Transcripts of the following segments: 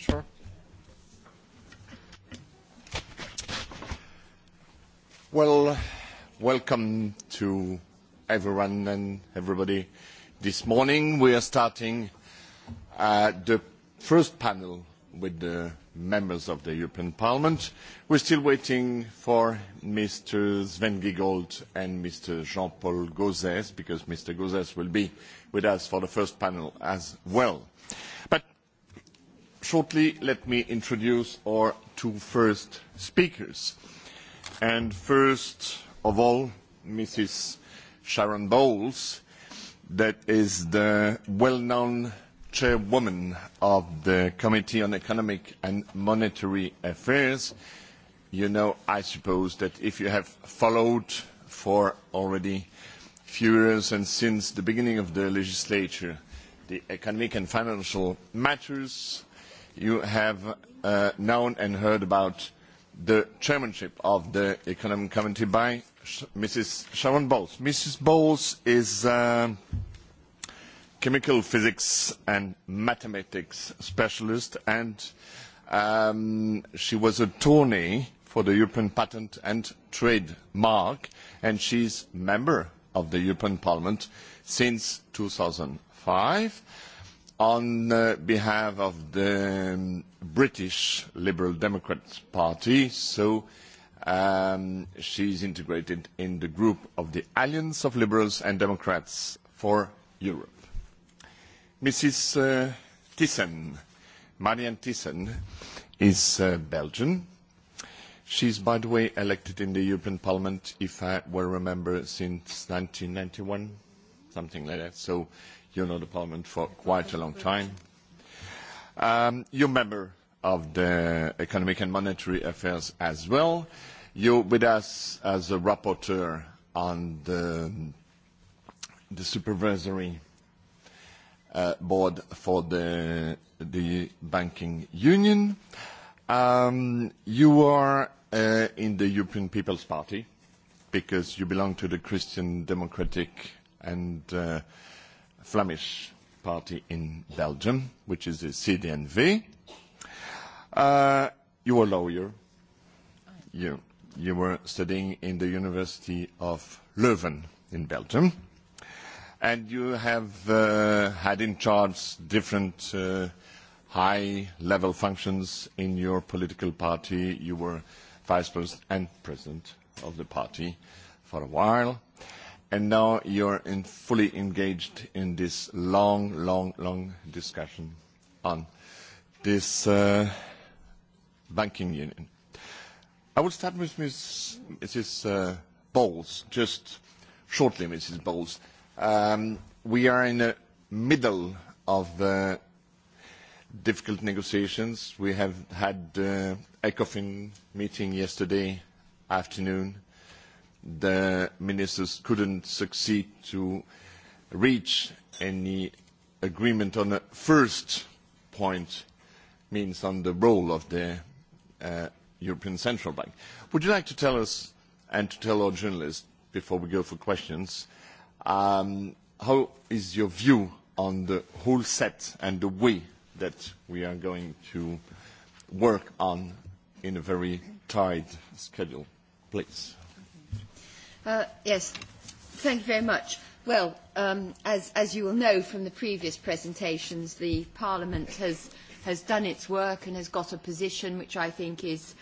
Sure. Well, welcome to everyone and everybody. This morning, we are starting the first panel with the members of the European Parliament. We're still waiting for Mr. Sven Giegold and Mr. Jean-Paul Gauzès, because Mr. Gauzès will be with us for the first panel as well. But Shortly, let me introduce our two first speakers. And first of all, Mrs. Sharon Bowles, that is the well-known chairwoman of the Committee on Economic and Monetary Affairs. You know, I suppose, that if you have followed for already few years and since the beginning of the legislature, the economic and financial matters you have known and heard about the chairmanship of the Economic Committee by Mrs. Sharon Bowles. Mrs. Bowles is a chemical physics and mathematics specialist, and she was attorney for the European Patent and Trademark, and she is member of the European Parliament since two thousand five on behalf of the British Liberal Democrat Party, so she is integrated in the group of the Alliance of Liberals and Democrats for Europe. Mrs. Thyssen, Marianne Thyssen, is Belgian. She is, by the way, elected in the European Parliament, if I well remember, since ninety one, something like that. So You know the Parliament for quite a long time. Um, you're a member of the Economic and Monetary Affairs as well. You're with us as a rapporteur on the, the supervisory uh, board for the, the banking union. Um, you are uh, in the European People's Party because you belong to the Christian Democratic and uh, Flemish party in Belgium, which is the CDNV. Uh, you were a lawyer. You, you were studying in the University of Leuven in Belgium. And you have uh, had in charge different uh, high-level functions in your political party. You were vice president and president of the party for a while and now you're in fully engaged in this long, long, long discussion on this uh, banking union. I will start with Ms. Mrs. Uh, Bowles, just shortly, Mrs. Bowles. Um, we are in the middle of difficult negotiations. We have had uh, ECOFIN meeting yesterday afternoon the ministers couldn't succeed to reach any agreement on the first point, means on the role of the European Central Bank. Would you like to tell us and to tell our journalists before we go for questions, how is your view on the whole set and the way that we are going to work on in a very tight schedule, please? Yes. Thank you very much. Well, as you will know from the previous presentations, the Parliament has done its work and has got a position which I think is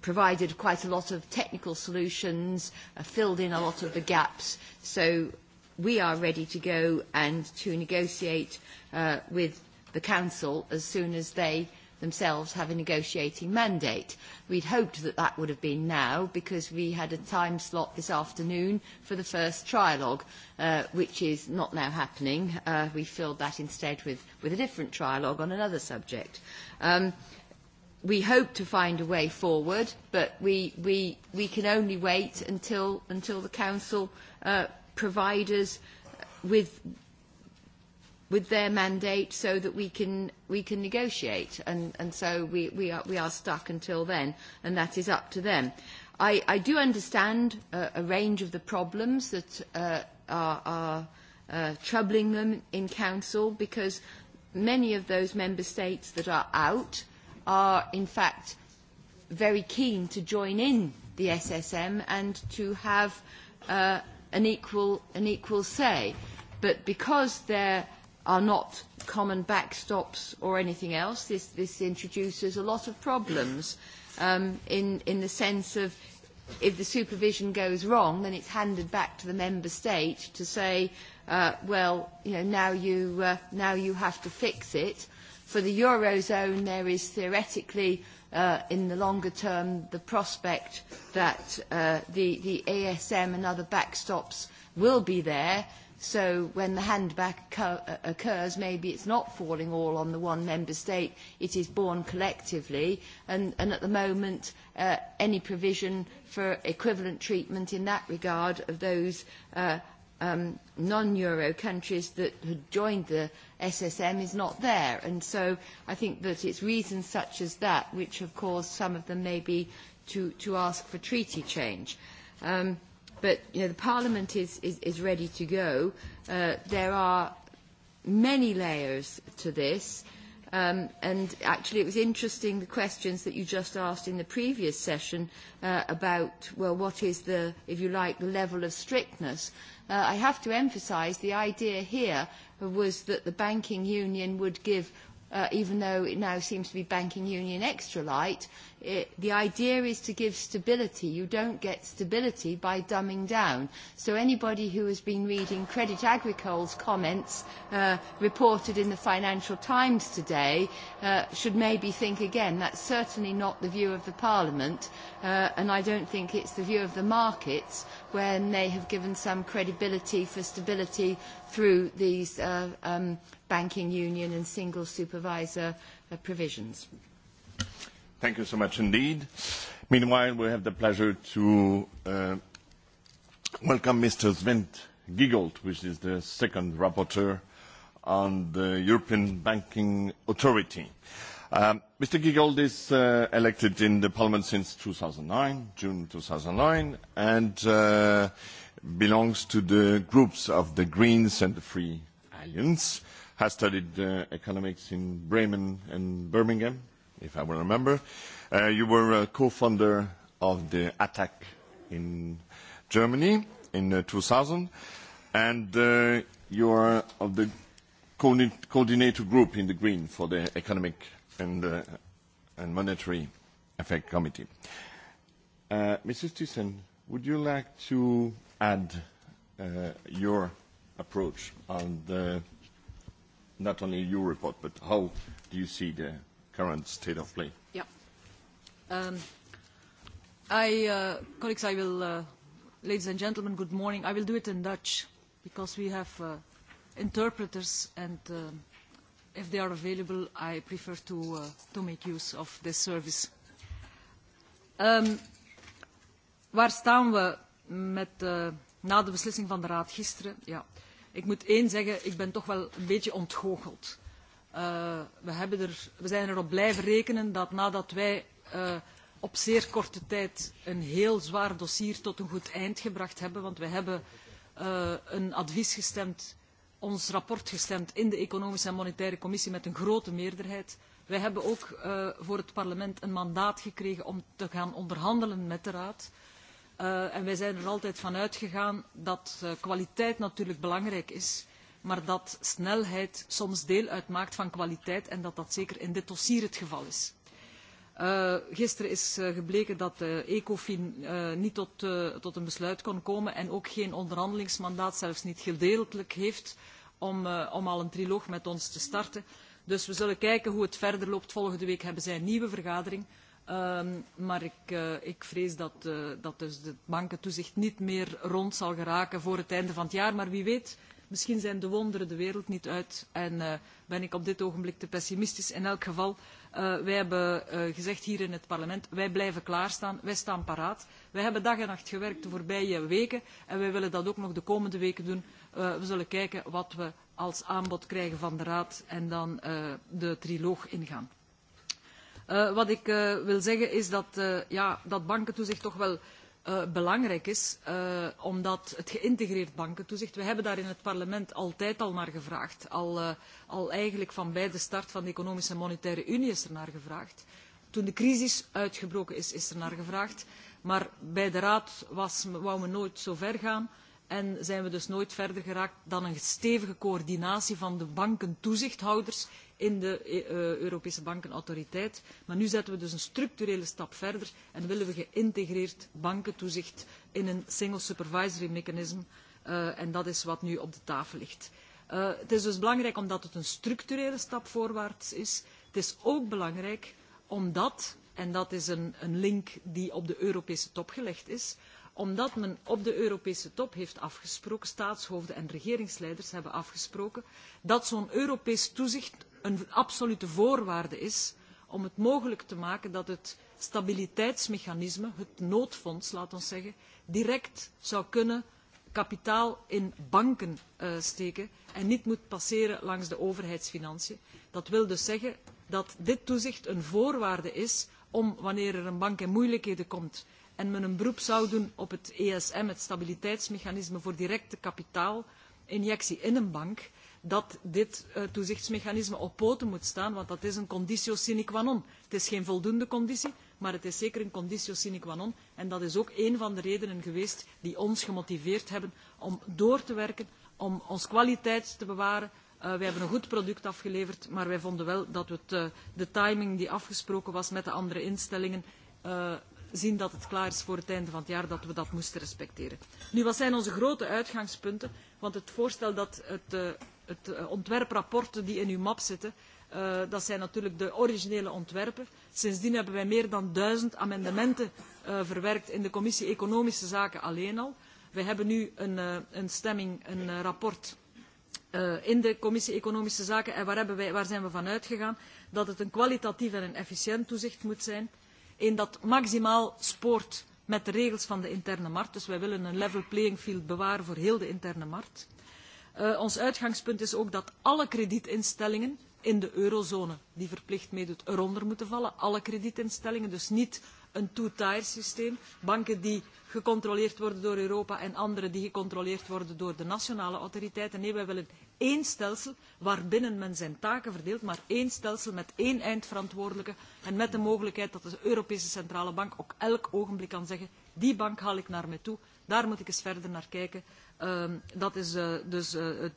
provided quite a lot of technical solutions, filled in a lot of the gaps. So we are ready to go and to negotiate with the Council as soon as they themselves have a negotiating mandate. We'd hoped that that would have been now because we had a time slot this afternoon for the first trialogue, uh, which is not now happening. Uh, we filled that instead with, with a different trialogue on another subject. Um, we hope to find a way forward, but we, we, we can only wait until, until the Council uh, provides us with with their mandate so that we can, we can negotiate. And, and so we, we, are, we are stuck until then, and that is up to them. I, I do understand a, a range of the problems that uh, are, are uh, troubling them in Council because many of those member states that are out are in fact very keen to join in the SSM and to have uh, an, equal, an equal say. But because they're are not common backstops or anything else. This, this introduces a lot of problems um, in, in the sense of if the supervision goes wrong, then it's handed back to the member state to say, uh, well, you know, now you, uh, now you have to fix it. For the Eurozone, there is theoretically, uh, in the longer term, the prospect that uh, the, the ASM and other backstops will be there, So when the handback occurs, maybe it's not falling all on the one member state, it is borne collectively, and, and at the moment uh, any provision for equivalent treatment in that regard of those uh, um, non-euro countries that had joined the SSM is not there. And so I think that it's reasons such as that which have caused some of them maybe to, to ask for treaty change. Um, but you know, the Parliament is, is, is ready to go. Uh, there are many layers to this. Um, and actually, it was interesting the questions that you just asked in the previous session uh, about, well, what is the, if you like, the level of strictness. Uh, I have to emphasise the idea here was that the banking union would give, uh, even though it now seems to be banking union extra light, it, the idea is to give stability. You don't get stability by dumbing down. So anybody who has been reading Credit Agricole's comments uh, reported in the Financial Times today uh, should maybe think again. That's certainly not the view of the Parliament, uh, and I don't think it's the view of the markets when they have given some credibility for stability through these uh, um, banking union and single supervisor uh, provisions. Thank you so much indeed. Meanwhile, we have the pleasure to welcome Mr. Sven Giegold, which is the second rapporteur on the European Banking Authority. Mr. Giegold is elected in the parliament since 2009, June 2009, and belongs to the groups of the Greens and the Free Alliance, has studied economics in Bremen and Birmingham, if I will remember. Uh, you were a co-founder of the attack in Germany in uh, 2000, and uh, you are of the coordinator group in the Green for the Economic and, uh, and Monetary Affairs Committee. Uh, Mrs. Thyssen, would you like to add uh, your approach on the, not only your report, but how do you see the current state of play? Yeah. Um, I, uh, colleagues, I will, uh, ladies and gentlemen, good morning. I will do it in Dutch because we have uh, interpreters and um, if they are available, I prefer to, uh, to make use of this service. Um, waar staan we met, uh, na de beslissing van de Raad gisteren? Ja, ik moet één zeggen, ik ben toch wel een beetje ontgoocheld we, hebben er, we zijn erop blijven rekenen dat nadat wij op zeer korte tijd een heel zwaar dossier tot een goed eind gebracht hebben, want we hebben een advies gestemd, ons rapport gestemd in de Economische en Monetaire Commissie met een grote meerderheid. Wij hebben ook voor het parlement een mandaat gekregen om te gaan onderhandelen met de Raad. en wij zijn er altijd van uitgegaan dat kwaliteit natuurlijk belangrijk is maar dat snelheid soms deel uitmaakt van kwaliteit en dat dat zeker in dit dossier het geval is. gisteren is gebleken dat Ecofin niet tot, een besluit kon komen en ook geen onderhandelingsmandaat, zelfs niet gedeeltelijk heeft, om, al een triloog met ons te starten. Dus we zullen kijken hoe het verder loopt. Volgende week hebben zij een nieuwe vergadering. maar ik, vrees dat, dus het bankentoezicht niet meer rond zal geraken voor het einde van het jaar. Maar wie weet Misschien zijn de wonderen de wereld niet uit en ben ik op dit ogenblik te pessimistisch. In elk geval, wij hebben gezegd hier in het parlement, wij blijven klaarstaan, wij staan paraat. Wij hebben dag en nacht gewerkt de voorbije weken en wij willen dat ook nog de komende weken doen. we zullen kijken wat we als aanbod krijgen van de Raad en dan de triloog ingaan. wat ik wil zeggen is dat, bankentoezicht toch wel belangrijk is, omdat het geïntegreerd bankentoezicht, we hebben daar in het parlement altijd al naar gevraagd, al, eigenlijk van bij de start van de Economische en Monetaire Unie is er naar gevraagd. Toen de crisis uitgebroken is, is er naar gevraagd, maar bij de Raad wou men nooit zo ver gaan En zijn we dus nooit verder geraakt dan een stevige coördinatie van de bankentoezichthouders in de Europese bankenautoriteit. Maar nu zetten we dus een structurele stap verder en willen we geïntegreerd bankentoezicht in een single supervisory mechanism. en dat is wat nu op de tafel ligt. het is dus belangrijk omdat het een structurele stap voorwaarts is. Het is ook belangrijk omdat, en dat is een link die op de Europese top gelegd is, omdat men op de Europese top heeft afgesproken, staatshoofden en regeringsleiders hebben afgesproken, dat zo'n Europees toezicht een absolute voorwaarde is om het mogelijk te maken dat het stabiliteitsmechanisme, het noodfonds, laat ons zeggen, direct zou kunnen kapitaal in banken steken en niet moet passeren langs de overheidsfinanciën. Dat wil dus zeggen dat dit toezicht een voorwaarde is om, wanneer er een bank in moeilijkheden komt, en men een beroep zou doen op het ESM, het stabiliteitsmechanisme voor directe kapitaalinjectie in een bank, dat dit toezichtsmechanisme op poten moet staan, want dat is een conditio sine qua non. Het is geen voldoende conditie, maar het is zeker een conditio sine qua non. En dat is ook een van de redenen geweest die ons gemotiveerd hebben om door te werken, om onze kwaliteit te bewaren. We hebben een goed product afgeleverd, maar wij vonden wel dat we de timing die afgesproken was met de andere instellingen zien dat het klaar is voor het einde van het jaar dat we dat moesten respecteren. Nu, wat zijn onze grote uitgangspunten? Want het voorstel dat het, het ontwerprapporten die in uw map zitten, dat zijn natuurlijk de originele ontwerpen. Sindsdien hebben wij meer dan duizend amendementen verwerkt in de commissie Economische Zaken alleen al. We hebben nu een, stemming, een rapport in de commissie Economische Zaken. En waar, zijn we van uitgegaan? Dat het een kwalitatief en een efficiënt toezicht moet zijn in dat maximaal spoort met de regels van de interne markt. Dus wij willen een level playing field bewaren voor heel de interne markt. ons uitgangspunt is ook dat alle kredietinstellingen in de eurozone die verplicht meedoet eronder moeten vallen. Alle kredietinstellingen, dus niet een two-tier systeem. Banken die gecontroleerd worden door Europa en andere die gecontroleerd worden door de nationale autoriteiten. Nee, wij willen één stelsel waarbinnen men zijn taken verdeelt, maar één stelsel met één eindverantwoordelijke en met de mogelijkheid dat de Europese Centrale Bank op elk ogenblik kan zeggen die bank haal ik naar me toe, daar moet ik eens verder naar kijken. dat is dus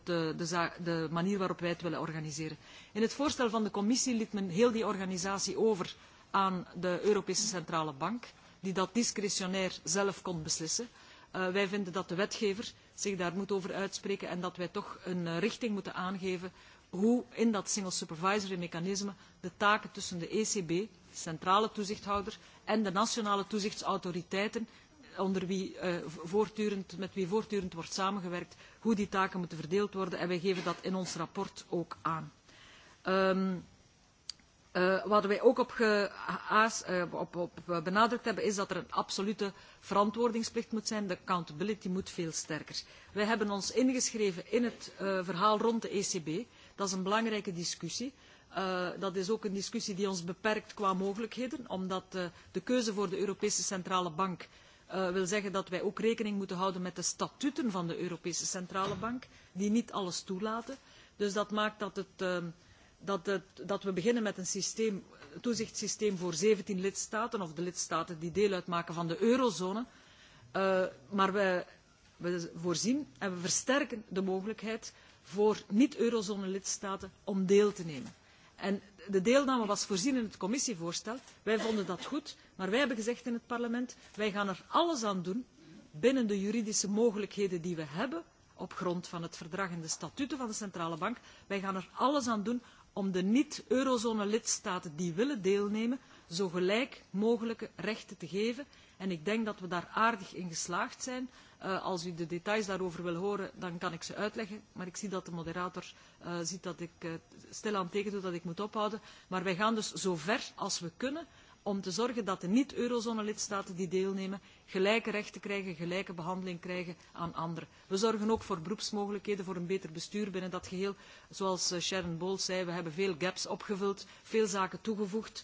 de, manier waarop wij het willen organiseren. In het voorstel van de commissie liet men heel die organisatie over aan de Europese Centrale Bank, die dat discretionair zelf kon beslissen. wij vinden dat de wetgever zich daar moet over uitspreken en dat wij toch een richting moeten aangeven hoe in dat single supervisory mechanisme de taken tussen de ECB, centrale toezichthouder, en de nationale toezichtsautoriteiten, onder wie, voortdurend, met wie voortdurend wordt samengewerkt, hoe die taken moeten verdeeld worden. En wij geven dat in ons rapport ook aan wat wij ook op, benadrukt hebben is dat er een absolute verantwoordingsplicht moet zijn. De accountability moet veel sterker. Wij hebben ons ingeschreven in het verhaal rond de ECB. Dat is een belangrijke discussie. dat is ook een discussie die ons beperkt qua mogelijkheden, omdat de keuze voor de Europese Centrale Bank wil zeggen dat wij ook rekening moeten houden met de statuten van de Europese Centrale Bank, die niet alles toelaten. Dus dat maakt dat het dat, we beginnen met een toezichtssysteem voor zeventien lidstaten of de lidstaten die deel uitmaken van de eurozone. maar we, voorzien en we versterken de mogelijkheid voor niet-eurozone lidstaten om deel te nemen. de deelname was voorzien in het commissievoorstel. Wij vonden dat goed, maar wij hebben gezegd in het parlement, wij gaan er alles aan doen binnen de juridische mogelijkheden die we hebben op grond van het verdrag en de statuten van de centrale bank. Wij gaan er alles aan doen om de niet-eurozone-lidstaten die willen deelnemen zo gelijk mogelijke rechten te geven. En ik denk dat we daar aardig in geslaagd zijn. als u de details daarover wil horen, dan kan ik ze uitleggen. Maar ik zie dat de moderator ziet dat ik uh, stilaan tegen doe dat ik moet ophouden. Maar wij gaan dus zo ver als we kunnen om te zorgen dat de niet-eurozone-lidstaten die deelnemen gelijke rechten krijgen, gelijke behandeling krijgen aan anderen. We zorgen ook voor beroepsmogelijkheden, voor een beter bestuur binnen dat geheel. Zoals Sharon Bowles zei, we hebben veel gaps opgevuld, veel zaken toegevoegd.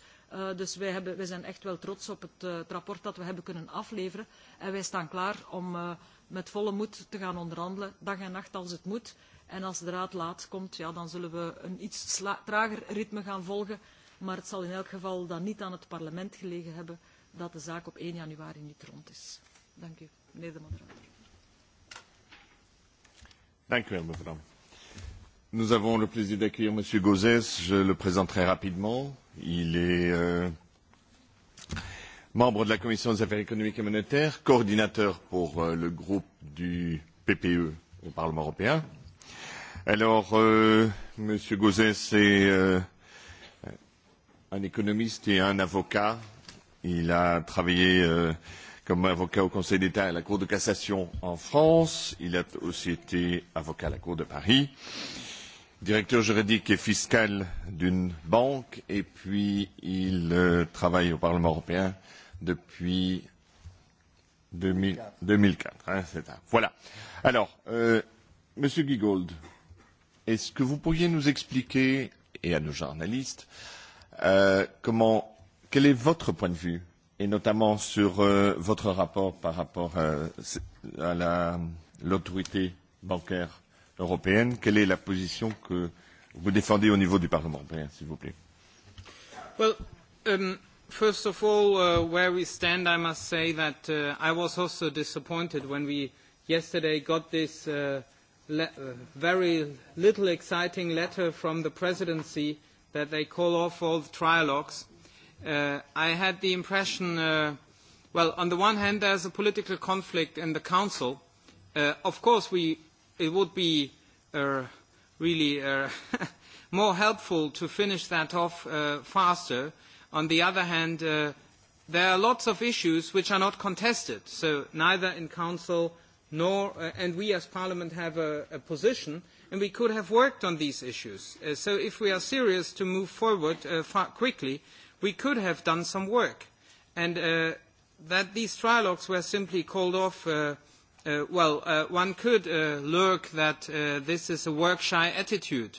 dus wij, zijn echt wel trots op het, rapport dat we hebben kunnen afleveren. En wij staan klaar om met volle moed te gaan onderhandelen, dag en nacht als het moet. En als de raad laat komt, dan zullen we een iets trager ritme gaan volgen Maar het zal in elk geval dan niet aan het parlement gelegen hebben dat de zaak op 1 januari niet rond is. Dank u, meneer de moderator. Dank u wel, mevrouw. Nous avons le plaisir d'accueillir M. Gauzès. Je le présente très rapidement. Il est euh, membre de la Commission des affaires économiques et monétaires, coordinateur pour euh, le groupe du PPE au Parlement européen. Alors, euh, Gauzès est euh, un économiste et un avocat. Il a travaillé comme avocat au Conseil d'État et à la Cour de cassation en France. Il a aussi été avocat à la Cour de Paris, directeur juridique et fiscal d'une banque, et puis il travaille au Parlement européen depuis 2004. Hein, quatre. Voilà. Alors, euh, Monsieur Giegold, est-ce que vous pourriez nous expliquer, et à nos journalistes, comment, quel est votre point de vue, et notamment sur votre rapport par rapport à l'autorité bancaire européenne Quelle est la position que vous défendez au niveau du Parlement européen, s'il vous plaît Well, um, first of all, uh, where we stand, I must say that uh, I was also disappointed when we yesterday got this uh, le- uh, very little exciting letter from the presidency uh, that they call off all the trialogues. Uh, I had the impression, uh, well, on the one hand, there's a political conflict in the Council. Uh, of course, we, it would be uh, really uh, more helpful to finish that off uh, faster. On the other hand, uh, there are lots of issues which are not contested, so neither in Council nor, uh, and we as Parliament have a, a position, and we could have worked on these issues. so if we are serious to move forward quickly, we could have done some work. And that these trilogues were simply called off, well, one could lurk that this is a work-shy attitude.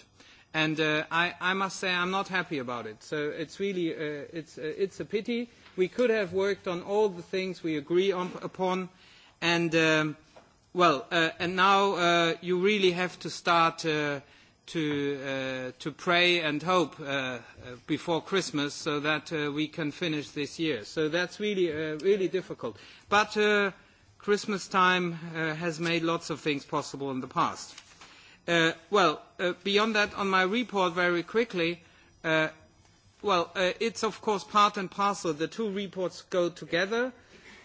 And I, I must say I'm not happy about it. So it's really, it's, it's a pity. We could have worked on all the things we agree upon. And Well, uh, and now uh, you really have to start uh, to, uh, to pray and hope uh, before Christmas so that uh, we can finish this year. So that's really, uh, really difficult. But uh, Christmas time uh, has made lots of things possible in the past. Uh, well, uh, beyond that, on my report very quickly, uh, well, uh, it's of course part and parcel. The two reports go together.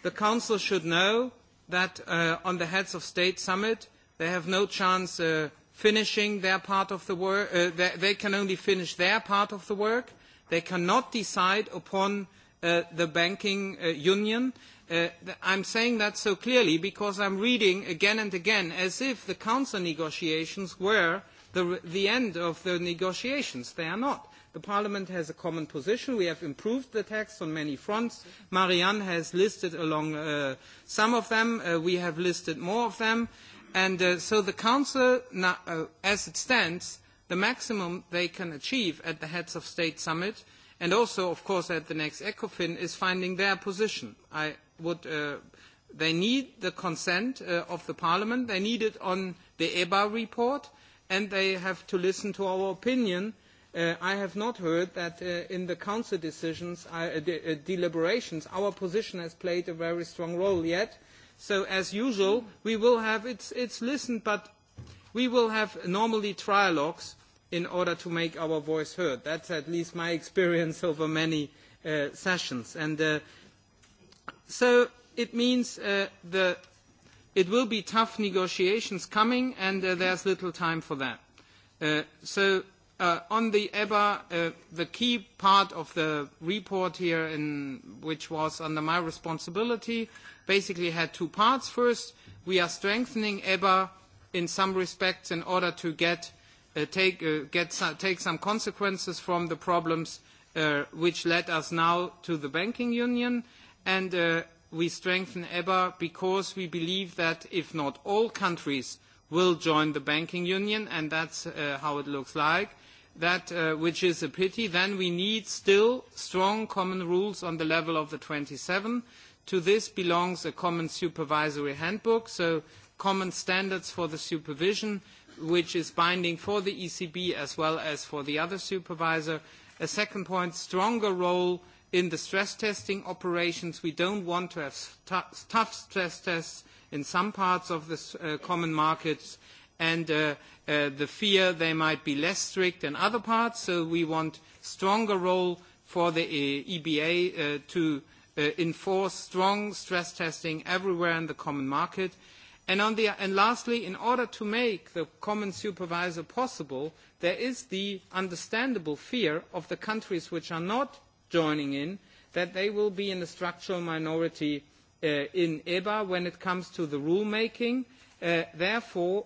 The Council should know that on the heads of state summit, they have no chance of finishing their part of the work. they, can only finish their part of the work. They cannot decide upon the banking union. I am saying that so clearly because I am reading again and again as if the council negotiations were the, end of the negotiations. They are not The Parliament has a common position. We have improved the text on many fronts. Marianne has listed along some of them. we have listed more of them. And so the Council, as it stands, the maximum they can achieve at the Heads of State Summit and also, of course, at the next ECOFIN is finding their position. I would, they need the consent of the Parliament. They need it on the EBA report. And they have to listen to our opinion I have not heard that in the council decisions, deliberations, our position has played a very strong role yet. So as usual, we will have, it's, it's listened, but we will have normally trialogues in order to make our voice heard. That's at least my experience over many sessions. And so it means the, it will be tough negotiations coming, and uh, there's little time for that. so on the EBA, the key part of the report here, in, which was under my responsibility, basically had two parts. First, we are strengthening EBA in some respects in order to take, some consequences from the problems which led us now to the banking union. And we strengthen EBA because we believe that if not all countries will join the banking union, and that's how it looks like, that, which is a pity, then we need still strong common rules on the level of the twenty seven. To this belongs a common supervisory handbook, so common standards for the supervision, which is binding for the ECB as well as for the other supervisor. A second point, stronger role in the stress testing operations. We don't want to have tough stress tests in some parts of the common markets and the fear they might be less strict in other parts. So we want stronger role for the EBA to enforce strong stress testing everywhere in the common market. And Lastly, in order to make the common supervisor possible, there is the understandable fear of the countries which are not joining in that they will be in a structural minority in EBA when it comes to the rulemaking. Therefore,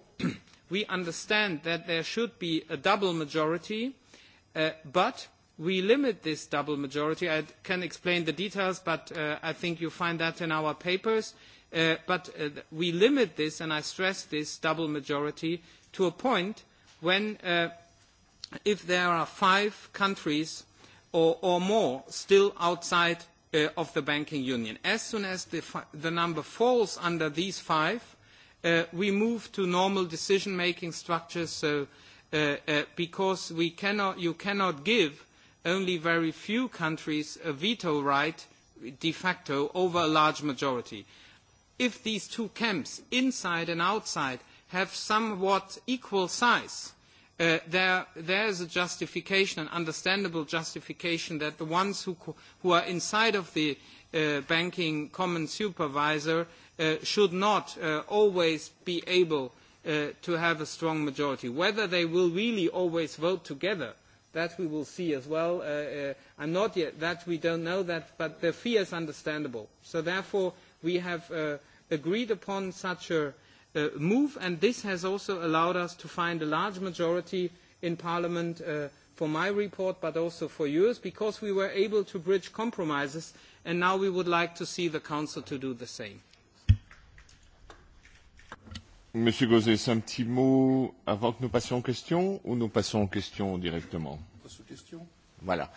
we understand that there should be a double majority, but we limit this double majority. I can explain the details, but I think you find that in our papers. but we limit this, and I stress this double majority, to a point when if there are five countries or, more still outside of the banking union. As soon as the, number falls under these five, we move to normal decision-making structures because you cannot give only very few countries a veto right de facto over a large majority. If these two camps, inside and outside, have somewhat equal size, there is a justification, an understandable justification, that the ones who, are inside of the banking common supervisor should not always be able to have a strong majority. Whether they will really always vote together, that we will see as well. Uh, I'm not yet, that we don't know that, but the fear is understandable. So therefore, we have agreed upon such a move, and this has also allowed us to find a large majority in Parliament for my report, but also for yours, because we were able to bridge compromises, and now we would like to see the Council to do the same. Monsieur Gauzès, un petit mot avant que nous passions aux questions ou nous passons aux questions directement Voilà.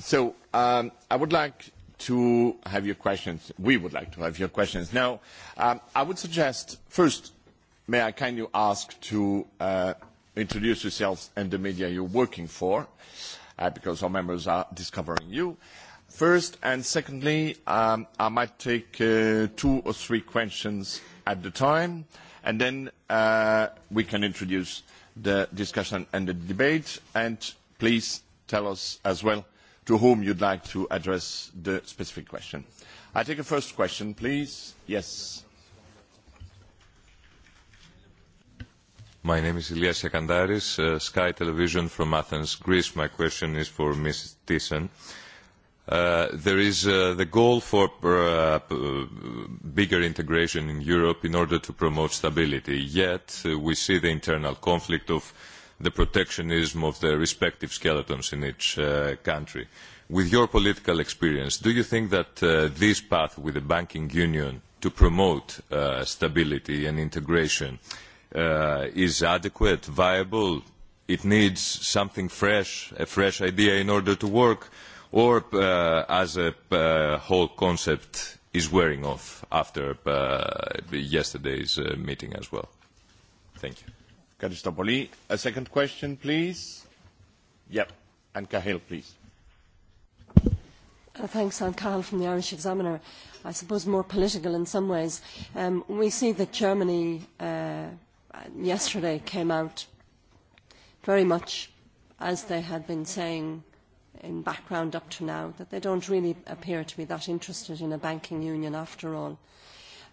So um, I would like to have your questions. We would like to have your questions. Now, um, I would suggest first, may I kindly ask to uh, introduce yourselves and the media you're working for, uh, because our members are discovering you. First and secondly, um, I might take uh, two or three questions at the time, and then we can introduce the discussion and the debate. And please tell us as well to whom you'd like to address the specific question. I take a first question, please. Yes. My name is Ilias Sekandaris, Sky Television from Athens, Greece. My question is for Ms. Thyssen there is the goal for bigger integration in Europe in order to promote stability. Yet we see the internal conflict of the protectionism of the respective skeletons in each country. With your political experience, do you think that this path with the banking union to promote stability and integration is adequate, viable? It needs something fresh, a fresh idea in order to work? or as a whole concept is wearing off after yesterday's meeting as well. Thank you. Karistopoli, a second question, please. Yep, and Cahill, please. Thanks. I'm Cahill from the Irish Examiner. I suppose more political in some ways. We see that Germany yesterday came out very much as they had been saying in background up to now, that they don't really appear to be that interested in a banking union after all.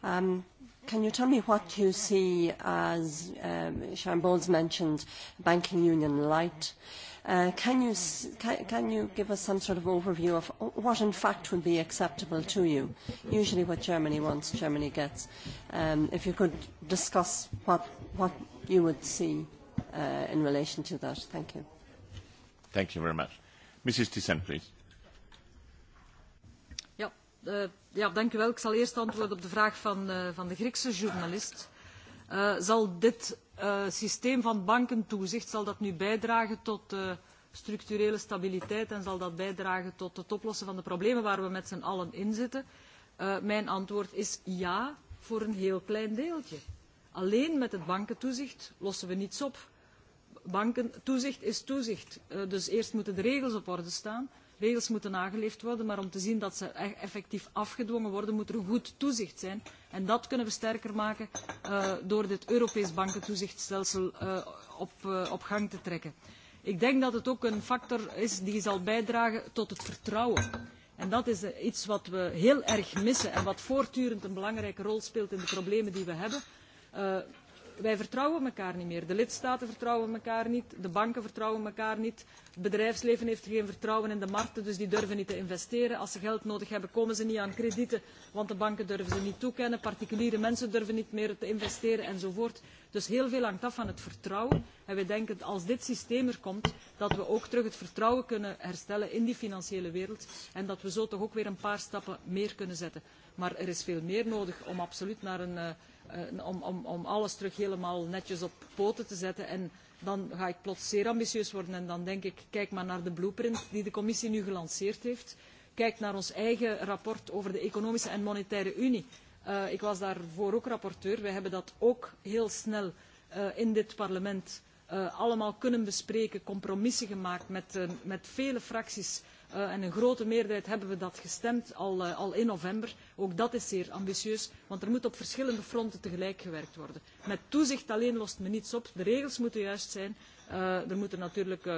Um, can you tell me what you see as um, Sharon Bowles mentioned, banking union light? Uh, can, you, can, can you give us some sort of overview of what in fact would be acceptable to you? Usually what Germany wants, Germany gets. Um, if you could discuss what, what you would see uh, in relation to that. Thank you. Thank you very much Ik zal eerst antwoorden op de vraag van, de Griekse journalist. zal dit systeem van bankentoezicht nu bijdragen tot structurele stabiliteit en zal dat bijdragen tot het oplossen van de problemen waar we met z'n allen in zitten? mijn antwoord is ja, voor een heel klein deeltje. Alleen met het bankentoezicht lossen we niets op banken, toezicht is toezicht. dus eerst moeten de regels op orde staan. Regels moeten nageleefd worden, maar om te zien dat ze effectief afgedwongen worden, moet er een goed toezicht zijn. En dat kunnen we sterker maken door dit Europees bankentoezichtstelsel op, gang te trekken. Ik denk dat het ook een factor is die zal bijdragen tot het vertrouwen. En dat is iets wat we heel erg missen en wat voortdurend een belangrijke rol speelt in de problemen die we hebben wij vertrouwen elkaar niet meer. De lidstaten vertrouwen elkaar niet, de banken vertrouwen elkaar niet, het bedrijfsleven heeft geen vertrouwen in de markten, dus die durven niet te investeren. Als ze geld nodig hebben, komen ze niet aan kredieten, want de banken durven ze niet toekennen, particuliere mensen durven niet meer te investeren enzovoort. Dus heel veel hangt af van het vertrouwen. En wij denken dat als dit systeem er komt, dat we ook terug het vertrouwen kunnen herstellen in die financiële wereld en dat we zo toch ook weer een paar stappen meer kunnen zetten. Maar er is veel meer nodig om absoluut naar een om, om, om alles terug helemaal netjes op poten te zetten. En dan ga ik plots zeer ambitieus worden en dan denk ik, kijk maar naar de blueprint die de commissie nu gelanceerd heeft. Kijk naar ons eigen rapport over de Economische en Monetaire Unie. ik was daarvoor ook rapporteur. Wij hebben dat ook heel snel in dit parlement allemaal kunnen bespreken, compromissen gemaakt met, vele fracties en een grote meerderheid hebben we dat gestemd al, in november. Ook dat is zeer ambitieus, want er moet op verschillende fronten tegelijk gewerkt worden. Met toezicht alleen lost men niets op. De regels moeten juist zijn. er moet natuurlijk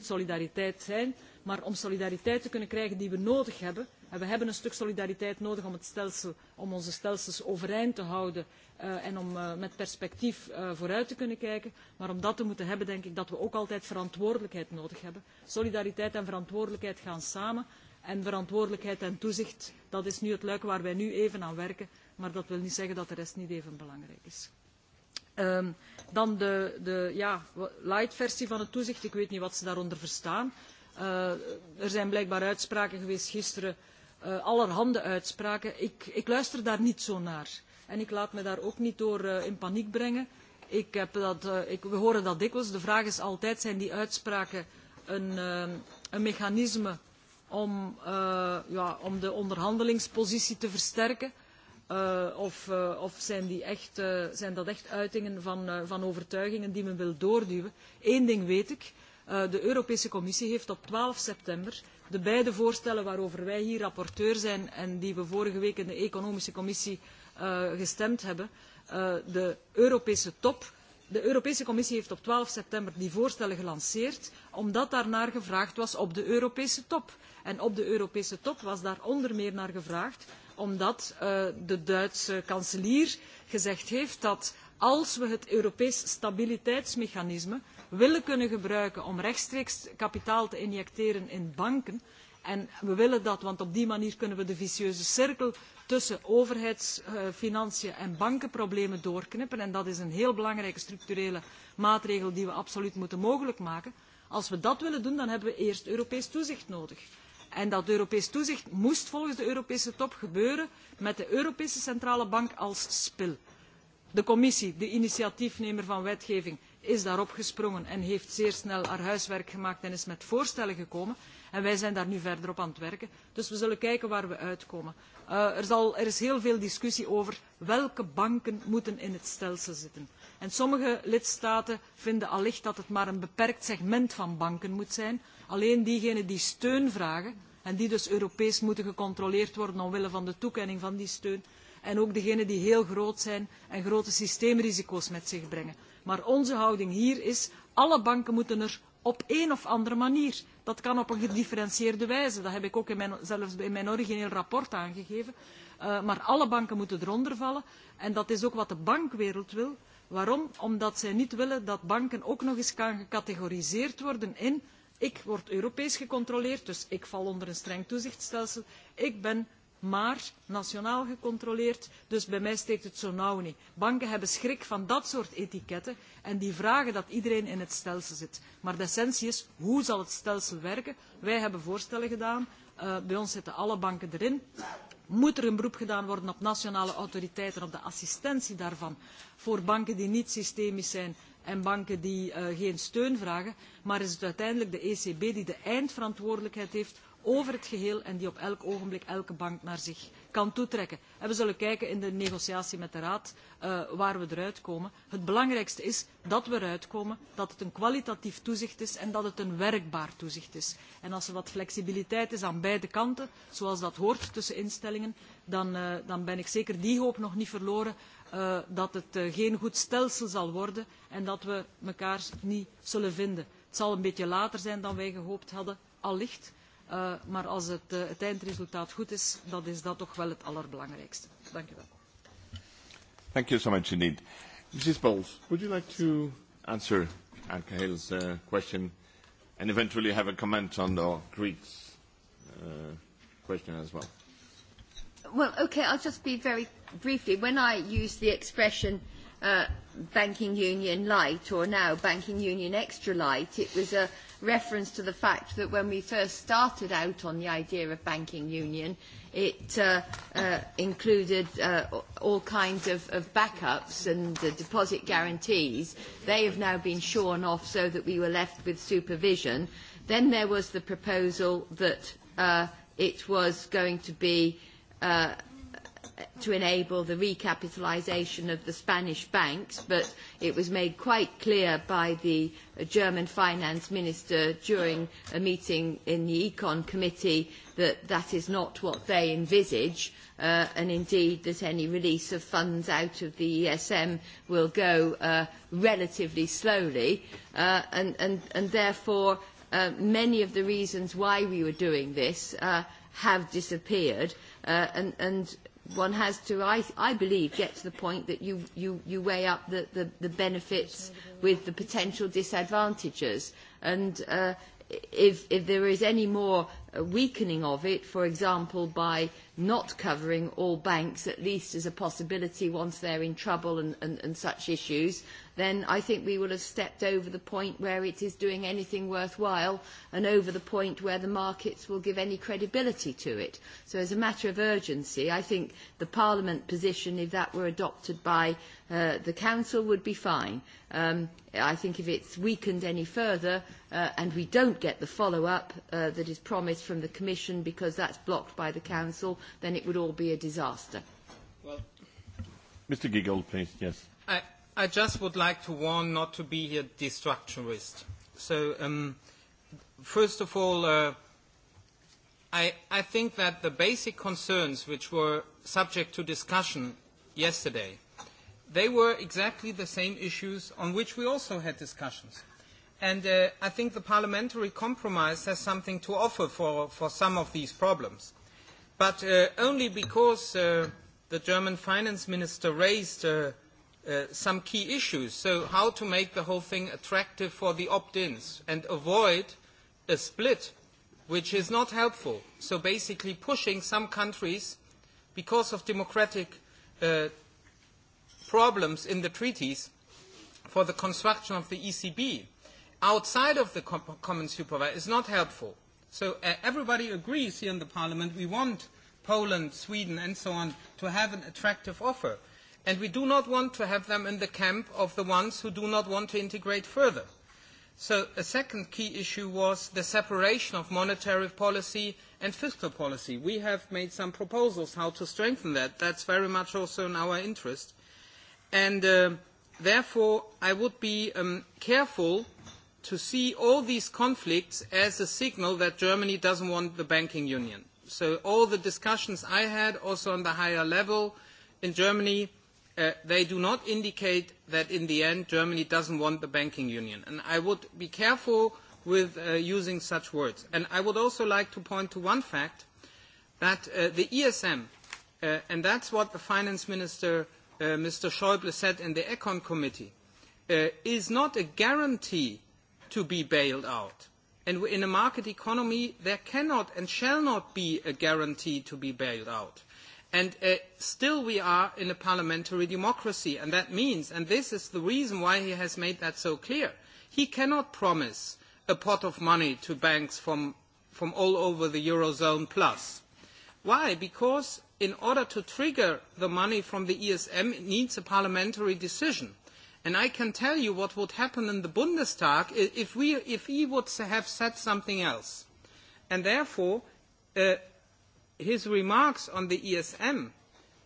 solidariteit zijn. Maar om solidariteit te kunnen krijgen die we nodig hebben, En we hebben een stuk solidariteit nodig om, het stelsel, om onze stelsels overeind te houden en om met perspectief vooruit te kunnen kijken. Maar om dat te moeten hebben, denk ik dat we ook altijd verantwoordelijkheid nodig hebben. Solidariteit en verantwoordelijkheid gaan samen. En verantwoordelijkheid en toezicht, dat is nu het luik waar wij nu even aan werken. Maar dat wil niet zeggen dat de rest niet even belangrijk is. dan de, ja, light versie van het toezicht. Ik weet niet wat ze daaronder verstaan. er zijn blijkbaar uitspraken geweest gisteren allerhande uitspraken. Ik, luister daar niet zo naar. En ik laat me daar ook niet door in paniek brengen. we horen dat dikwijls. De vraag is altijd, zijn die uitspraken een, mechanisme om, de onderhandelingspositie te versterken? of zijn, dat echt uitingen van, overtuigingen die men wil doorduwen? Eén ding weet ik de Europese Commissie heeft op twaalf september de beide voorstellen waarover wij hier rapporteur zijn en die we vorige week in de Economische Commissie gestemd hebben, de Europese top. De Europese Commissie heeft op twaalf september die voorstellen gelanceerd, omdat daarnaar gevraagd was op de Europese top. En op de Europese top was daar onder meer naar gevraagd, omdat de Duitse kanselier gezegd heeft dat als we het Europees stabiliteitsmechanisme willen kunnen gebruiken om rechtstreeks kapitaal te injecteren in banken, en we willen dat, want op die manier kunnen we de vicieuze cirkel tussen overheidsfinanciën en bankenproblemen doorknippen. En dat is een heel belangrijke structurele maatregel die we absoluut moeten mogelijk maken. Als we dat willen doen, dan hebben we eerst Europees toezicht nodig. En dat Europees toezicht moest volgens de Europese top gebeuren met de Europese Centrale Bank als spil de commissie de initiatiefnemer van wetgeving is daarop gesprongen en heeft zeer snel haar huiswerk gemaakt en is met voorstellen gekomen. En wij zijn daar nu verder op aan het werken. Dus we zullen kijken waar we uitkomen. er, is heel veel discussie over welke banken moeten in het stelsel zitten. En sommige lidstaten vinden allicht dat het maar een beperkt segment van banken moet zijn. Alleen diegenen die steun vragen en die dus Europees moeten gecontroleerd worden omwille van de toekenning van die steun, en ook degenen die heel groot zijn en grote systeemrisico's met zich brengen. Maar onze houding hier is, alle banken moeten er op een of andere manier. Dat kan op een gedifferentieerde wijze. Dat heb ik ook in mijn, zelfs in mijn origineel rapport aangegeven. maar alle banken moeten eronder vallen. En dat is ook wat de bankwereld wil. Waarom? Omdat zij niet willen dat banken ook nog eens kan gecategoriseerd worden in ik word Europees gecontroleerd, dus ik val onder een streng toezichtstelsel. Ik ben maar nationaal gecontroleerd, dus bij mij steekt het zo nauw niet. Banken hebben schrik van dat soort etiketten en die vragen dat iedereen in het stelsel zit. Maar de essentie is, hoe zal het stelsel werken? Wij hebben voorstellen gedaan, bij ons zitten alle banken erin. Moet er een beroep gedaan worden op nationale autoriteiten, op de assistentie daarvan, voor banken die niet systemisch zijn en banken die geen steun vragen? Maar is het uiteindelijk de ECB die de eindverantwoordelijkheid heeft over het geheel en die op elk ogenblik elke bank naar zich kan toetrekken. En we zullen kijken in de negotiatie met de Raad waar we eruit komen. Het belangrijkste is dat we eruit komen, dat het een kwalitatief toezicht is en dat het een werkbaar toezicht is. En als er wat flexibiliteit is aan beide kanten, zoals dat hoort tussen instellingen, dan, ben ik zeker die hoop nog niet verloren dat het geen goed stelsel zal worden en dat we elkaar niet zullen vinden. Het zal een beetje later zijn dan wij gehoopt hadden, allicht maar als het, eindresultaat goed is, dan is dat toch wel het allerbelangrijkste. Dank u wel. Thank you so much indeed. Mrs. Bowles, would you like to answer Anne Cahill's uh, question and eventually have a comment on the Greeks' uh, question as well? Well, okay, I'll just be very briefly. When I use the expression uh, banking union light or now banking union extra light, it was a reference to the fact that when we first started out on the idea of banking union, it uh, uh, included uh, all kinds of, of backups and uh, deposit guarantees. They have now been shorn off so that we were left with supervision. Then there was the proposal that uh, it was going to be uh, to enable the recapitalisation of the Spanish banks, but it was made quite clear by the German finance minister during a meeting in the Econ committee that that is not what they envisage, uh, and indeed that any release of funds out of the ESM will go uh, relatively slowly, uh, and, and, and therefore uh, many of the reasons why we were doing this uh, have disappeared, uh, and, and one has to, I, I believe, get to the point that you, you, you weigh up the, the, the benefits with the potential disadvantages. And uh, if, if there is any more weakening of it, for example, by not covering all banks, at least as a possibility once they're in trouble and, and, and such issues, then I think we will have stepped over the point where it is doing anything worthwhile and over the point where the markets will give any credibility to it. So as a matter of urgency, I think the Parliament position, if that were adopted by uh, the Council, would be fine. Um, I think if it's weakened any further uh, and we don't get the follow-up uh, that is promised from the Commission because that's blocked by the Council, then it would all be a disaster. Mr. Giegold, please. Yes. I, I just would like to warn not to be a destructionist. So, um, first of all, uh, I, I think that the basic concerns which were subject to discussion yesterday, they were exactly the same issues on which we also had discussions. And uh, I think the parliamentary compromise has something to offer for, for some of these problems but only because the German finance minister raised some key issues. So how to make the whole thing attractive for the opt-ins and avoid a split, which is not helpful. So basically pushing some countries, because of democratic problems in the treaties, for the construction of the ECB outside of the common supervisor is not helpful. So uh, everybody agrees here in the parliament we want Poland, Sweden and so on to have an attractive offer. And we do not want to have them in the camp of the ones who do not want to integrate further. So a second key issue was the separation of monetary policy and fiscal policy. We have made some proposals how to strengthen that. That's very much also in our interest. And therefore, I would be careful to see all these conflicts as a signal that Germany doesn't want the banking union. So all the discussions I had, also on the higher level in Germany, they do not indicate that in the end Germany doesn't want the banking union. And I would be careful with using such words. And I would also like to point to one fact, that the ESM, and that's what the finance minister, Mr. Schäuble, said in the Econ Committee, is not a guarantee to be bailed out. And in a market economy, there cannot and shall not be a guarantee to be bailed out. And still we are in a parliamentary democracy, and that means, and this is the reason why he has made that so clear, he cannot promise a pot of money to banks from, from all over the Eurozone plus. Why? Because in order to trigger the money from the ESM, it needs a parliamentary decision And I can tell you what would happen in the Bundestag if, we, if he would have said something else. And therefore, uh, his remarks on the ESM,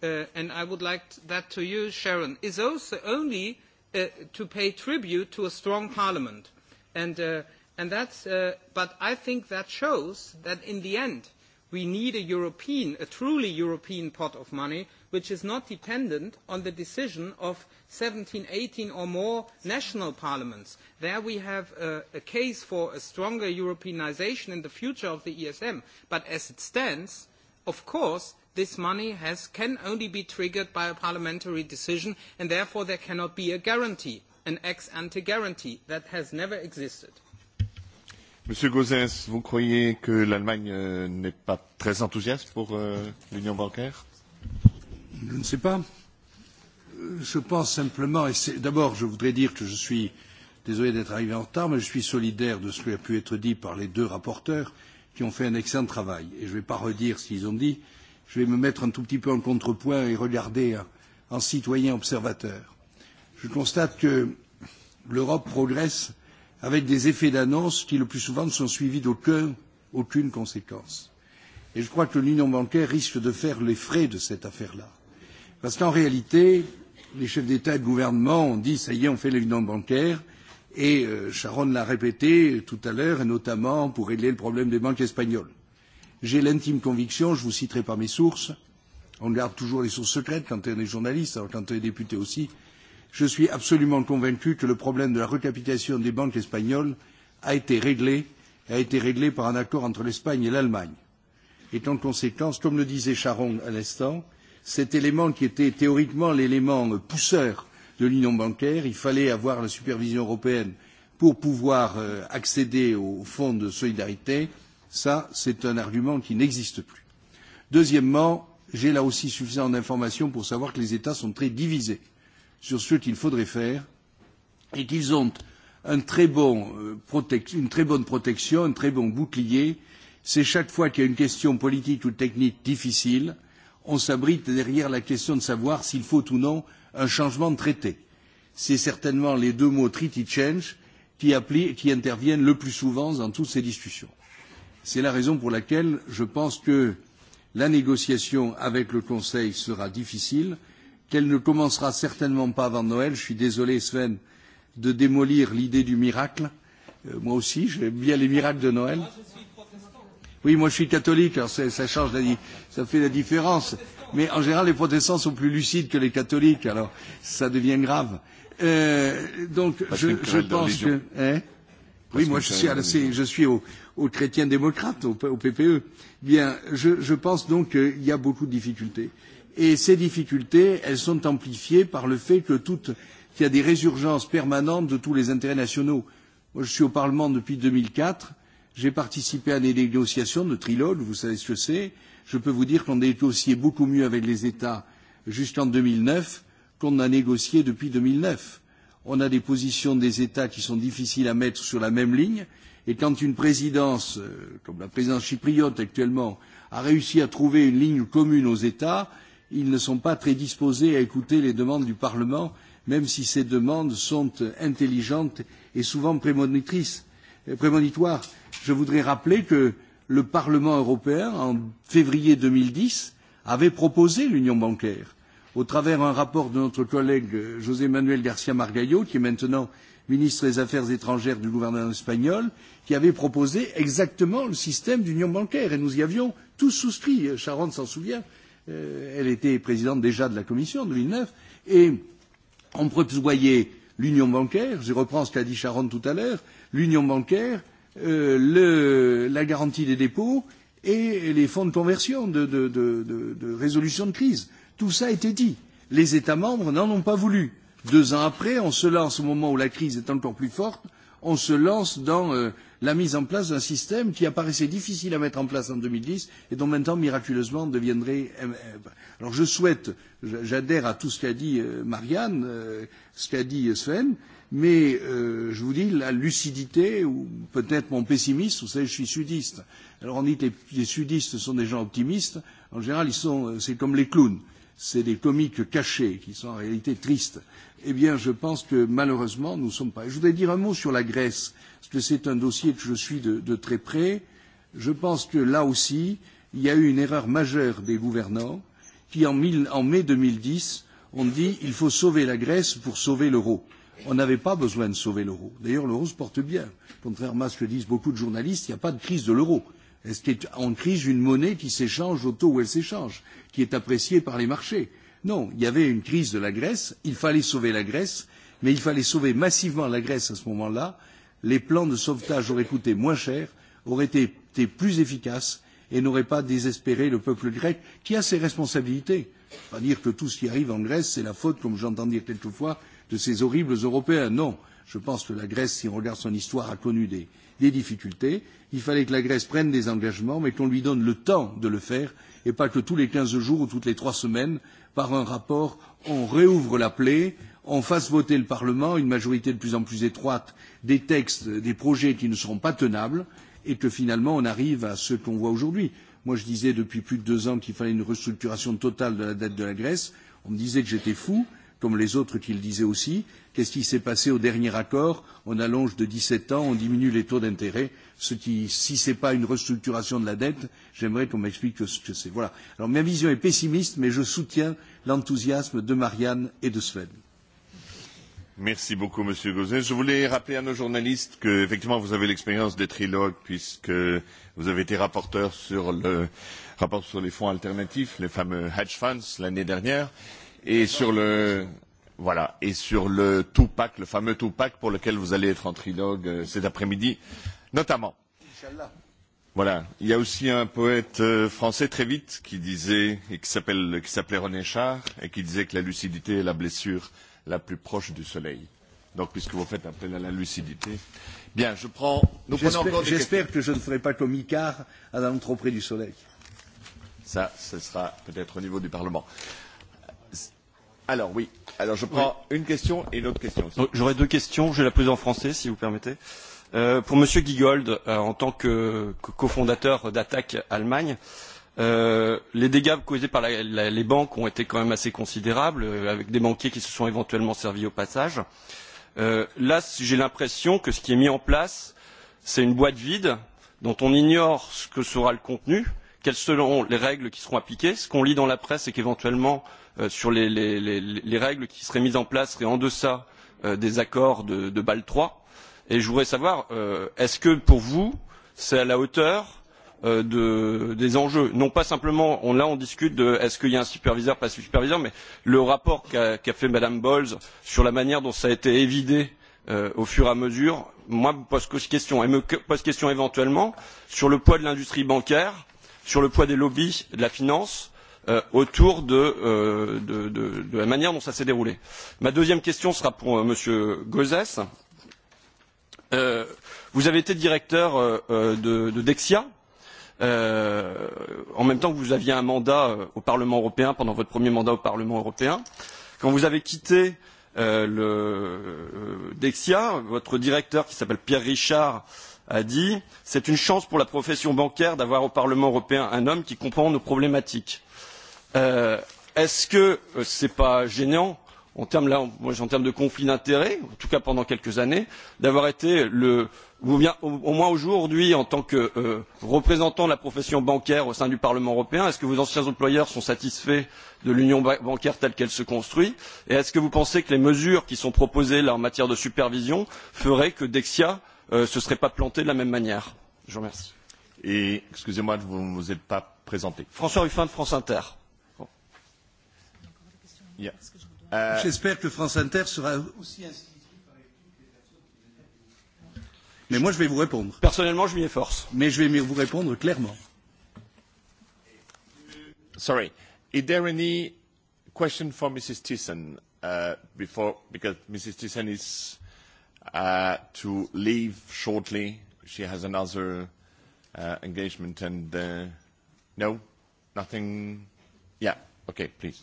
uh, and I would like that to you, Sharon, is also only uh, to pay tribute to a strong parliament. And, uh, and that's, uh, but I think that shows that in the end, we need a European, a truly European pot of money which is not dependent on the decision of seventeen, eighteen or more national parliaments. There we have a, case for a stronger Europeanisation in the future of the ESM. But as it stands, of course, this money can only be triggered by a parliamentary decision, and therefore there cannot be a guarantee, an ex-ante guarantee. That has never existed. Monsieur Gauzès, vous croyez que l'Allemagne n'est pas très enthousiaste pour l'union bancaire Je ne sais pas. Je pense simplement, et d'abord je voudrais dire que je suis désolé d'être arrivé en retard, mais je suis solidaire de ce qui a pu être dit par les deux rapporteurs qui ont fait un excellent travail. Et je ne vais pas redire ce qu'ils ont dit, je vais me mettre un tout petit peu en contrepoint et regarder en citoyen observateur. Je constate que l'Europe progresse avec des effets d'annonce qui le plus souvent ne sont suivis d'aucune conséquence. Et je crois que l'union bancaire risque de faire les frais de cette affaire-là. Parce qu'en réalité, les chefs d'État et de gouvernement ont dit ça y est, on fait l'union bancaire. Et Sharon l'a répété tout à l'heure, et notamment pour régler le problème des banques espagnoles. J'ai l'intime conviction, je vous citerai par mes sources, on garde toujours les sources secrètes quand on est journaliste, alors quand on est député aussi, je suis absolument convaincu que le problème de la recapitalisation des banques espagnoles a été réglé, a été réglé par un accord entre l'Espagne et l'Allemagne. Et en conséquence, comme le disait Sharon à l'instant, cet élément qui était théoriquement l'élément pousseur de l'union bancaire. Il fallait avoir la supervision européenne pour pouvoir accéder au fonds de solidarité. Ça, c'est un argument qui n'existe plus. Deuxièmement, j'ai là aussi suffisamment d'informations pour savoir que les États sont très divisés sur ce qu'il faudrait faire et qu'ils ont un très bon, une très bonne protection, un très bon bouclier. C'est chaque fois qu'il y a une question politique ou technique difficile, euh, on s'abrite derrière la question de savoir s'il faut ou non un changement de traité. C'est certainement les deux mots treaty change qui interviennent le plus souvent dans toutes ces discussions. C'est la raison pour laquelle je pense que la négociation avec le Conseil sera difficile, qu'elle ne commencera certainement pas avant Noël. Je suis désolé, Sven, de démolir l'idée du miracle. moi aussi, j'aime bien les miracles de Noël. Oui, moi je suis catholique, alors ça change, la, ça fait la différence. Mais en général, les protestants sont plus lucides que les catholiques, alors ça devient grave. Euh, donc je, je pense que. Hein oui, moi je suis, à la, je suis au, aux chrétiens démocrates, au, au PPE. Bien, je, je pense donc qu'il y a beaucoup de difficultés. Et ces difficultés, elles sont amplifiées par le fait que toutes, qu'il y a des résurgences permanentes de tous les intérêts nationaux. Moi, je suis au Parlement depuis 2004 J'ai participé à des négociations de trilogue, vous savez ce que c'est. Je peux vous dire qu'on négociait beaucoup mieux avec les États jusqu'en 2009 qu'on a négocié depuis 2009. On a des positions des États qui sont difficiles à mettre sur la même ligne. Et quand une présidence, comme la présidence chypriote actuellement, a réussi à trouver une ligne commune aux États, ils ne sont pas très disposés à écouter les demandes du Parlement, même si ces demandes sont intelligentes et souvent prémonitrices prémonitoire. Je voudrais rappeler que le Parlement européen, en février deux mille dix, avait proposé l'union bancaire au travers d'un rapport de notre collègue José Manuel García Margallo, qui est maintenant ministre des Affaires étrangères du gouvernement espagnol, qui avait proposé exactement le système d'union bancaire. Et nous y avions tous souscrit. Sharon s'en souvient. elle était présidente déjà de la Commission en deux mille neuf Et on prévoyait l'union bancaire, je reprends ce qu'a dit Sharon tout à l'heure, l'union bancaire, la garantie des dépôts et les fonds de conversion, de, résolution de crise. Tout cela a été dit. Les États membres n'en ont pas voulu. Deux ans après, on se lance au moment où la crise est encore plus forte, on se lance dans la mise en place d'un système qui apparaissait difficile à mettre en place en deux mille dix et dont maintenant, miraculeusement, deviendrait. Alors je souhaite, j'adhère à tout ce qu'a dit Marianne, ce qu'a dit Sven, mais je vous dis, la lucidité, ou peut-être mon pessimisme, vous savez, je suis sudiste. Alors on dit que les sudistes sont des gens optimistes, en général, ils sont, c'est comme les clowns, c'est des comiques cachés, qui sont en réalité tristes. Eh bien, je pense que malheureusement, nous ne sommes pas. Je voudrais dire un mot sur la Grèce, parce que c'est un dossier que je suis de, de très près. Je pense que là aussi, il y a eu une erreur majeure des gouvernants qui, en, mille, en mai 2010, ont dit il faut sauver la Grèce pour sauver l'euro on n'avait pas besoin de sauver l'euro. D'ailleurs, l'euro se porte bien. Contrairement à ce que disent beaucoup de journalistes, il n'y a pas de crise de l'euro. Est ce C'est en crise une monnaie qui s'échange au taux où elle s'échange, qui est appréciée par les marchés. Non, il y avait une crise de la Grèce, il fallait sauver la Grèce, mais il fallait sauver massivement la Grèce à ce moment-là. Les plans de sauvetage auraient coûté moins cher, auraient été plus efficaces et n'auraient pas désespéré le peuple grec qui a ses responsabilités. Pas dire que tout ce qui arrive en Grèce, c'est la faute, comme j'entends dire quelquefois, de ces horribles Européens. Non, je pense que la Grèce, si on regarde son histoire, a connu des, des difficultés. Il fallait que la Grèce prenne des engagements, mais qu'on lui donne le temps de le faire, et pas que tous les quinze jours ou toutes les trois semaines, par un rapport, on réouvre la plaie, on fasse voter le Parlement, une majorité de plus en plus étroite, des textes, des projets qui ne seront pas tenables, et que finalement on arrive à ce qu'on voit aujourd'hui. Moi je disais depuis plus de deux ans qu'il fallait une restructuration totale de la dette de la Grèce, on me disait que j'étais fou, comme les autres qui le disaient aussi. Qu'est-ce qui s'est passé au dernier accord On allonge de dix sept ans, on diminue les taux d'intérêt, ce qui, si ce n'est pas une restructuration de la dette, j'aimerais qu'on m'explique ce que c'est. Voilà. Alors ma vision est pessimiste, mais je soutiens l'enthousiasme de Marianne et de Sven. Merci beaucoup, Monsieur Gauzet. Je voulais rappeler à nos journalistes que, effectivement, vous avez l'expérience des trilogues, puisque vous avez été rapporteur sur le rapport sur les fonds alternatifs, les fameux hedge funds, l'année dernière. Euh, et sur le voilà et sur le two pack, le fameux Tupac, pack pour lequel vous allez être en trilogue cet après-midi, notamment. Voilà. Il y a aussi un poète français très vite qui disait et qui s'appelle qui s'appelait René Char et qui disait que la lucidité est la blessure la plus proche du soleil. Donc, puisque vous faites appel à la lucidité, bien, je prends. J'espère que je ne ferai pas comme Icare à l'entreprise du soleil. Ça, ce sera peut-être au niveau du Parlement. Alors oui, alors je prends oui. une question et une autre question. J'aurais deux questions, je vais la poser en français si vous permettez. Euh, pour Monsieur Giegold, euh, en tant que, que cofondateur d'Attaque Allemagne, euh, les dégâts causés par la, la, les banques ont été quand même assez considérables, euh, avec des banquiers qui se sont éventuellement servis au passage. Euh, là, j'ai l'impression que ce qui est mis en place, c'est une boîte vide dont on ignore ce que sera le contenu, quelles seront les règles qui seront appliquées. Ce qu'on lit dans la presse, c'est qu'éventuellement euh, sur les, les, les, les règles qui seraient mises en place seraient en deçà des accords de, de Bâle III. Et je voudrais savoir, euh, est-ce que pour vous, c'est à la hauteur euh, de, des enjeux Non pas simplement, on, là on discute de est-ce qu'il y a un superviseur, pas superviseur, mais le rapport qu'a qu fait Madame Bowles sur la manière dont ça a été évidé euh, au fur et à mesure, moi me pose question. Elle me pose question éventuellement sur le poids de l'industrie bancaire, sur le poids des lobbies, de la finance, autour de, la manière dont cela s'est déroulé. Ma deuxième question sera pour M. Gauzès. vous avez été directeur de, Dexia en même temps que vous aviez un mandat au Parlement européen pendant votre premier mandat au Parlement européen. Quand vous avez quitté le Dexia, votre directeur qui s'appelle Pierre Richard a dit C'est une chance pour la profession bancaire d'avoir au Parlement européen un homme qui comprend nos problématiques Est-ce que ce n'est pas gênant en termes, de conflit d'intérêts, en tout cas pendant quelques années, d'avoir été le, ou bien au moins aujourd'hui en tant que représentant de la profession bancaire au sein du Parlement européen, est-ce que vos anciens employeurs sont satisfaits de l'union bancaire telle qu'elle se construit Et est-ce que vous pensez que les mesures qui sont proposées là en matière de supervision feraient que Dexia ne se serait pas planté de la même manière Je vous remercie. Et excusez-moi, vous ne vous êtes pas présenté. François Ruffin de France Inter Yeah. J'espère que France Inter sera aussi instruite par les personnes qui Mais moi, je vais vous répondre. Personnellement, je m'y efforce. Mais je vais vous répondre clairement. Sorry. Is there any question for Mrs. Thyssen uh, before, because Mrs. Thyssen is uh, to leave shortly. She has another uh, engagement and uh, no, nothing. Yeah. Okay, please.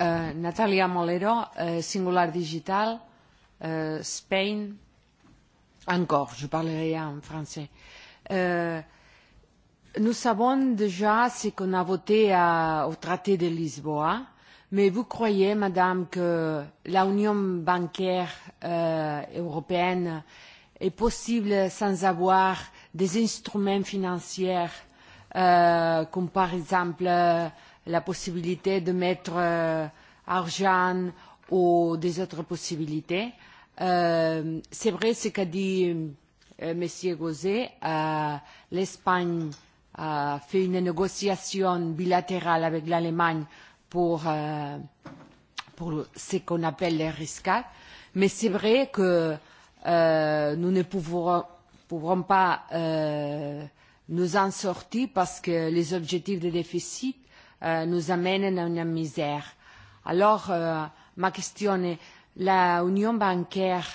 Natalia Molero, Singular Digital, Spain. Encore, je parlerai en français. nous savons déjà ce qu'on a voté au traité de Lisboa, mais vous croyez, madame, que l'union bancaire européenne est possible sans avoir des instruments financiers comme par exemple la possibilité de mettre argent ou des autres possibilités. c'est vrai ce qu'a dit M. Gauzet, l'Espagne a fait une négociation bilatérale avec l'Allemagne pour, ce qu'on appelle les risques, Mais c'est vrai que nous ne pouvons, pas nous en sortir parce que les objectifs de déficit nous amène à une misère. Alors, ma question est, la union bancaire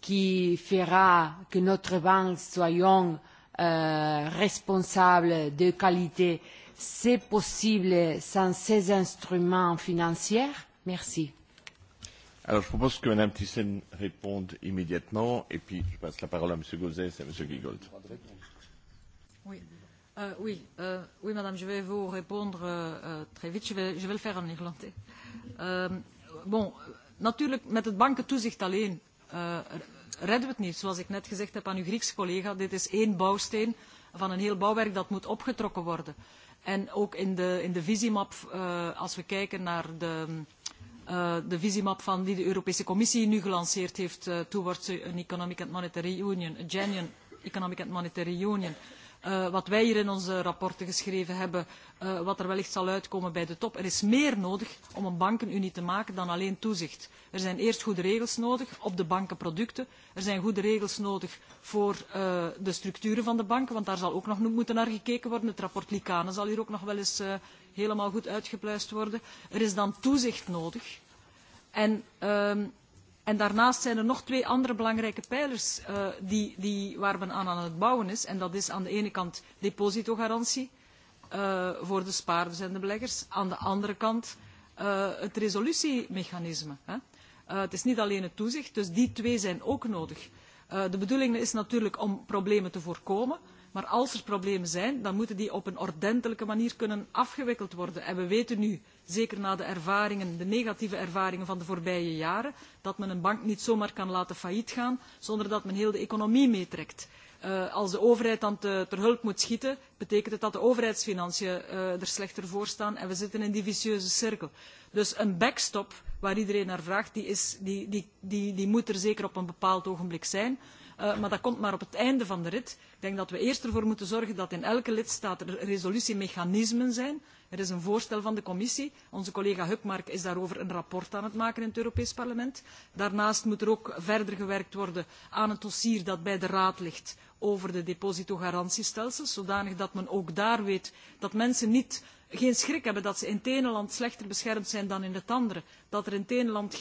qui fera que notre banque soyons responsables de qualité, c'est possible sans ces instruments financiers Merci. Alors, je propose que Mme Thyssen réponde immédiatement, et puis je passe la parole à M. Gauzès et à M. Giegold. Oui oui, oui, madame, je vais vous répondre très vite. Je vais, je vais le faire en Euh, bon, natuurlijk, met het bankentoezicht alleen redden we het niet. Zoals ik net gezegd heb aan uw Griekse collega, dit is één bouwsteen van een heel bouwwerk dat moet opgetrokken worden. En ook in de, in de visiemap, als we kijken naar de, de visiemap van die de Europese Commissie nu gelanceerd heeft towards an Economic and Monetary Union, a genuine Economic and Monetary Union, wat wij hier in onze rapporten geschreven hebben, wat er wellicht zal uitkomen bij de top. Er is meer nodig om een bankenunie te maken dan alleen toezicht. Er zijn eerst goede regels nodig op de bankenproducten. Er zijn goede regels nodig voor de structuren van de banken, want daar zal ook nog moeten naar gekeken worden. Het rapport Likane zal hier ook nog wel eens helemaal goed uitgepluist worden. Er is dan toezicht nodig. En En daarnaast zijn er nog twee andere belangrijke pijlers waar men aan aan het bouwen is. En dat is aan de ene kant depositogarantie voor de spaarders en de beleggers. Aan de andere kant het resolutiemechanisme. het is niet alleen het toezicht, dus die twee zijn ook nodig. de bedoeling is natuurlijk om problemen te voorkomen. Maar als er problemen zijn, dan moeten die op een ordentelijke manier kunnen afgewikkeld worden. En we weten nu, zeker na de ervaringen, de negatieve ervaringen van de voorbije jaren, dat men een bank niet zomaar kan laten failliet gaan zonder dat men heel de economie meetrekt. als de overheid dan ter hulp moet schieten, betekent het dat de overheidsfinanciën er slechter voor staan en we zitten in die vicieuze cirkel. Dus een backstop, waar iedereen naar vraagt, die, moet er zeker op een bepaald ogenblik zijn maar dat komt maar op het einde van de rit. Ik denk dat we eerst ervoor moeten zorgen dat in elke lidstaat er resolutiemechanismen zijn. Er is een voorstel van de commissie. Onze collega Hukmark is daarover een rapport aan het maken in het Europees Parlement. Daarnaast moet er ook verder gewerkt worden aan het dossier dat bij de Raad ligt over de depositogarantiestelsels, zodanig dat men ook daar weet dat mensen niet geen schrik hebben dat ze in het ene land slechter beschermd zijn dan in het andere. Dat er in het ene land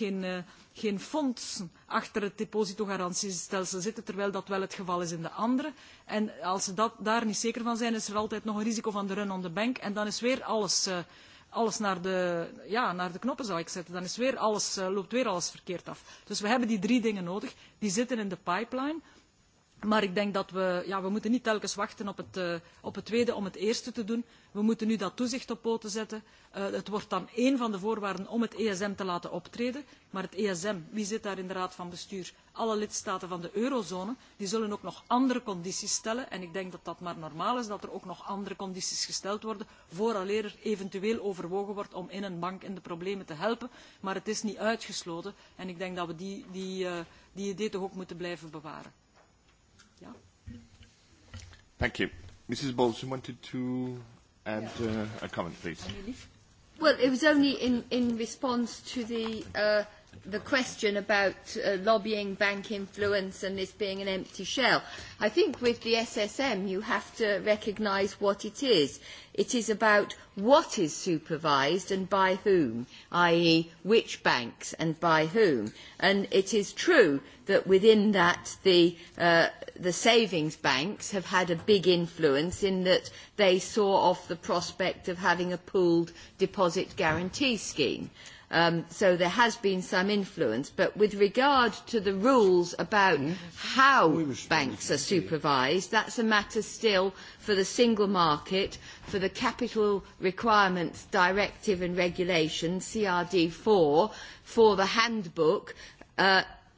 geen, fondsen achter het depositogarantiestelsel zitten, terwijl dat wel het geval is in de andere. En als ze daar niet zeker van zijn, is er altijd nog een risico van de run on the bank. En dan is weer alles, naar, de, knoppen, zou ik zetten. Dan loopt weer alles verkeerd af. Dus we hebben die drie dingen nodig. Die zitten in de pipeline. Maar ik denk dat we, ja, we moeten niet telkens wachten op het, uh, op het tweede om het eerste te doen. We moeten nu dat toezicht op poten zetten. Uh, het wordt dan één van de voorwaarden om het ESM te laten optreden. Maar het ESM, wie zit daar in de raad van bestuur? Alle lidstaten van de eurozone, die zullen ook nog andere condities stellen. En ik denk dat dat maar normaal is, dat er ook nog andere condities gesteld worden, vooraleer er eventueel overwogen wordt om in een bank in de problemen te helpen. Maar het is niet uitgesloten. En ik denk dat we die, die, uh, die idee toch ook moeten blijven bewaren. Thank you. Mrs. Bowles, you wanted to add uh, a comment, please. Well, it was only in, in response to the uh, the question about uh, lobbying, bank influence, and this being an empty shell. I think with the SSM, you have to recognise what it is. It is about what is supervised and by whom, i.e., which banks and by whom. And it is true that within that, the, uh, the savings banks have had a big influence in that they saw off the prospect of having a pooled deposit guarantee scheme so there has been some influence. But with regard to the rules about how banks are supervised, that's a matter still for the single market, for the Capital Requirements Directive and Regulation, CRD4, for the handbook,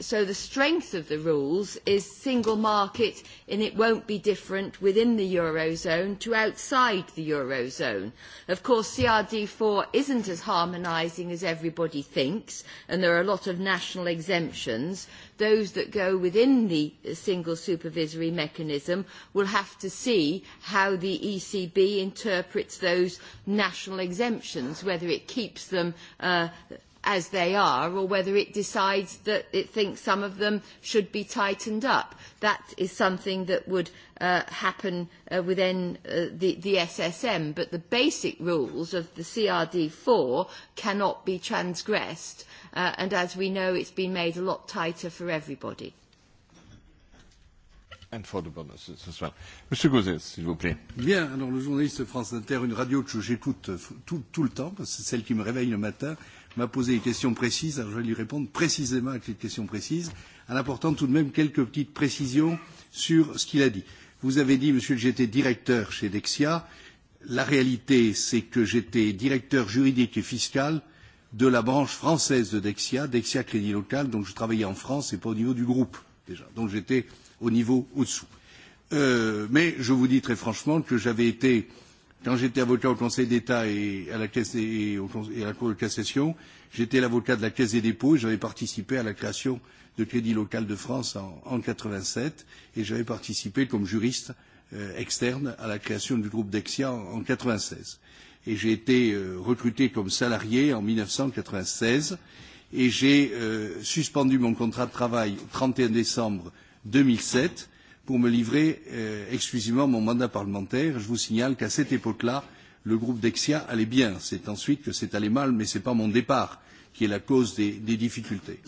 so the strength of the rules is single market and it won't be different within the eurozone to outside the eurozone. Of course, CRD4 isn't as harmonising as everybody thinks and there are a lot of national exemptions. Those that go within the single supervisory mechanism will have to see how the ECB interprets those national exemptions, whether it keeps them uh, as they are or whether it decides that it thinks some of them should be tightened up. That is something that would uh, happen uh, within uh, the, the SSM, but the basic rules of the CRD4 cannot be transgressed, uh, and as we know, it's been made a lot tighter for everybody. And for the bonuses as well. Monsieur Gauzès, s'il vous plaît. Bien, alors le journaliste France Inter, une radio que j'écoute tout, tout le temps, parce que c'est celle qui me réveille le matin, m'a posé une question précise, alors je vais lui répondre précisément à cette question précise, en apportant tout de même quelques petites précisions sur ce qu'il a dit. Vous avez dit, monsieur, que j'étais directeur chez Dexia. La réalité, c'est que j'étais directeur juridique et fiscal de la branche française de Dexia, Dexia Crédit Local, donc je travaillais en France et pas au niveau du groupe déjà, donc j'étais au niveau au-dessous. mais je vous dis très franchement que j'avais été Quand j'étais avocat au Conseil d'État et à la et, à la Cour de cassation, j'étais l'avocat de la Caisse des dépôts et j'avais participé à la création de Crédit Local de France en, quatre-vingt sept et j'avais participé comme juriste externe à la création du groupe Dexia en, quatre-vingt seize. Et j'ai été recruté comme salarié en mille neuf cent quatre-vingt-seize et j'ai suspendu mon contrat de travail au trente et un décembre deux mille sept pour me livrer exclusivement mon mandat parlementaire. Je vous signale qu'à cette époque-là, le groupe Dexia allait bien. C'est ensuite que c'est allé mal, mais ce n'est pas mon départ qui est la cause des, difficultés.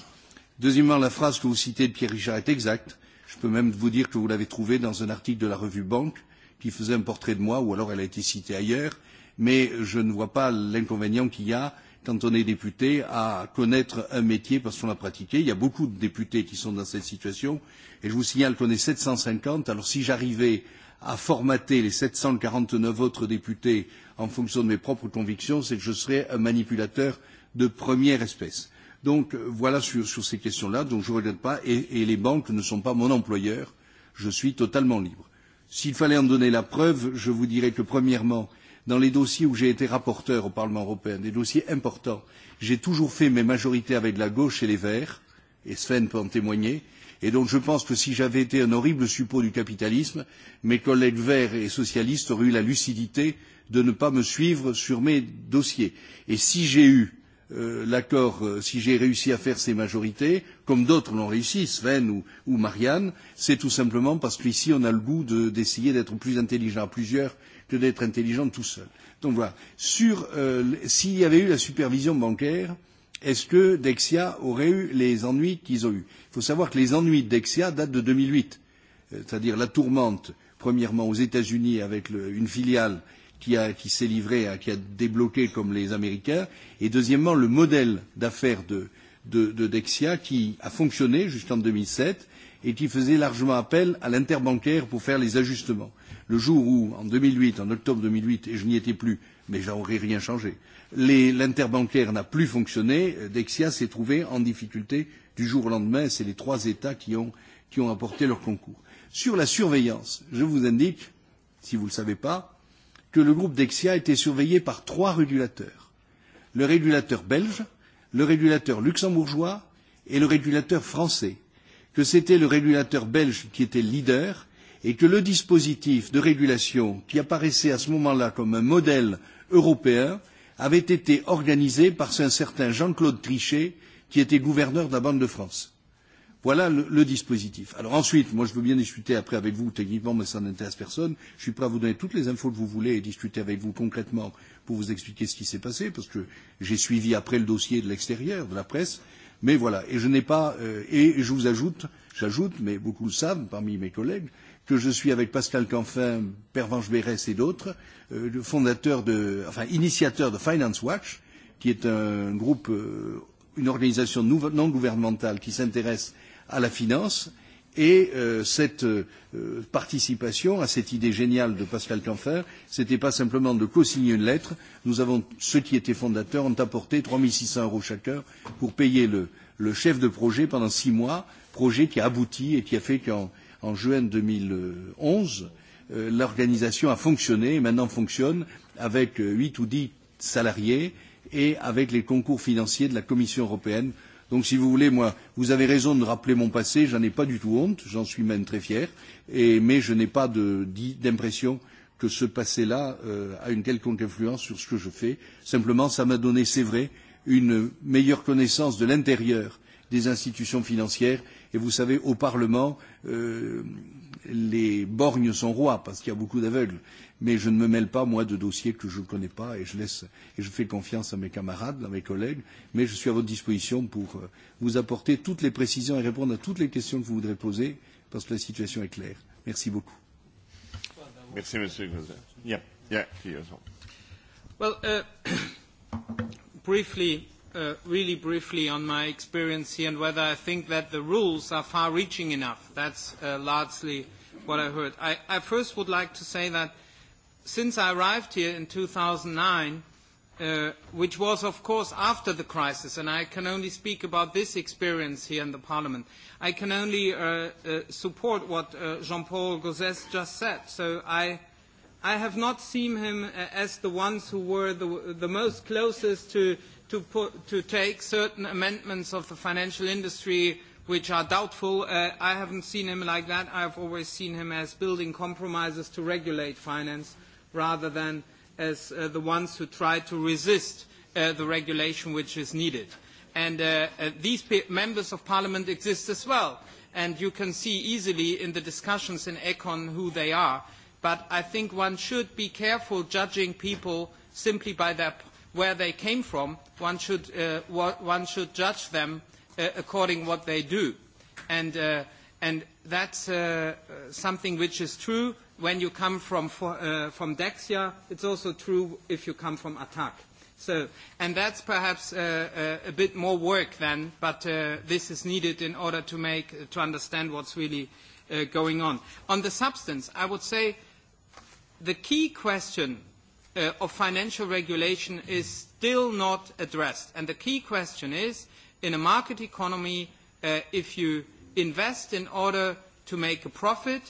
Deuxièmement, la phrase que vous citez de Pierre Richard est exacte. Je peux même vous dire que vous l'avez trouvée dans un article de la revue Banque qui faisait un portrait de moi, ou alors elle a été citée ailleurs, mais je ne vois pas l'inconvénient qu'il y a quand on est député, à connaître un métier parce qu'on l'a pratiqué. Il y a beaucoup de députés qui sont dans cette situation. Et je vous signale qu'on est 750. Alors si j'arrivais à formater les sept cent quarante neuf autres députés en fonction de mes propres convictions, c'est que je serais un manipulateur de première espèce. Donc voilà sur, ces questions-là, donc je ne regrette pas, et, les banques ne sont pas mon employeur, je suis totalement libre. S'il fallait en donner la preuve, je vous dirais que premièrement, Dans les dossiers où j'ai été rapporteur au Parlement européen, des dossiers importants, j'ai toujours fait mes majorités avec la gauche et les verts, et Sven peut en témoigner, et donc je pense que si j'avais été un horrible suppôt du capitalisme, mes collègues verts et socialistes auraient eu la lucidité de ne pas me suivre sur mes dossiers. Et si j'ai eu l'accord, si j'ai réussi à faire ces majorités, comme d'autres l'ont réussi, Sven ou, ou Marianne, c'est tout simplement parce qu'ici on a le goût d'essayer d'être plus intelligent à plusieurs que d'être intelligent tout seul. Donc voilà. Sur, euh, s'il y avait eu la supervision bancaire, est-ce que Dexia aurait eu les ennuis qu'ils ont eus Il faut savoir que les ennuis de Dexia datent de 2008, c'est-à-dire la tourmente, premièrement aux États-Unis avec le, une filiale qui, a, qui s'est livrée, à, qui a débloqué comme les Américains, et deuxièmement le modèle d'affaires de, de, de Dexia qui a fonctionné jusqu'en 2007 et qui faisait largement appel à l'interbancaire pour faire les ajustements. Le jour où, en 2008, en octobre 2008, et je n'y étais plus, mais j'aurais rien changé, l'interbancaire n'a plus fonctionné, Dexia s'est trouvée en difficulté du jour au lendemain. C'est les trois États qui ont, qui ont apporté leur concours. Sur la surveillance, je vous indique, si vous ne le savez pas, que le groupe Dexia était surveillé par trois régulateurs. Le régulateur belge, le régulateur luxembourgeois et le régulateur français. Que c'était le régulateur belge qui était leader et que le dispositif de régulation qui apparaissait à ce moment-là comme un modèle européen avait été organisé par un certain Jean-Claude Trichet, qui était gouverneur de la Banque de France. Voilà le, dispositif. Alors ensuite, moi je veux bien discuter après avec vous techniquement, mais ça n'intéresse personne. Je suis prêt à vous donner toutes les infos que vous voulez et discuter avec vous concrètement pour vous expliquer ce qui s'est passé, parce que j'ai suivi après le dossier de l'extérieur, de la presse. Mais voilà, et je n'ai pas, et je vous ajoute, j'ajoute, mais beaucoup le savent parmi mes collègues, que je suis avec Pascal Canfin, Pervenche Bérès et d'autres, le fondateur de, enfin, initiateur de Finance Watch, qui est un groupe, une organisation non gouvernementale qui s'intéresse à la finance. Et cette participation à cette idée géniale de Pascal Canfer, ce n'était pas simplement de co-signer une lettre. Nous avons, ceux qui étaient fondateurs ont apporté 3 600 euros chacun pour payer le, chef de projet pendant six mois, projet qui a abouti et qui a fait qu'en en juin 2011, l'organisation a fonctionné et maintenant fonctionne avec huit ou dix salariés et avec les concours financiers de la Commission européenne. Donc, si vous voulez, moi, vous avez raison de rappeler mon passé, j'en ai pas du tout honte, j'en suis même très fier, mais je n'ai pas d'impression que ce passé-là a une quelconque influence sur ce que je fais. Simplement, ça m'a donné, c'est vrai, une meilleure connaissance de l'intérieur des institutions financières Et vous savez, au Parlement, les borgnes sont rois, parce qu'il y a beaucoup d'aveugles. Mais je ne me mêle pas, moi, de dossiers que je ne connais pas, et je laisse, et je fais confiance à mes camarades, à mes collègues, mais je suis à votre disposition pour vous apporter toutes les précisions et répondre à toutes les questions que vous voudrez poser, parce que la situation est claire. Merci beaucoup. Merci, Monsieur Yeah, yeah, Well, uh, briefly, really briefly on my experience here and whether I think that the rules are far-reaching enough. That's uh, largely what I heard. I, I first would like to say that since I arrived here in 2009, uh, which was, of course, after the crisis, and I can only speak about this experience here in the Parliament. I can only uh, uh, support what uh, Jean-Paul Gauzès just said. So I I have not seen him as the ones who were the, the most closest to, to, put, to take certain amendments of the financial industry which are doubtful. Uh, I haven't seen him like that. I have always seen him as building compromises to regulate finance rather than as uh, the ones who try to resist uh, the regulation which is needed. And uh, uh, these members of parliament exist as well. And you can see easily in the discussions in ECON who they are But I think one should be careful judging people simply by their, where they came from. One should, uh, one should judge them uh, according to what they do. And, uh, and that's uh, something which is true when you come from, uh, from Dexia. It's also true if you come from Attac. So, and that's perhaps uh, uh, a bit more work then, but uh, this is needed in order to make to understand what's really uh, going on. On the substance, I would say the key question of financial regulation is still not addressed. And the key question is, in a market economy, if you invest in order to make a profit,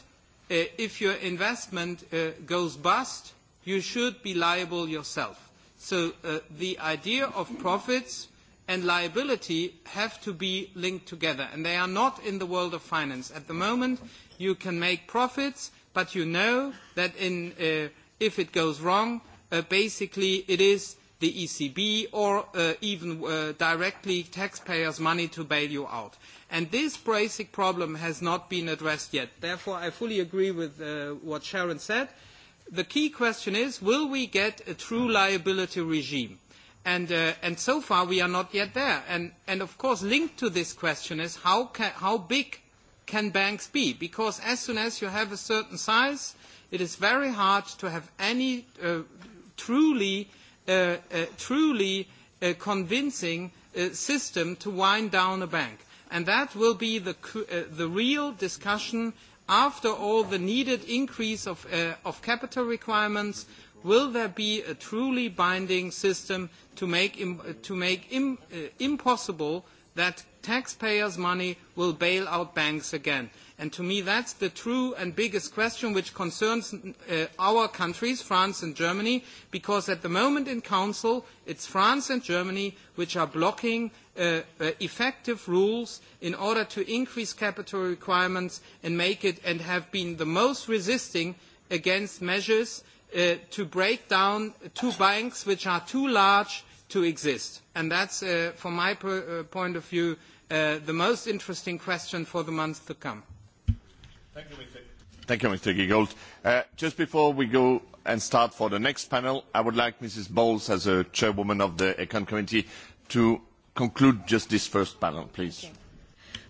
if your investment goes bust, you should be liable yourself. So the idea of profits and liability have to be linked together, and they are not in the world of finance. At the moment, you can make profits but you know that in, uh, if it goes wrong, uh, basically it is the ECB or uh, even uh, directly taxpayers' money to bail you out. And this basic problem has not been addressed yet. Therefore, I fully agree with uh, what Sharon said. The key question is, will we get a true liability regime? And, uh, and so far, we are not yet there. And, and of course, linked to this question is how, ca- how big can banks be? Because as soon as you have a certain size, it is very hard to have any truly, convincing system to wind down a bank. And that will be the, real discussion after all the needed increase of capital requirements will there be a truly binding system to make, impossible that taxpayers' money will bail out banks again. And to me, that is the true and biggest question which concerns our countries, France and Germany, because at the moment in Council, it is France and Germany which are blocking effective rules in order to increase capital requirements and make it and have been the most resisting against measures to break down two banks which are too large to exist. And that is, from my point of view, the most interesting question for the months to come. Thank you, Mr. Giegold. just before we go and start for the next panel, I would like Mrs. Bowles, as a chairwoman of the Econ Committee, to conclude just this first panel, please.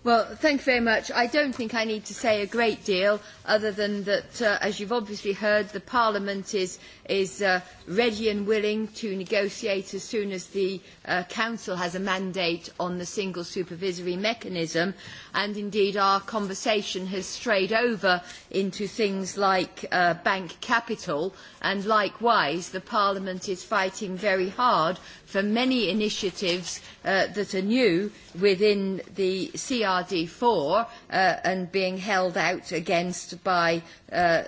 Well, thank you very much. I don't think I need to say a great deal other than that, uh, as you've obviously heard, the Parliament is, is uh, ready and willing to negotiate as soon as the uh, Council has a mandate on the single supervisory mechanism. And indeed, our conversation has strayed over into things like uh, bank capital. And likewise, the Parliament is fighting very hard for many initiatives uh, that are new within the CR CRD4 uh, and being held out against by uh,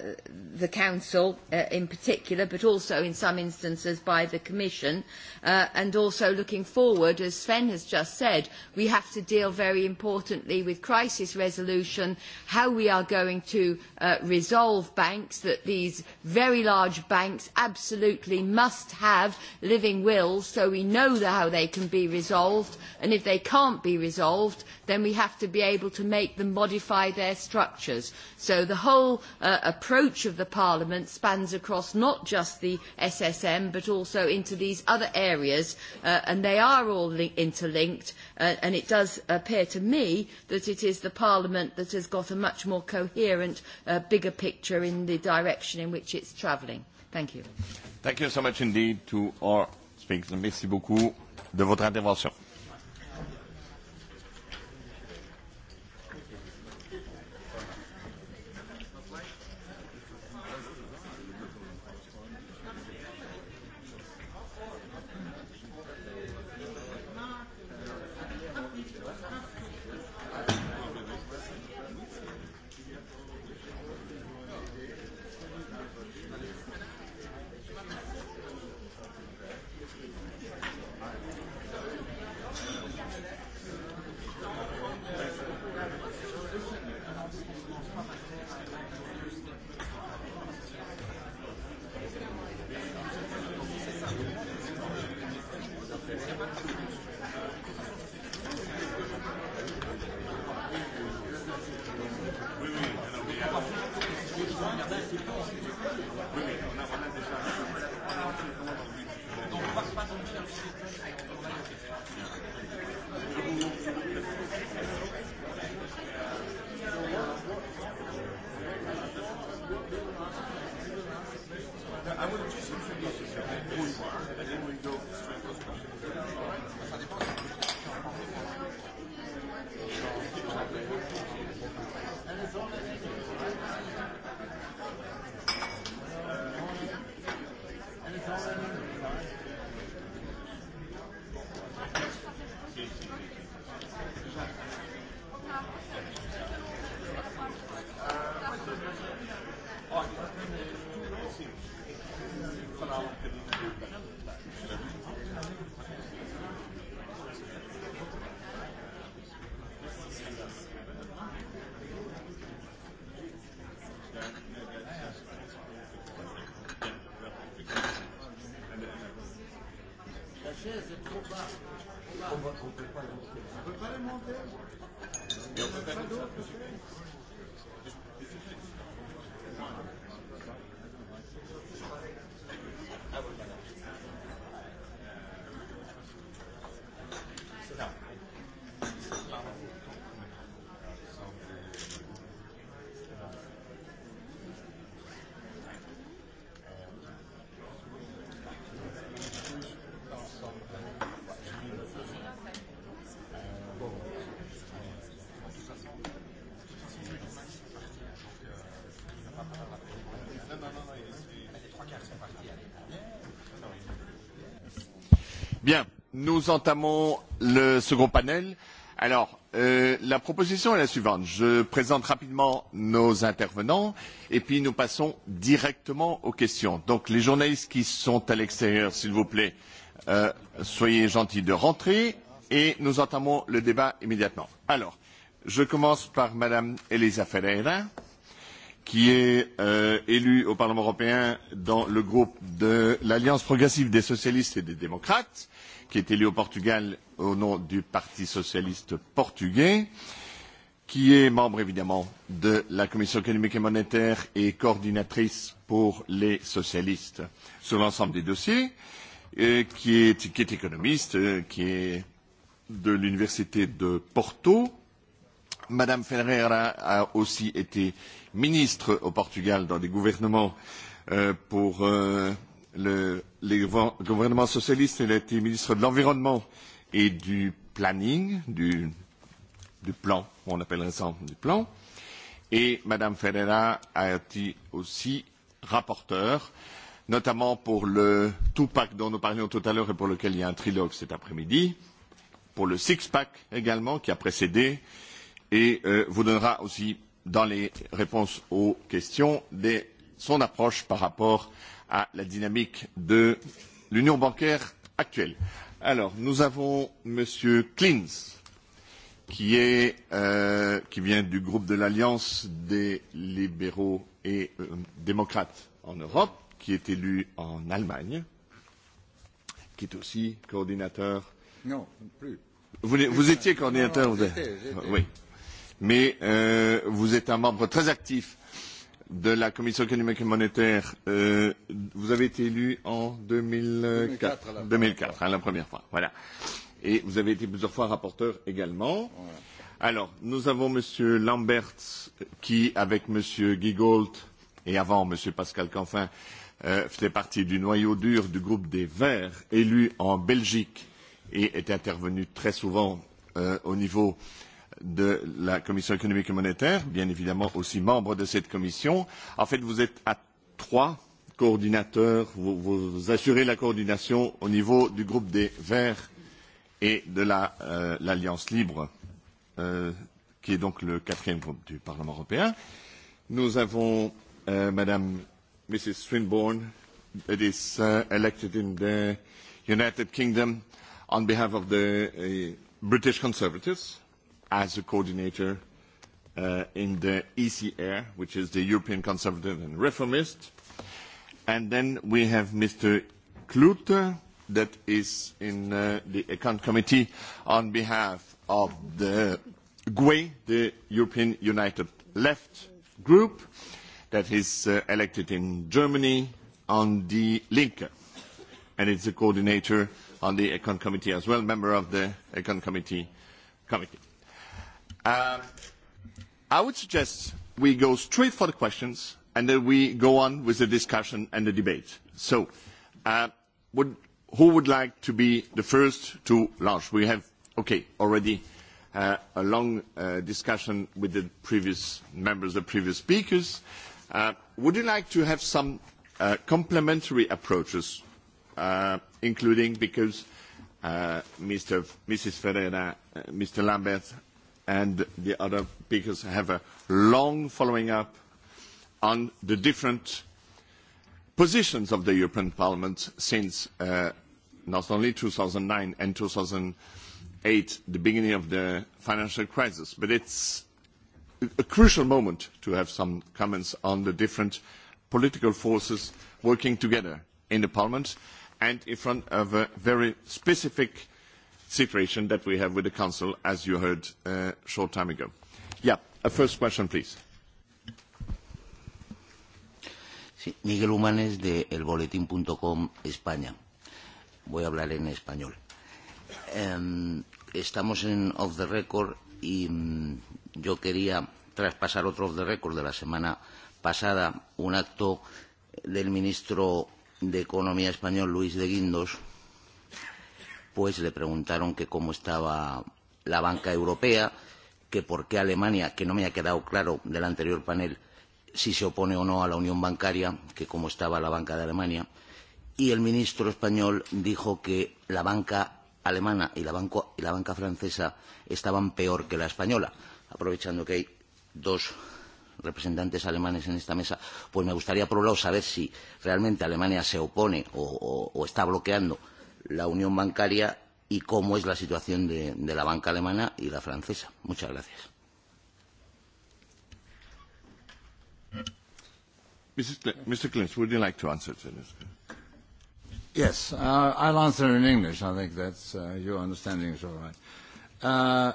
the Council uh, in particular, but also in some instances by the Commission, uh, and also looking forward, as Sven has just said, we have to deal very importantly with crisis resolution, how we are going to uh, resolve banks, that these very large banks absolutely must have living wills so we know how they can be resolved, and if they can't be resolved, then we have have to be able to make them modify their structures. So the whole approach of Parliament spans across not just the SSM but also into these other areas and they are all interlinked and it does appear to me that it is Parliament that has got a much more coherent, bigger picture in the direction in which it is travelling. Thank you. Thank you so much indeed to our speakers. Merci beaucoup de votre intervention. Nous entamons le second panel. Alors, la proposition est la suivante. Je présente rapidement nos intervenants et puis nous passons directement aux questions. Donc, les journalistes qui sont à l'extérieur, s'il vous plaît, soyez gentils de rentrer et nous entamons le débat immédiatement. Alors, je commence par Madame Elisa Ferreira. Euh, qui est élu au Parlement européen dans le groupe de l'Alliance progressive des socialistes et des démocrates, qui est élu au Portugal au nom du Parti socialiste portugais, qui est membre évidemment de la Commission économique et monétaire et coordinatrice pour les socialistes sur l'ensemble des dossiers, qui, est, économiste, qui est de l'Université de Porto, Madame Ferreira a aussi été ministre au Portugal dans des gouvernements pour le, gouvernement socialiste. Elle a été ministre de l'Environnement et du Planning, du, plan, on appellerait ça du plan. Et Madame Ferreira a été aussi rapporteure, notamment pour le two-pack dont nous parlions tout à l'heure et pour lequel il y a un trilogue cet après-midi, pour le six-pack également qui a précédé euh, et vous donnera aussi, dans les réponses aux questions, son approche par rapport à la dynamique de l'union bancaire actuelle. Alors, nous avons M. Klins, qui, est, euh, qui vient du groupe de l'Alliance des libéraux et euh, démocrates en Europe, qui est élu en Allemagne, qui est aussi coordinateur. Non, plus. Vous, vous étiez coordinateur, vous étais. Oui mais vous êtes un membre très actif de la Commission économique et monétaire. vous avez été élu en deux mille quatre la première fois. Voilà. Et vous avez été plusieurs fois rapporteur également. Alors, nous avons Monsieur Lamberts qui, avec Monsieur Giegold et avant Monsieur Pascal Canfin, faisait partie du noyau dur du groupe des Verts, élu en Belgique et est intervenu très souvent au niveau de la Commission économique et monétaire, bien évidemment aussi membre de cette commission. En fait, vous êtes à trois coordinateurs, vous, assurez la coordination au niveau du groupe des Verts et de l'Alliance libre, qui est donc le quatrième groupe du Parlement européen. Nous avons Madame Mrs. Swinburne, that is elected in the United Kingdom on behalf of the British Conservatives as a coordinator uh, in the ECR, which is the European Conservative and Reformist. And then we have Mr. Klute, that is in uh, the Account Committee on behalf of the GUE, the European United Left group, that is uh, elected in Germany on the Linke. And it's a coordinator on the Econ Committee as well, member of the Econ Committee committee. I would suggest we go straight for the questions and then we go on with the discussion and the debate. So, who would like to be the first to launch? We have, okay, already a long discussion with the previous members, the previous speakers. Would you like to have some complementary approaches, including because Mr. Mrs. Ferreira, Mr. Lambert, and the other speakers have a long following up on the different positions of the European Parliament since not only two thousand nine and two thousand eight, the beginning of the financial crisis, but it's a crucial moment to have some comments on the different political forces working together in the Parliament and in front of a very specific situation that we have with the council, as you heard a short time ago. Yeah, a first question, please. Miguel Humanes de elboletín.com España. Voy a hablar en español. estamos en Off the Record y yo quería traspasar otro Off the Record de la semana pasada, un acto del ministro de Economía español, Luis de Guindos, después le preguntaron que cómo estaba la banca europea, que por qué Alemania, que no me ha quedado claro del anterior panel si se opone o no a la unión bancaria, que cómo estaba la banca de Alemania, y el ministro español dijo que la banca alemana y la, banco, y la banca francesa estaban peor que la española. Aprovechando que hay dos representantes alemanes en esta mesa, pues me gustaría por un lado saber si realmente Alemania se opone o, o, o está bloqueando la unión bancaria y cómo es la situación de, de la banca alemana y la francesa. Muchas gracias. Mr. Klintz, would you like to answer to this? Yes, uh, I'll answer in English. I think that's uh, your understanding is all right. Uh,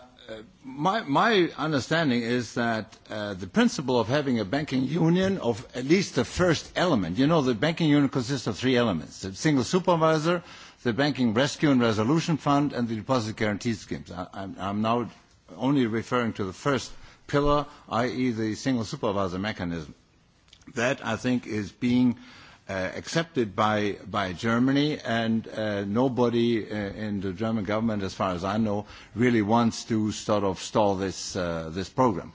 my, my understanding is that uh, the principle of having a banking union, of at least the first element, you know, the banking union consists of three elements: a single supervisor, the Banking Rescue and Resolution Fund and the Deposit Guarantee Schemes. I, I'm, I'm now only referring to the first pillar, i.e. the single supervisor mechanism. That, I think, is being uh, accepted by, by Germany, and uh, nobody uh, in the German government, as far as I know, really wants to sort of stall this, uh, this program.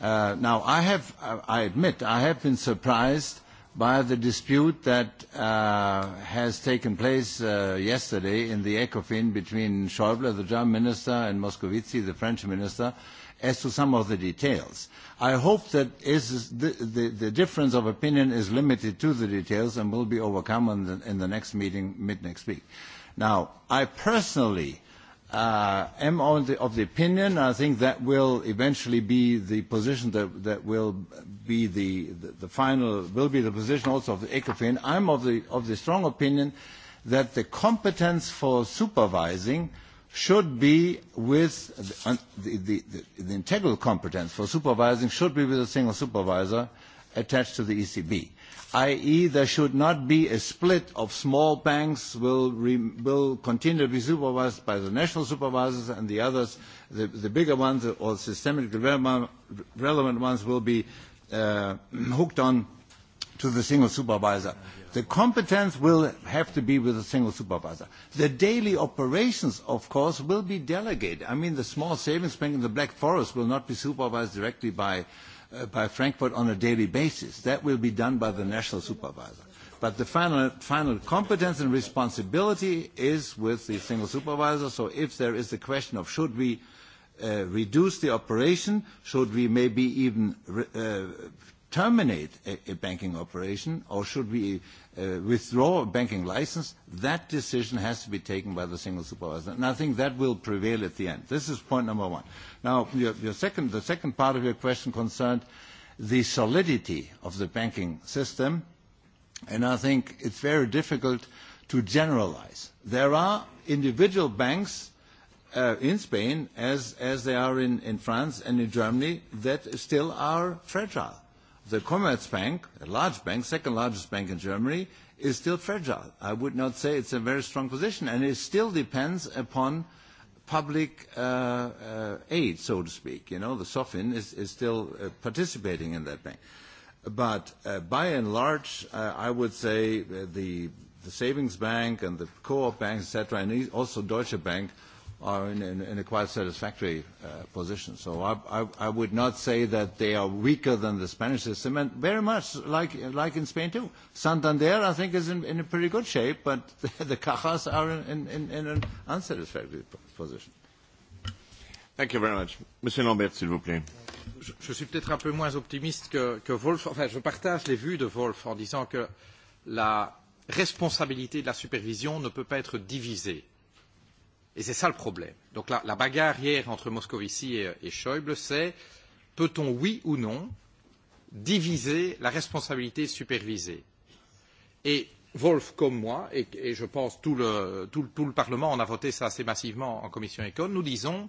Uh, now, I have, I admit, I have been surprised by the dispute that uh, has taken place uh, yesterday in the ECOFIN between Schäuble, the German minister, and Moscovici, the French minister, as to some of the details. I hope that is the, the, the difference of opinion is limited to the details and will be overcome in the, in the next meeting mid-next week. Now, I personally uh, am the, of the opinion, I think that will eventually be the position that, that will be the, the, the final, will be the position also of the ECOFIN. I'm of the, of the strong opinion that the competence for supervising should be with the, the, the, the integral competence for supervising should be with a single supervisor attached to the ECB i.e., there should not be a split of small banks will, re, will continue to be supervised by the national supervisors and the others, the, the bigger ones or systemically relevant ones will be uh, hooked on to the single supervisor. The competence will have to be with the single supervisor. The daily operations, of course, will be delegated. I mean, the small savings bank in the Black Forest will not be supervised directly by, uh, by Frankfurt on a daily basis. That will be done by the national supervisor. But the final, final competence and responsibility is with the single supervisor. So if there is the question of should we uh, reduce the operation, should we maybe even uh, terminate a, a banking operation, or should we uh, withdraw a banking license, that decision has to be taken by the single supervisor. And I think that will prevail at the end. This is point number one. Now, your, your second, the second part of your question concerned the solidity of the banking system, and I think it's very difficult to generalize. There are individual banks uh, in Spain, as, as they are in, in France and in Germany, that still are fragile. The Commerzbank, a large bank, second largest bank in Germany, is still fragile. I would not say it's a very strong position, and it still depends upon public uh, uh, aid, so to speak. You know, the SOFIN is, is still uh, participating in that bank. But uh, by and large, uh, I would say the, the savings bank and the co-op banks, etc., and also Deutsche Bank – are in, in, in a quite satisfactory uh, position. So I, I, I would not say that they are weaker than the Spanish system, and very much like, like in Spain too. Santander, I think, is in, in a pretty good shape, but the Cajas are in, in, in an unsatisfactory position. Thank you very much. Monsieur Lambert, s'il vous plaît. Je, suis peut-être un peu moins optimiste que, que Wolf. Enfin, je partage les vues de Wolf en disant que la responsabilité de la supervision ne peut pas être divisée Et c'est ça le problème. Donc la, la bagarre hier entre Moscovici et, et Schäuble, c'est peut-on, oui ou non, diviser la responsabilité supervisée Et Wolf, comme moi, et, et je pense tout le, tout, tout le Parlement, on a voté ça assez massivement en commission Econ, nous disons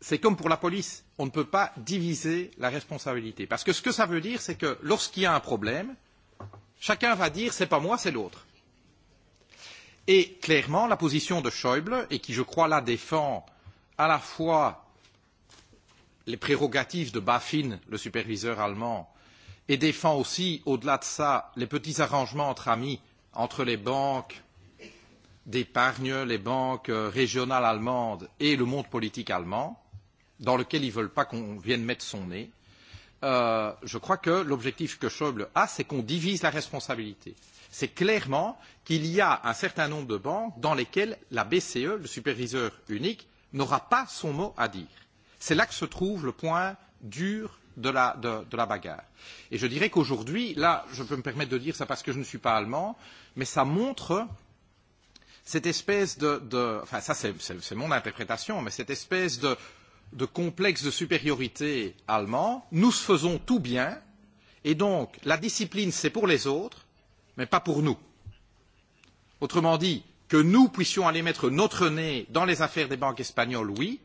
c'est comme pour la police, on ne peut pas diviser la responsabilité. Parce que ce que ça veut dire, c'est que lorsqu'il y a un problème, chacun va dire c'est pas moi, c'est l'autre. Et clairement, la position de Schäuble, et qui, je crois, là défend à la fois les prérogatives de BaFin, le superviseur allemand, et défend aussi, au-delà de ça, les petits arrangements entre amis, entre les banques d'épargne, les banques régionales allemandes et le monde politique allemand, dans lequel ils ne veulent pas qu'on vienne mettre son nez, je crois que l'objectif que Schäuble a, c'est qu'on divise la responsabilité c'est clairement qu'il y a un certain nombre de banques dans lesquelles la BCE, le superviseur unique, n'aura pas son mot à dire. C'est là que se trouve le point dur de la, de, de la bagarre. Et je dirais qu'aujourd'hui, là, je peux me permettre de dire ça parce que je ne suis pas allemand, mais ça montre cette espèce de, de enfin ça c'est, mon interprétation, mais cette espèce de, de complexe de supériorité allemand, nous faisons tout bien, et donc la discipline c'est pour les autres, mais pas pour nous. Autrement dit, que nous puissions aller mettre notre nez dans les affaires des banques espagnoles, oui,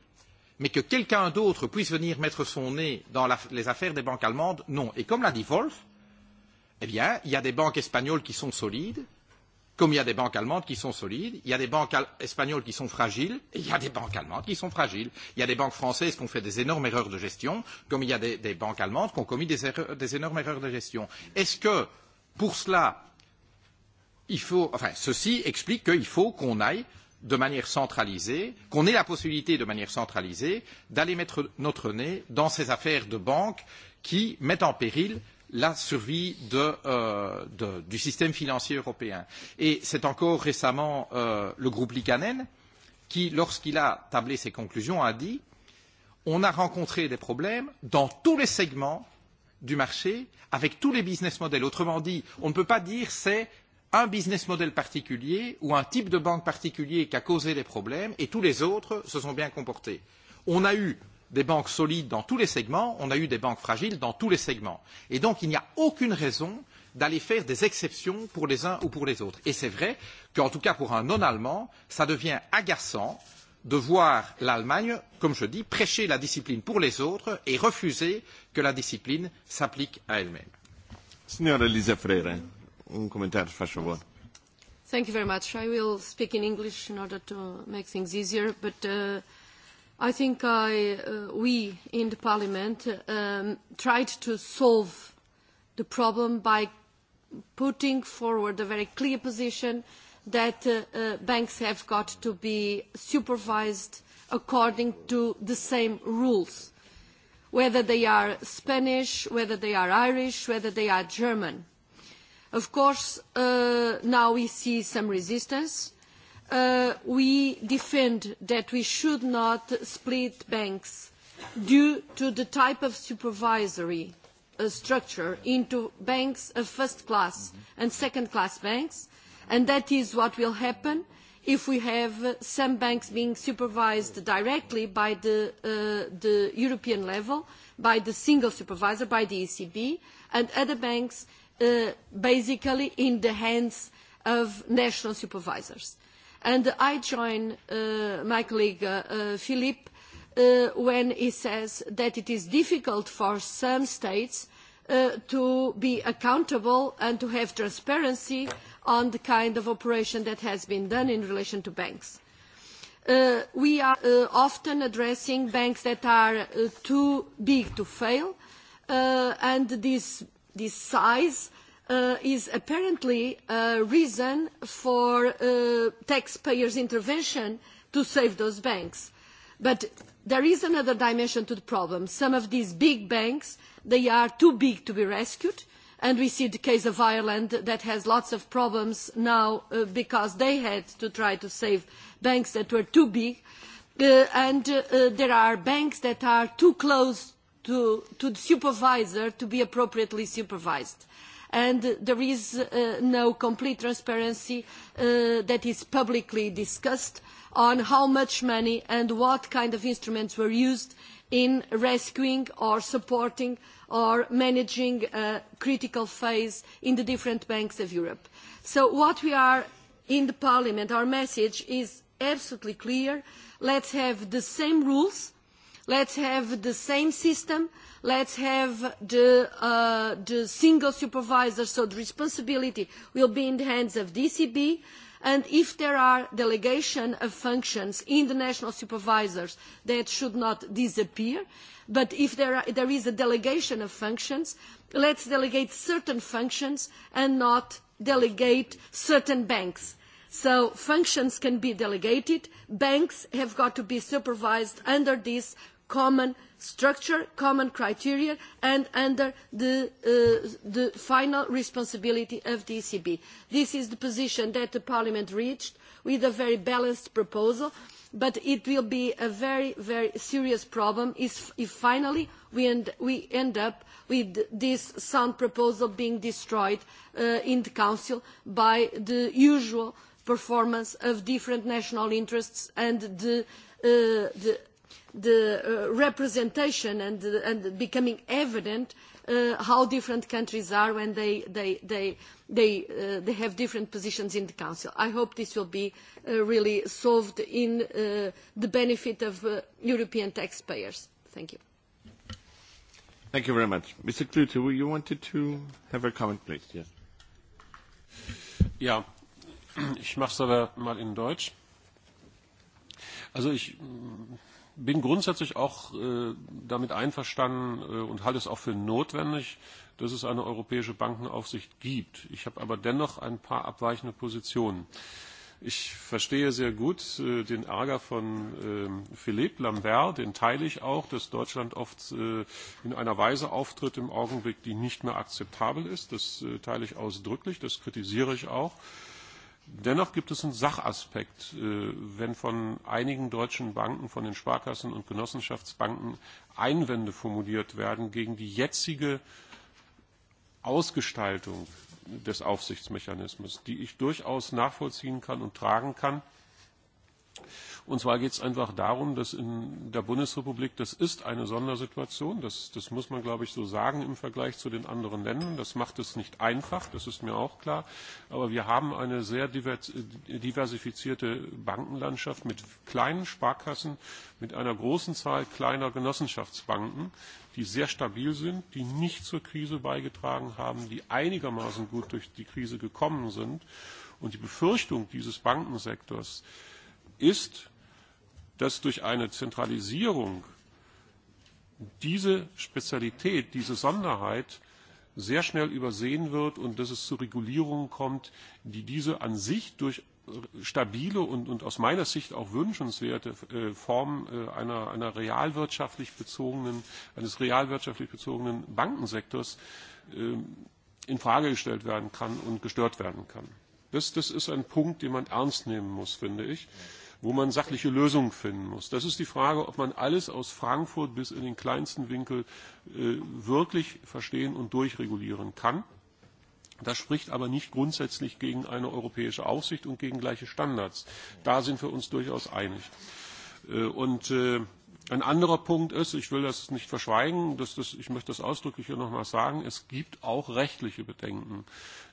mais que quelqu'un d'autre puisse venir mettre son nez dans les affaires des banques allemandes, non. Et comme l'a dit Wolf, eh bien, il y a des banques espagnoles qui sont solides, comme il y a des banques allemandes qui sont solides, il y a des banques espagnoles qui sont fragiles, et il y a des banques allemandes qui sont fragiles. Il y a des banques françaises qui ont fait des énormes erreurs de gestion, comme il y a des, banques allemandes qui ont commis des, énormes erreurs de gestion. Est-ce que, pour cela, il faut, enfin, ceci explique qu'il faut qu'on aille de manière centralisée, qu'on ait la possibilité de manière centralisée d'aller mettre notre nez dans ces affaires de banques qui mettent en péril la survie de, euh, de, du système financier européen. Et c'est encore récemment euh, le groupe Likanen qui, lorsqu'il a tablé ses conclusions, a dit on a rencontré des problèmes dans tous les segments du marché avec tous les business models. Autrement dit, on ne peut pas dire c'est un business model particulier ou un type de banque particulier qui a causé des problèmes et tous les autres se sont bien comportés. On a eu des banques solides dans tous les segments, on a eu des banques fragiles dans tous les segments. Et donc il n'y a aucune raison d'aller faire des exceptions pour les uns ou pour les autres. Et c'est vrai qu'en tout cas pour un non-allemand, ça devient agaçant de voir l'Allemagne, comme je dis, prêcher la discipline pour les autres et refuser que la discipline s'applique à elle-même un favor. Thank you very much. I will speak in English in order to make things easier, but uh, I think I, uh, we in the Parliament um, tried to solve the problem by putting forward a very clear position that uh, uh, banks have got to be supervised according to the same rules, whether they are Spanish, whether they are Irish, whether they are German Of course, now we see some resistance. we defend that we should not split banks due to the type of supervisory structure into banks of first class and second class banks, and that is what will happen if we have some banks being supervised directly by the European level, by the single supervisor, by the ECB, and other banks basically in the hands of national supervisors. And I join my colleague Philippe when he says that it is difficult for some states to be accountable and to have transparency on the kind of operation that has been done in relation to banks. we are often addressing banks that are too big to fail, and this this size is apparently a reason for taxpayers' intervention to save those banks. But there is another dimension to the problem. Some of these big banks, they are too big to be rescued, and we see the case of Ireland that has lots of problems now because they had to try to save banks that were too big. and there are banks that are too close to, to the supervisor to be appropriately supervised. And there is no complete transparency that is publicly discussed on how much money and what kind of instruments were used in rescuing or supporting or managing a critical phase in the different banks of Europe. So what we are in the Parliament, our message is absolutely clear. Let's have the same rules Let's have the same system. Let's have the, uh, the single supervisor, so the responsibility will be in the hands of DCB. And if there are delegation of functions in the national supervisors, that should not disappear. But if there, are, there is a delegation of functions, let's delegate certain functions and not delegate certain banks. So functions can be delegated. Banks have got to be supervised under this common structure, common criteria, and under the, final responsibility of the ECB. This is the position that Parliament reached with a very balanced proposal, but it will be a very, very serious problem if, finally we end, up with this sound proposal being destroyed in the Council by the usual performance of different national interests and the the representation and, becoming evident how different countries are when they, they, they, have different positions in the Council. I hope this will be really solved in the benefit of European taxpayers. Thank you. Thank you very much. Mr. Klute, you wanted to have a comment, please. Yes. Ja, ich mache es aber mal in Deutsch. Also ich bin grundsätzlich auch damit einverstanden und halte es auch für notwendig, dass es eine europäische Bankenaufsicht gibt. Ich habe aber dennoch ein paar abweichende Positionen. Ich verstehe sehr gut den Ärger von Philippe Lambert, den teile ich auch, dass Deutschland oft in einer Weise auftritt im Augenblick, die nicht mehr akzeptabel ist. Das teile ich ausdrücklich, das kritisiere ich auch. Dennoch gibt es einen Sachaspekt, wenn von einigen deutschen Banken, von den Sparkassen und Genossenschaftsbanken Einwände formuliert werden gegen die jetzige Ausgestaltung des Aufsichtsmechanismus, die ich durchaus nachvollziehen kann und tragen kann. Und zwar geht es einfach darum, dass in der Bundesrepublik, das ist eine Sondersituation, das, das muss man, glaube ich, so sagen im Vergleich zu den anderen Ländern. Das macht es nicht einfach, das ist mir auch klar. Aber wir haben eine sehr diversifizierte Bankenlandschaft mit kleinen Sparkassen, mit einer großen Zahl kleiner Genossenschaftsbanken, die sehr stabil sind, die nicht zur Krise beigetragen haben, die einigermaßen gut durch die Krise gekommen sind. Und die Befürchtung dieses Bankensektors ist, dass durch eine Zentralisierung diese Spezialität, diese Sonderheit sehr schnell übersehen wird und dass es zu Regulierungen kommt, die diese an sich durch stabile und, und aus meiner Sicht auch wünschenswerte Form einer, einer realwirtschaftlich bezogenen, eines realwirtschaftlich bezogenen Bankensektors in Frage gestellt werden kann und gestört werden kann. Das, das ist ein Punkt, den man ernst nehmen muss, finde ich wo man sachliche Lösungen finden muss. Das ist die Frage, ob man alles aus Frankfurt bis in den kleinsten Winkel wirklich verstehen und durchregulieren kann. Das spricht aber nicht grundsätzlich gegen eine europäische Aufsicht und gegen gleiche Standards. Da sind wir uns durchaus einig. Und ein anderer Punkt ist, ich will das nicht verschweigen, dass das, ich möchte das ausdrücklich hier nochmal sagen, es gibt auch rechtliche Bedenken.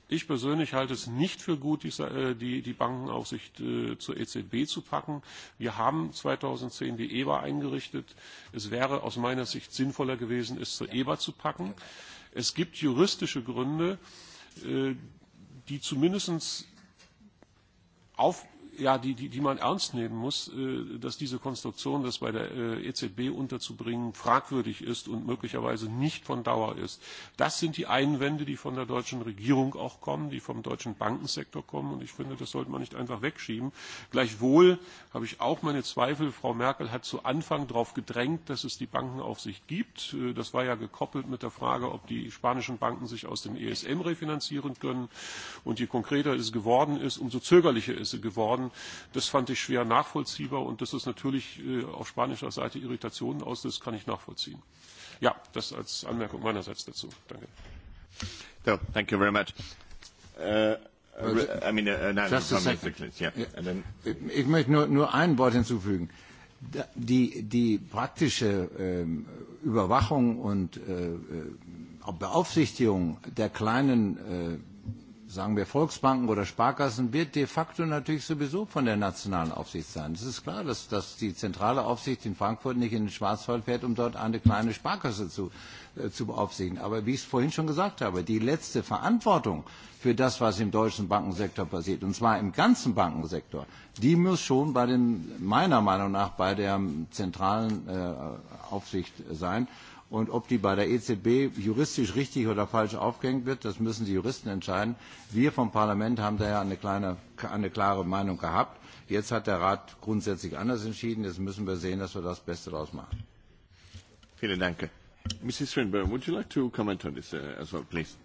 Ich persönlich halte es nicht für gut, die, Bankenaufsicht zur EZB zu packen. Wir haben 2010 die EBA eingerichtet. Es wäre aus meiner Sicht sinnvoller gewesen, es zur EBA zu packen. Es gibt juristische Gründe, die zumindest auf ja, die, die, die man ernst nehmen muss, dass diese Konstruktion, das bei der EZB unterzubringen, fragwürdig ist und möglicherweise nicht von Dauer ist. Das sind die Einwände, die von der deutschen Regierung auch kommen, die vom deutschen Bankensektor kommen. Und ich finde, das sollte man nicht einfach wegschieben. Gleichwohl habe ich auch meine Zweifel. Frau Merkel hat zu Anfang darauf gedrängt, dass es die Bankenaufsicht gibt. Das war ja gekoppelt mit der Frage, ob die spanischen Banken sich aus dem ESM refinanzieren können. Und je konkreter es geworden ist, umso zögerlicher ist sie geworden haben, das fand ich schwer nachvollziehbar und dass es natürlich auf spanischer Seite Irritationen auslöst, kann ich nachvollziehen. Ja, das als Anmerkung meinerseits dazu. Danke. So, thank you very much. ich möchte nur, nur ein Wort hinzufügen. Die, die praktische Überwachung und äh, Beaufsichtigung der kleinen äh, sagen wir Volksbanken oder Sparkassen, wird de facto natürlich sowieso von der nationalen Aufsicht sein. Es ist klar, dass, dass die zentrale Aufsicht in Frankfurt nicht in den Schwarzwald fährt, um dort eine kleine Sparkasse zu, äh, zu beaufsichtigen. Aber wie ich es vorhin schon gesagt habe, die letzte Verantwortung für das, was im deutschen Bankensektor passiert, und zwar im ganzen Bankensektor, die muss schon bei den, meiner Meinung nach bei der zentralen äh, Aufsicht sein. Und ob die bei der EZB juristisch richtig oder falsch aufgehängt wird, das müssen die Juristen entscheiden. Wir vom Parlament haben da ja eine, kleine, eine klare Meinung gehabt. Jetzt hat der Rat grundsätzlich anders entschieden. Jetzt müssen wir sehen, dass wir das Beste daraus machen. Vielen Dank. Mrs. Swinburne, would you like to comment on this as well, please?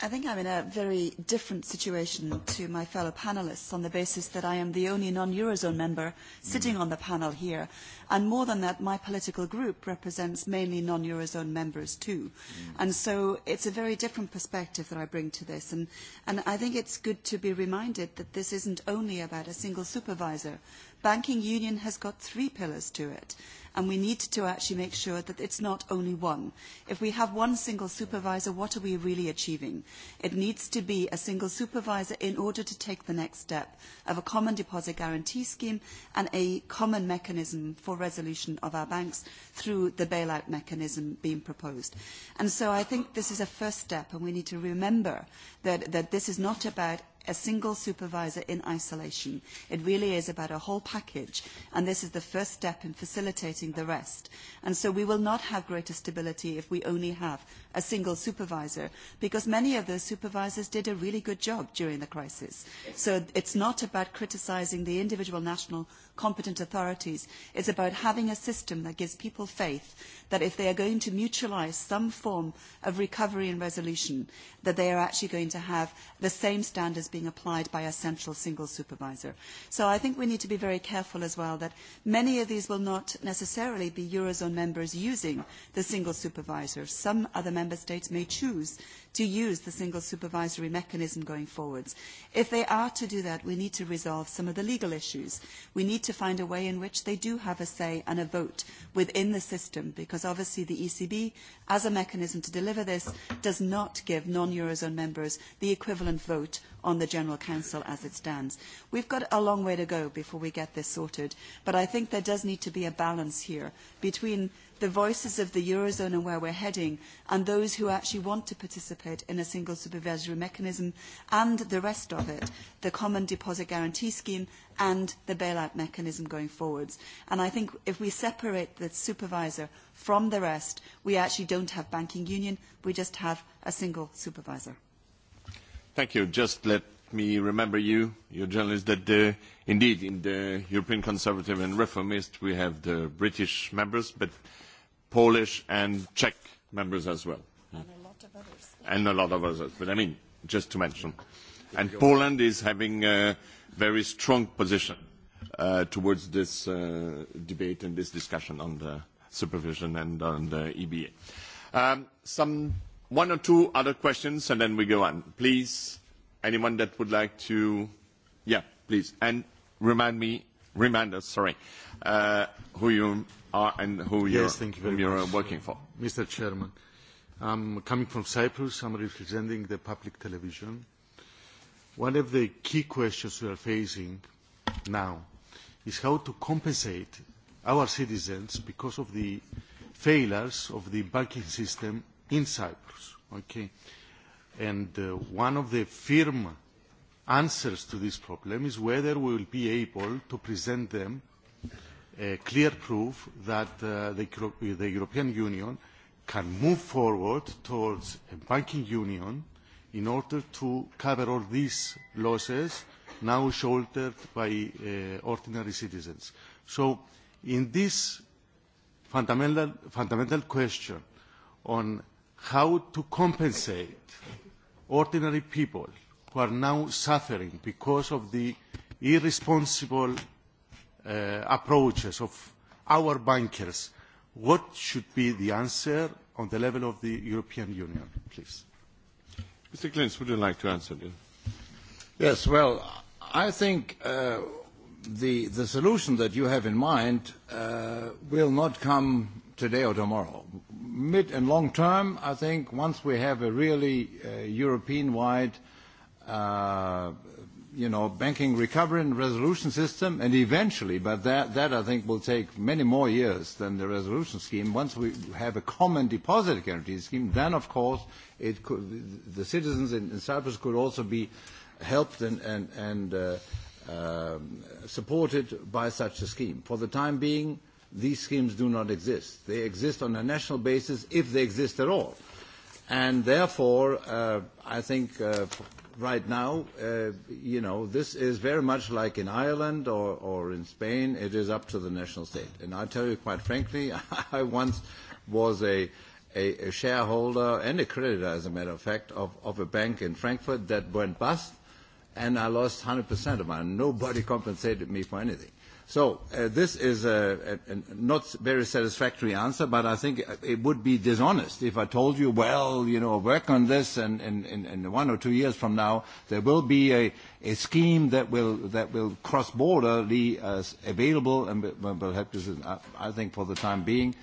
I think I'm in a very different situation to my fellow panelists on the basis that I am the only non-Eurozone member sitting on the panel here. And more than that, my political group represents mainly non-Eurozone members too. And so it's a very different perspective that I bring to this. And, and I think it's good to be reminded that this isn't only about a single supervisor. Banking union has got three pillars to it and we need to actually make sure that it's not only one. If we have one single supervisor, what are we really achieving? It needs to be a single supervisor in order to take the next step of a common deposit guarantee scheme and a common mechanism for resolution of our banks through the bailout mechanism being proposed. And so I think this is a first step, and we need to remember that, that this is not about a single supervisor in isolation. It really is about a whole package, and this is the first step in facilitating the rest. And so we will not have greater stability if we only have a single supervisor because many of those supervisors did a really good job during the crisis. So it's not about criticising the individual national competent authorities. It's about having a system that gives people faith that if they are going to mutualise some form of recovery and resolution, that they are actually going to have the same standards being applied by a central single supervisor. So I think we need to be very careful as well that many of these will not necessarily be Eurozone members using the single supervisor. Some other member states may choose to use the single supervisory mechanism going forwards. If they are to do that, we need to resolve some of the legal issues. We need to find a way in which they do have a say and a vote within the system, because obviously the ECB, as a mechanism to deliver this, does not give non-Eurozone members the equivalent vote on the General Council as it stands. We've got a long way to go before we get this sorted, but I think there does need to be a balance here between the voices of the Eurozone and where we're heading, and those who actually want to participate in a single supervisory mechanism, and the rest of it, the common deposit guarantee scheme and the bailout mechanism going forwards. And I think if we separate the supervisor from the rest, we actually don't have banking union, we just have a single supervisor. Thank you. Just let me remember you, your journalist, that uh, indeed in the European Conservative and Reformist we have the British members, but Polish and Czech members as well. And a lot of others. And a lot of others, but I mean, just to mention. And Poland is having a very strong position uh, towards this uh, debate and this discussion on the supervision and on the EBA. Um, some one or two other questions, and then we go on. Please, anyone that would like to... Yeah, please. And remind me remind us, sorry, uh, who you are and who you're, yes, thank you very you're much, working for. Mr. Chairman, I'm coming from Cyprus. I'm representing the public television. One of the key questions we are facing now is how to compensate our citizens because of the failures of the banking system in Cyprus. Okay. And uh, one of the firm answers to this problem is whether we will be able to present them a clear proof that the, European Union can move forward towards a banking union in order to cover all these losses now shouldered by ordinary citizens. So in this fundamental question on how to compensate ordinary people who are now suffering because of the irresponsible approaches of our bankers. What should be the answer on the level of the European Union, please? Mr. Klinz, would you like to answer this? Yes, well, I think the, the solution that you have in mind will not come today or tomorrow. Mid and long term, I think once we have a really European-wide uh, uh, you know, banking recovery and resolution system, and eventually, but that, that I think will take many more years than the resolution scheme. Once we have a common deposit guarantee scheme, then of course it could, the citizens in, in Cyprus could also be helped and, and, and uh, uh, supported by such a scheme. For the time being, these schemes do not exist. They exist on a national basis, if they exist at all. And therefore, uh, I think uh, right now, uh, you know, this is very much like in Ireland or, or in Spain, it is up to the national state. And I tell you quite frankly, I once was a, a, a shareholder and a creditor, as a matter of fact, of, of a bank in Frankfurt that went bust, and I lost 100% of mine. Nobody compensated me for anything. So This is a not very satisfactory answer, but I think it would be dishonest if I told you, "Well, you know, work on this, and in one or two years from now, there will be a scheme that will cross-border uh available and will help this." I think for the time being,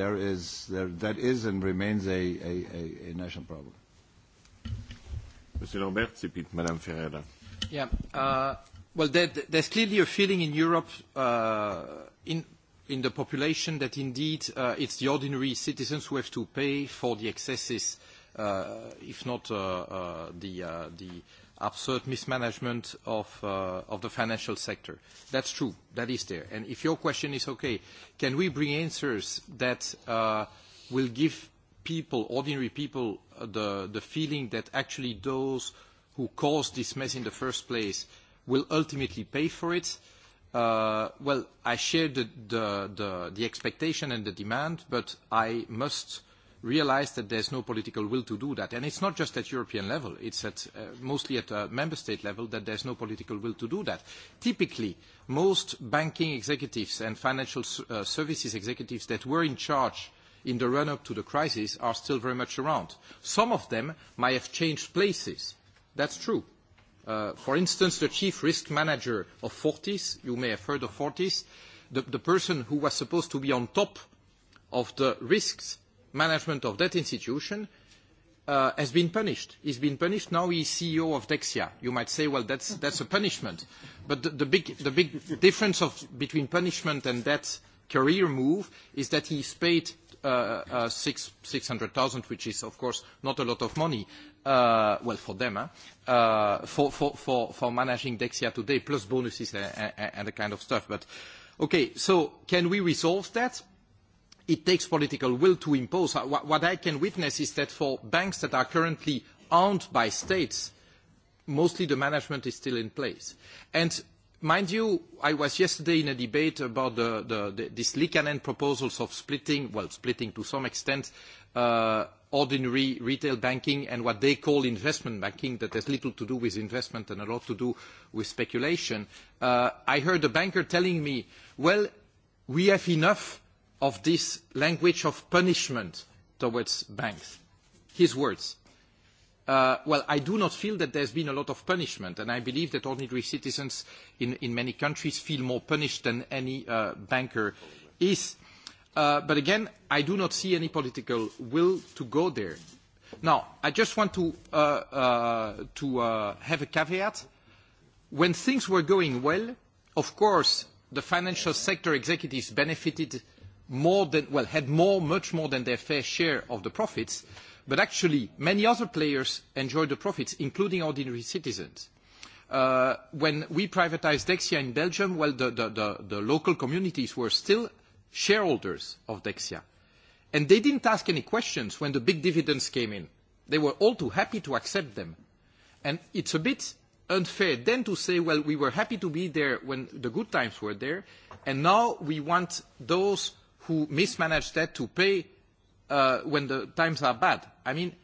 there is that is and remains a national problem. Mr. Lambert, Madame Ferreira. Yeah. Well, there, there's clearly a feeling in Europe, uh, in, in the population, that indeed uh, it's the ordinary citizens who have to pay for the excesses, uh, if not uh, uh, the, uh, the absurd mismanagement of, uh, of the financial sector. That's true. That is there. And if your question is, okay, can we bring answers that uh, will give people, ordinary people, the, the feeling that actually those who caused this mess in the first place will ultimately pay for it? Well, I share the expectation and the demand, but I must realize that there's no political will to do that. And it's not just at European level. It's at, mostly at a member state level that there's no political will to do that. Typically, most banking executives and financial services executives that were in charge in the run-up to the crisis are still very much around. Some of them might have changed places. That's true for instance, the chief risk manager of Fortis, you may have heard of Fortis, the, person who was supposed to be on top of the risks management of that institution has been punished. He's been punished. Now he's CEO of Dexia. You might say, well, that's, a punishment. But the, big, difference between punishment and that career move is that he's paid six, 600,000, which is, of course, not a lot of money uh well, for them, uh for for for for managing Dexia today, plus bonuses and and the kind of stuff. But okay, so can we resolve that? It takes political will to impose. What I can witness is that for banks that are currently owned by states, mostly the management is still in place. And mind you, I was yesterday in a debate about the the this Liikanen proposals of splitting, well, splitting to some extent, uh ordinary retail banking and what they call investment banking that has little to do with investment and a lot to do with speculation. I heard a banker telling me, well, we have enough of this language of punishment towards banks. His words. well, I do not feel that there has been a lot of punishment, and I believe that ordinary citizens in, many countries feel more punished than any banker is but again, I do not see any political will to go there. Now, I just want to, have a caveat. When things were going well, of course, the financial sector executives benefited more than, well, had more, much more than their fair share of the profits, but actually many other players enjoyed the profits, including ordinary citizens. when we privatised Dexia in Belgium, well, the, the, the, the local communities were still shareholders of Dexia. And they didn't ask any questions when the big dividends came in. They were all too happy to accept them. And it's a bit unfair then to say, well, we were happy to be there when the good times were there, and now we want those who mismanaged that to pay when the times are bad. I mean,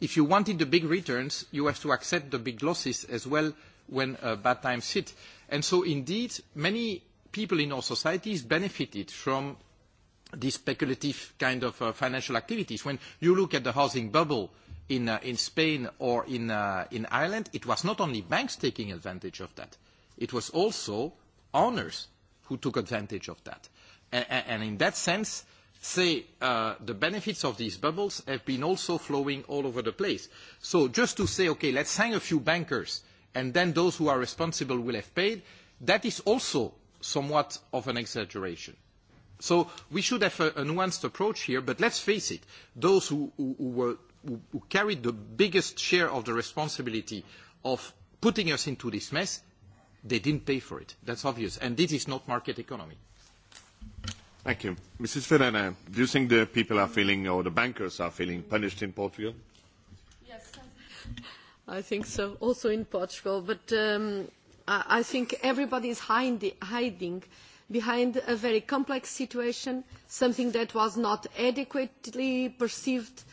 if you wanted the big returns, you have to accept the big losses as well when bad times hit. And so indeed, many people in our societies benefited from these speculative kind of uh, financial activities. When you look at the housing bubble in, uh, in Spain or in, uh, in Ireland, it was not only banks taking advantage of that. It was also owners who took advantage of that. And, and in that sense, say uh, the benefits of these bubbles have been also flowing all over the place. So just to say, okay, let's hang a few bankers and then those who are responsible will have paid, that is also somewhat of an exaggeration. So we should have a, nuanced approach here, but let's face it, those who, who, who carried the biggest share of the responsibility of putting us into this mess, they didn't pay for it. That's obvious. And this is not market economy. Thank you. Mrs. Ferreira, do you think the people are feeling, or the bankers are feeling, punished in Portugal? Yes, I think so, also in Portugal. But I think everybody is hiding behind a very complex situation, something that was not adequately perceived,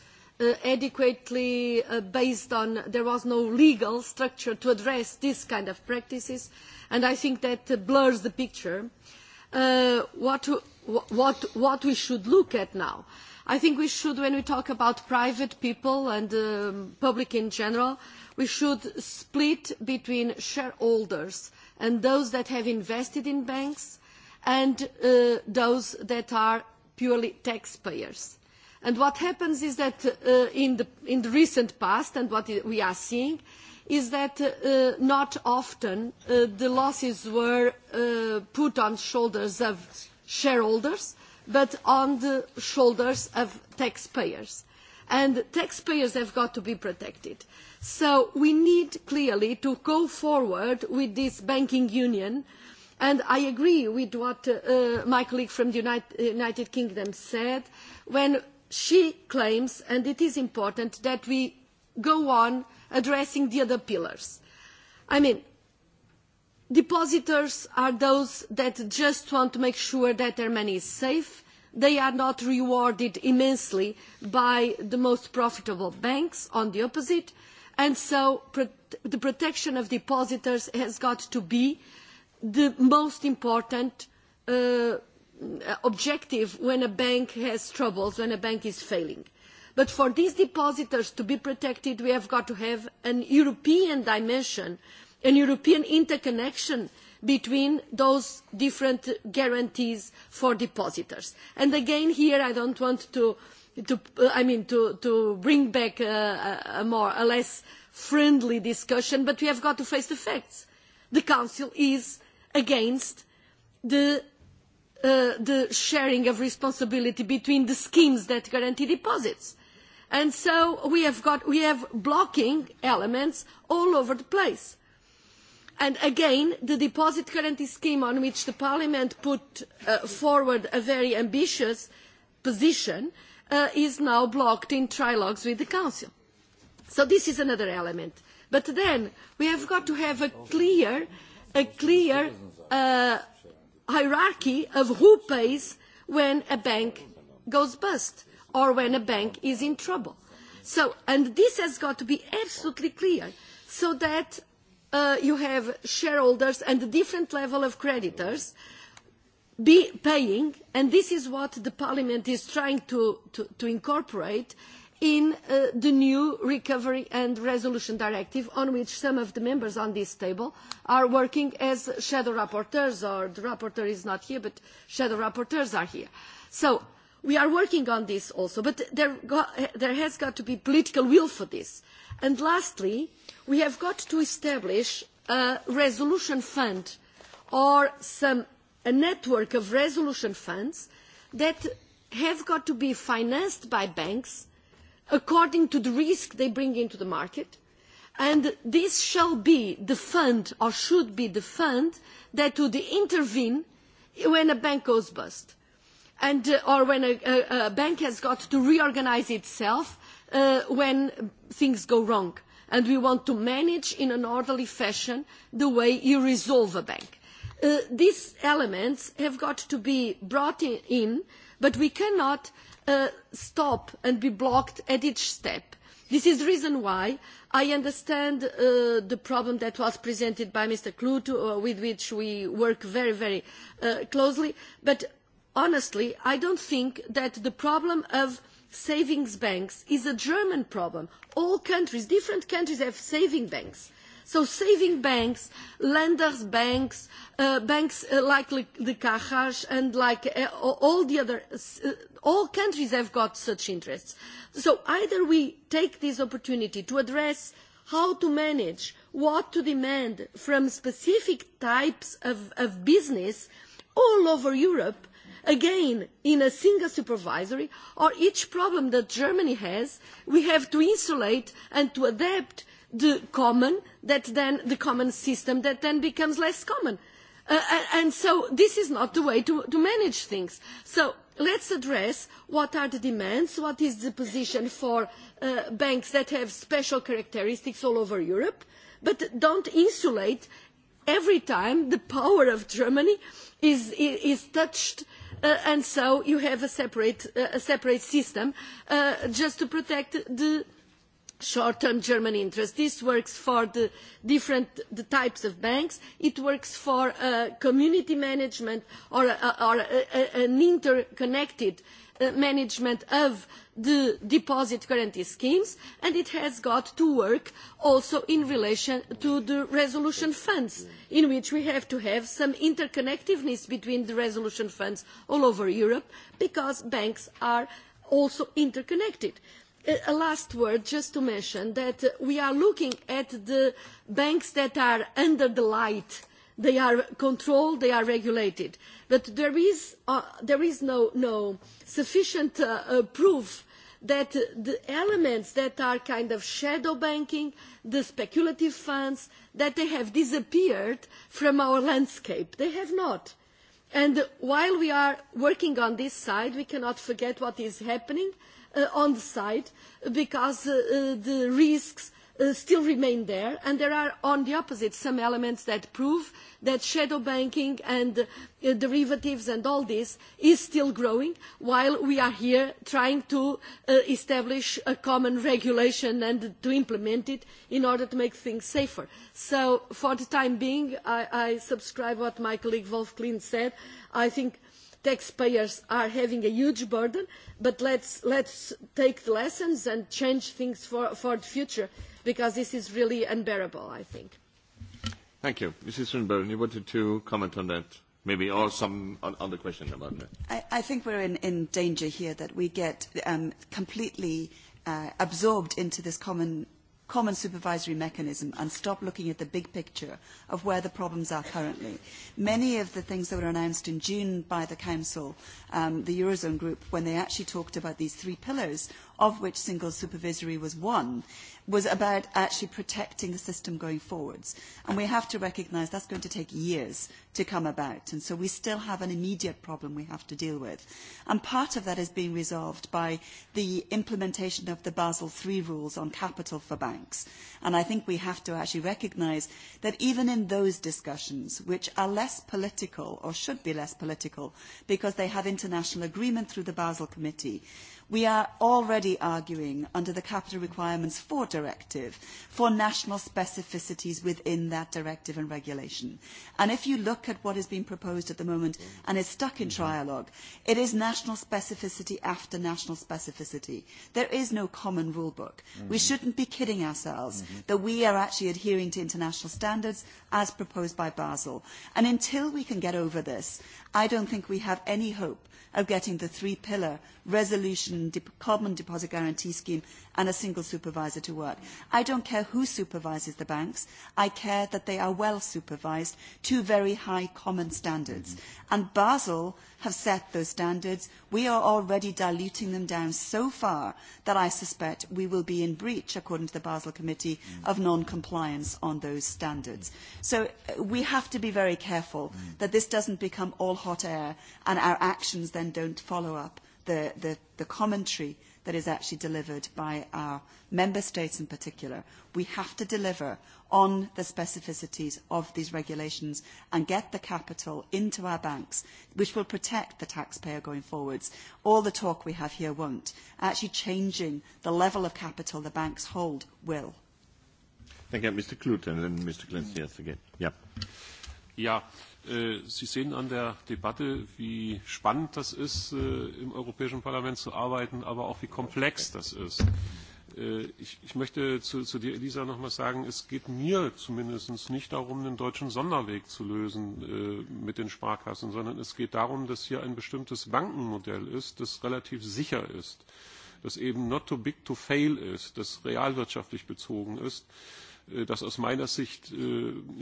adequately based on, there was no legal structure to address this kind of practices, and I think that blurs the picture. what, we should look at now. I think we should, when we talk about private people and public in general, uh, we should split between shareholders and those that have invested in banks and those that are purely taxpayers. what happens is that in, the, recent past, and what we are seeing, is that not often the losses were put on the shoulders of shareholders, but on the shoulders of taxpayers. And taxpayers have got to be protected So we need clearly to go forward with this banking union. And I agree with what my colleague from the United Kingdom said when she claims, and it is important, that we go on addressing the other pillars. I mean, depositors are those that just want to make sure that their money is safe. They are not rewarded immensely by the most profitable banks. On the opposite, uh, And so the protection of depositors has got to be the most important objective when a bank has troubles, when a bank is failing. But for these depositors to be protected, we have got to have a European dimension, a European interconnection between those different guarantees for depositors. And again, here I do not want to to I mean to to bring back a, a more a less friendly discussion, but we have got to face the facts. The Council is against the the sharing of responsibility between the schemes that guarantee deposits. And so we have got we have blocking elements all over the place. And again, the deposit guarantee scheme on which the Parliament put forward a very ambitious position uh, is now blocked in trilogues with the Council. So this is another element. But then we have got to have a clear, a clear uh, hierarchy of who pays when a bank goes bust or when a bank is in trouble. So, and this has got to be absolutely clear so that uh, you have shareholders and a different level of creditors uh, be paying, and this is what Parliament is trying to, incorporate in the new Recovery and Resolution Directive on which some of the members on this table are working as shadow rapporteurs, or the rapporteur is not here, but shadow rapporteurs are here. So we are working on this also, but there, there has got to be political will for this. And lastly, we have got to establish a resolution fund or some a network of resolution funds that have got to be financed by banks according to the risk they bring into the market and this shall be the fund or should be the fund that would intervene when a bank goes bust or when a, bank has got to reorganise itself when things go wrong and we want to manage in an orderly fashion the way you resolve a bank these elements have got to be brought in, but we cannot stop and be blocked at each step. This is the reason why I understand the problem that was presented by Mr. Klute, with which we work very, very closely. But honestly, I do not think that the problem of savings banks is a German problem. All countries, different countries have savings banks So saving banks, lenders banks, banks like the Cajas and like all the other, all countries have got such interests. So either we take this opportunity to address how to manage, what to demand from specific types of business all over Europe, again in a single supervisory, or each problem that Germany has, we have to insulate and to adapt the common that then the common system that then becomes less common. and so this is not the way to, manage things. So let's address what are the demands, what is the position for banks that have special characteristics all over Europe, but don't insulate every time the power of Germany is, is touched and so you have a separate, system just to protect the short-term German interest. This works for the different the types of banks. It works for community management or, an interconnected management of the deposit guarantee schemes, and it has got to work also in relation to the resolution funds, in which we have to have some interconnectedness between the resolution funds all over Europe, because banks are also interconnected. A last word, just to mention that we are looking at the banks that are under the light. They are controlled, they are regulated. But there is, no, sufficient proof that the elements that are kind of shadow banking, the speculative funds, that they have disappeared from our landscape. They have not. And while we are working on this side, we cannot forget what is happening on the side, because the risks still remain there and there are on the opposite some elements that prove that shadow banking and derivatives and all this is still growing while we are here trying to establish a common regulation and to implement it in order to make things safer. So for the time being I, I subscribe what my colleague Wolf Klein said. I think taxpayers are having a huge burden, but let's, let's take the lessons and change things for, for the future, because this is really unbearable, I think. Thank you. Mrs. Swinburne, you wanted to comment on that? maybe or some other question about that. I, I think we're in, in danger here that we get um, completely uh, absorbed into this common common supervisory mechanism and stop looking at the big picture of where the problems are currently. Many of the things that were announced in June by the Council, um, the Eurozone group, when they actually talked about these three pillars of which single supervisory was one, was about actually protecting the system going forwards. And we have to recognise that's going to take years to come about. And so we still have an immediate problem we have to deal with. And part of that is being resolved by the implementation of the Basel III rules on capital for banks. And I think we have to actually recognise that even in those discussions, which are less political or should be less political because they have international agreement through the Basel Committee, we are already arguing under the Capital Requirements 4 Directive for national specificities within that directive and regulation. And if you look at what is being proposed at the moment and is stuck in trialogue, it is national specificity after national specificity. There is no common rule book. We shouldn't be kidding ourselves that we are actually adhering to international standards as proposed by Basel. And until we can get over this, I don't think we have any hope of getting the three-pillar resolution pension, common deposit guarantee scheme and a single supervisor to work. I don't care who supervises the banks. I care that they are well supervised to very high common standards. And Basel have set those standards. We are already diluting them down so far that I suspect we will be in breach, according to the Basel Committee, of non-compliance on those standards. So we have to be very careful that this doesn't become all hot air and our actions then don't follow up the, the, the commentary that is actually delivered by our member states in particular. We have to deliver on the specificities of these regulations and get the capital into our banks, which will protect the taxpayer going forwards. All the talk we have here won't. Actually changing the level of capital the banks hold will. Thank you. Mr. Klute and then Mr. Clancy, yes, again. Yeah. Yeah. Sie sehen an der Debatte, wie spannend das ist, im Europäischen Parlament zu arbeiten, aber auch wie komplex das ist. Ich, möchte zu, dir, Elisa, noch mal sagen, es geht mir zumindest nicht darum, den deutschen Sonderweg zu lösen mit den Sparkassen, sondern es geht darum, dass hier ein bestimmtes Bankenmodell ist, das relativ sicher ist, das eben not too big to fail ist, das realwirtschaftlich bezogen ist das aus meiner Sicht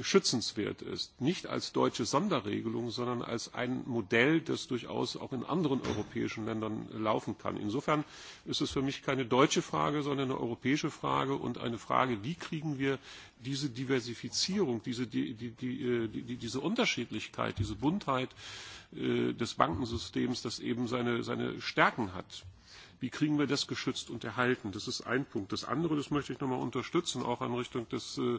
schützenswert ist. Nicht als deutsche Sonderregelung, sondern als ein Modell, das durchaus auch in anderen europäischen Ländern laufen kann. Insofern ist es für mich keine deutsche Frage, sondern eine europäische Frage und eine Frage, wie kriegen wir diese Diversifizierung, diese, die, die, die, die, diese Unterschiedlichkeit, diese Buntheit des Bankensystems, das eben seine, seine Stärken hat wie kriegen wir das geschützt und erhalten? Das ist ein Punkt. Das andere, das möchte ich nochmal unterstützen, auch in Richtung des äh,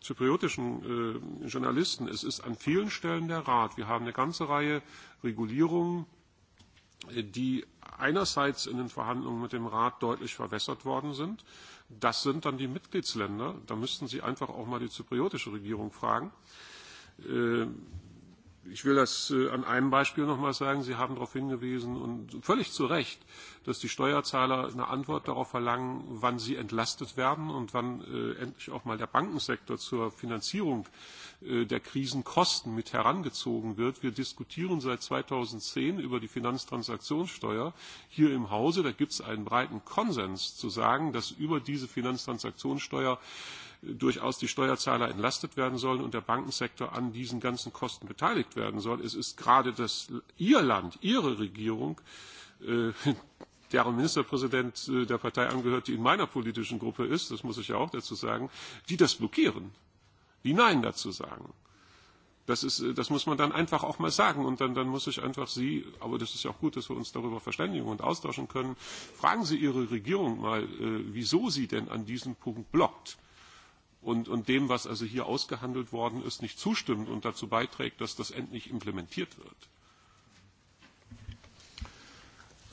zypriotischen äh, Journalisten. Es ist an vielen Stellen der Rat. Wir haben eine ganze Reihe Regulierungen, die einerseits in den Verhandlungen mit dem Rat deutlich verwässert worden sind. Das sind dann die Mitgliedsländer. Da müssten Sie einfach auch mal die zypriotische Regierung fragen Ich will das an einem Beispiel nochmal sagen. Sie haben darauf hingewiesen und völlig zu Recht, dass die Steuerzahler eine Antwort darauf verlangen, wann sie entlastet werden und wann endlich auch mal der Bankensektor zur Finanzierung der Krisenkosten mit herangezogen wird. Wir diskutieren seit 2010 über die Finanztransaktionssteuer hier im Hause. Da gibt es einen breiten Konsens zu sagen, dass über diese Finanztransaktionssteuer äh, durchaus die Steuerzahler entlastet werden sollen und der Bankensektor an diesen ganzen Kosten beteiligt werden soll. Es ist gerade das, Ihr Land, Ihre Regierung, deren Ministerpräsident der Partei angehört, die in meiner politischen Gruppe ist, das muss ich ja auch dazu sagen, die das blockieren, die Nein dazu sagen. Das, ist, das muss man dann einfach auch mal sagen. Und dann, dann muss ich einfach Sie, aber das ist ja auch gut, dass wir uns darüber verständigen und austauschen können, fragen Sie Ihre Regierung mal, äh, wieso sie denn an diesem Punkt blockt und, und dem, was also hier ausgehandelt worden ist, nicht zustimmt und dazu beiträgt, dass das endlich implementiert wird.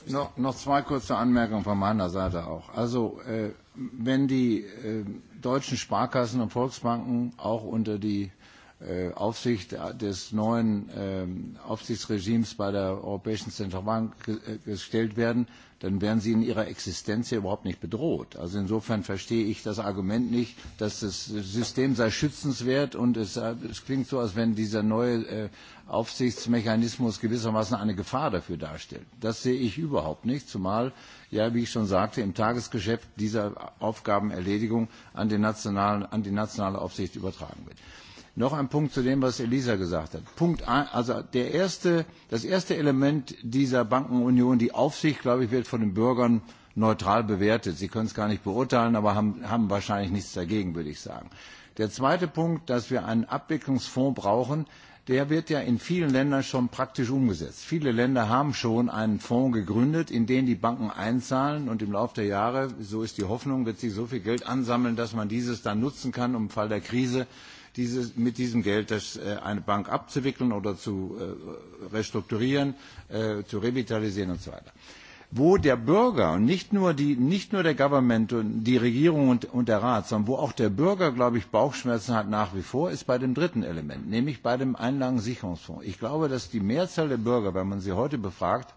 No, noch zwei kurze Anmerkungen von meiner Seite auch. Also äh, wenn die äh, deutschen Sparkassen und Volksbanken auch unter die äh, Aufsicht des neuen Aufsichtsregimes bei der Europäischen Zentralbank gestellt werden, dann wären sie in ihrer Existenz ja überhaupt nicht bedroht. Also insofern verstehe ich das Argument nicht, dass das System sei schützenswert und es, klingt so, als wenn dieser neue Aufsichtsmechanismus gewissermaßen eine Gefahr dafür darstellt. Das sehe ich überhaupt nicht, zumal ja, wie ich schon sagte, im Tagesgeschäft dieser Aufgabenerledigung an, die nationale Aufsicht übertragen wird. Noch ein Punkt zu dem, was Elisa gesagt hat. Punkt ein, also der erste, das erste Element dieser Bankenunion, die Aufsicht, glaube ich, wird von den Bürgern neutral bewertet. Sie können es gar nicht beurteilen, aber haben, haben wahrscheinlich nichts dagegen, würde ich sagen. Der zweite Punkt, dass wir einen Abwicklungsfonds brauchen, der wird ja in vielen Ländern schon praktisch umgesetzt. Viele Länder haben schon einen Fonds gegründet, in den die Banken einzahlen und im Laufe der Jahre, so ist die Hoffnung, wird sich so viel Geld ansammeln, dass man dieses dann nutzen kann, um im Fall der Krise mit diesem Geld eine Bank abzuwickeln oder zu restrukturieren, zu revitalisieren und so weiter. Wo der Bürger und nicht nur, die, nicht nur der Government und die Regierung und, und der Rat, sondern wo auch der Bürger, glaube ich, Bauchschmerzen hat nach wie vor, ist bei dem dritten Element, nämlich bei dem Einlagensicherungsfonds. Ich glaube, dass die Mehrzahl der Bürger, wenn man sie heute befragt,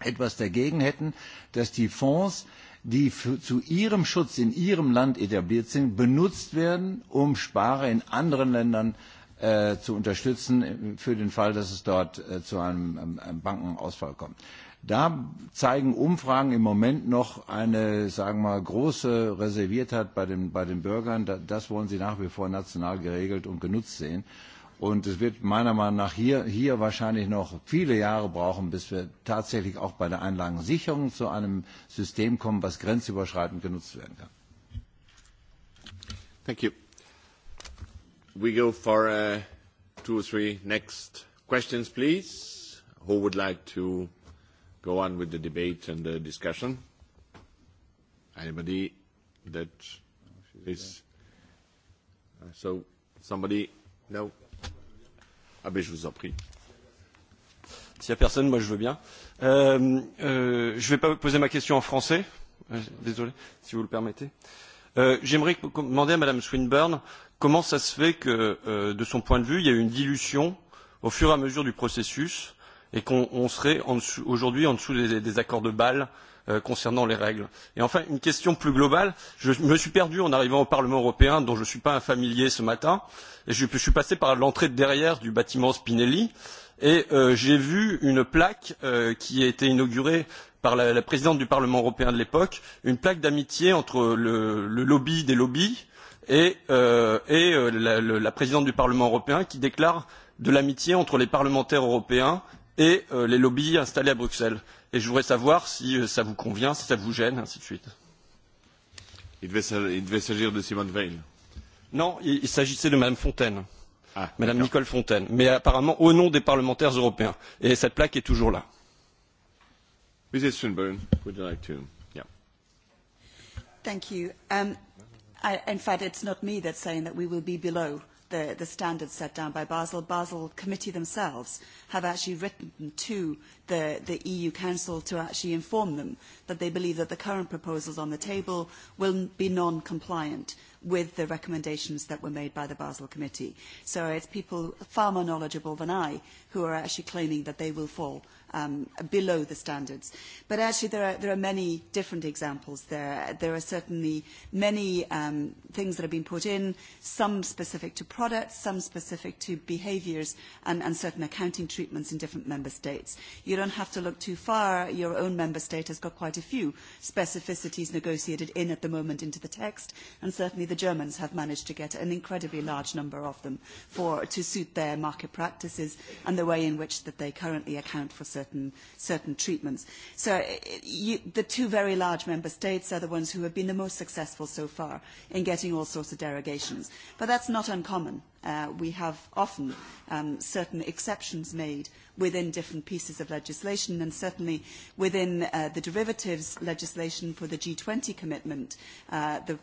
etwas dagegen hätten, dass die Fonds äh, die zu ihrem Schutz in ihrem Land etabliert sind, benutzt werden, um Sparer in anderen Ländern zu unterstützen für den Fall, dass es dort zu einem Bankenausfall kommt. Da zeigen Umfragen im Moment noch eine, sagen wir mal, große Reserviertheit bei den, bei den Bürgern. Das wollen sie nach wie vor national geregelt und genutzt sehen. Und es wird meiner Meinung nach hier, hier wahrscheinlich noch viele Jahre brauchen, bis wir tatsächlich auch bei der Einlagensicherung zu einem System kommen, was grenzüberschreitend genutzt werden kann. Thank you. We go for uh, two or three next questions, please. Who would like to go on with the debate and the discussion? Anybody that is... So, somebody? No? Ah ben je vous en prie. S'il n'y a personne, moi je veux bien. Euh, euh, je ne vais pas poser ma question en français, désolé, si vous le permettez. Euh, J'aimerais demander à Madame Swinburne comment ça se fait que, euh, de son point de vue, il y a eu une dilution au fur et à mesure du processus et qu'on serait aujourd'hui en dessous des, des accords de Bâle euh, concernant les règles. Et enfin, une question plus globale. Je me suis perdu en arrivant au Parlement européen, dont je ne suis pas un familier ce matin. Et je, suis passé par l'entrée de derrière du bâtiment Spinelli. Et j'ai vu une plaque qui a été inaugurée par la, présidente du Parlement européen de l'époque, une plaque d'amitié entre le, lobby des lobbies et, la présidente du Parlement européen qui déclare de l'amitié entre les parlementaires européens et les lobbies installés à Bruxelles. Et je voudrais savoir si ça vous convient, si ça vous gêne, ainsi de suite. Il devait s'agir de Simone Veil. Non, il s'agissait de Madame Fontaine. Madame Nicole Fontaine, mais apparemment au nom des parlementaires européens. Et cette plaque est toujours là. Mrs. Swinburne, would you like to? Yeah. Thank you. Um, I, in fact, it's not me that's saying that we will be below the, the standards set down by Basel. Basel committee themselves have actually written to the, the EU Council to actually inform them that they believe that the current proposals on the table will be non-compliant with the recommendations that were made by the Basel Committee. So it's people far more knowledgeable than I who are actually claiming that they will fall um, below the standards. But actually there are, there are many different examples there. There are certainly many um, things that have been put in, some specific to products, some specific to behaviours and, and certain accounting treatments in different member states. You don't have to look too far. Your own member state has got quite a few specificities negotiated in at the moment into the text and certainly the Germans have managed to get an incredibly large number of them for, to suit their market practices and the way in which that they currently account for certain certain, certain treatments. So you, the two very large member states are the ones who have been the most successful so far in getting all sorts of derogations. But that's not uncommon we have often certain exceptions made within different pieces of legislation and certainly within the derivatives legislation for the g twenty commitment. the,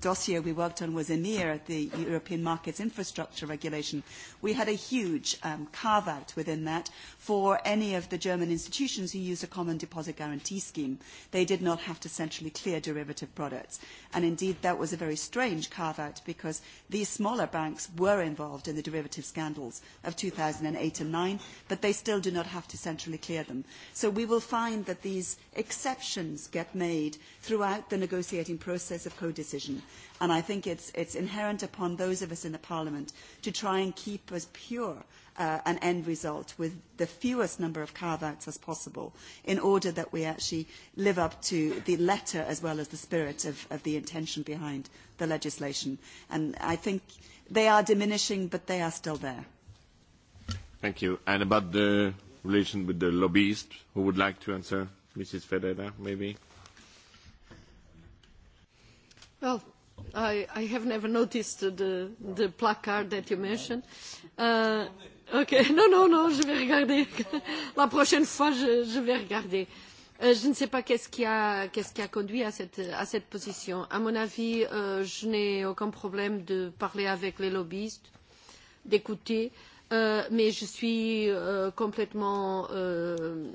dossier we worked on was EMIR, the European Markets Infrastructure Regulation. We had a huge carve-out within that for any of the German institutions who use a common deposit guarantee scheme. They did not have to centrally clear derivative products. And indeed, that was a very strange carve-out because these smaller banks were were involved in the derivative scandals of 2008 and 9, but they still do not have to centrally clear them. So we will find that these exceptions get made throughout the negotiating process of co-decision. And I think it's, it's inherent upon those of us in the Parliament to try and keep as pure uh, an end result with the fewest number of carve-outs as possible in order that we actually live up to the letter as well as the spirit of, of the intention behind the legislation. And I think they are diminishing, but they are still there. Thank you. And about the relation with the lobbyist, who would like to answer? Mrs. Ferreira, maybe? Well, I, I have never noticed the, the placard that you mentioned. Uh, Ok, non, non, non, je vais regarder. La prochaine fois, je, je vais regarder. Euh, je ne sais pas qu'est-ce qui a, qui a conduit à cette, à cette position. À mon avis, euh, je n'ai aucun problème de parler avec les lobbyistes, d'écouter, euh, mais je suis euh, complètement euh,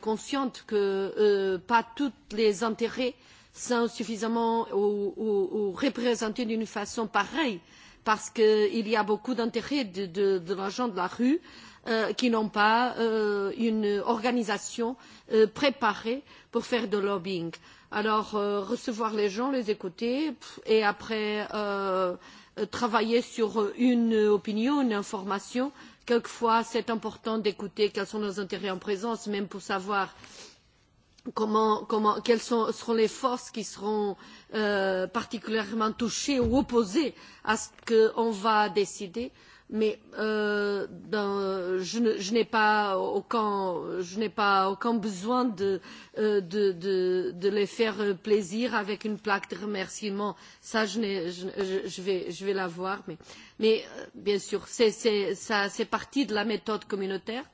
consciente que euh, pas tous les intérêts sont suffisamment ou, ou, ou représentés d'une façon pareille. Euh, parce qu'il y a beaucoup d'intérêts de, de, de l'argent de la rue qui n'ont pas une organisation préparée pour faire du lobbying. Alors, recevoir les gens, les écouter et après travailler sur une opinion, une information. Quelquefois, c'est important d'écouter quels sont nos intérêts en présence, même pour savoir euh, comment, comment, quelles sont, seront les forces qui seront euh, particulièrement touchées ou opposées à ce qu'on va décider. Mais euh, dans, je, je n'ai pas aucun, je n'ai pas aucun besoin de, euh, de, de, de les faire plaisir avec une plaque de remerciement. Ça, je, n'ai, je, je vais, je vais l'avoir. Mais, mais euh, bien sûr, c'est, c'est, ça, c'est partie de la méthode communautaire.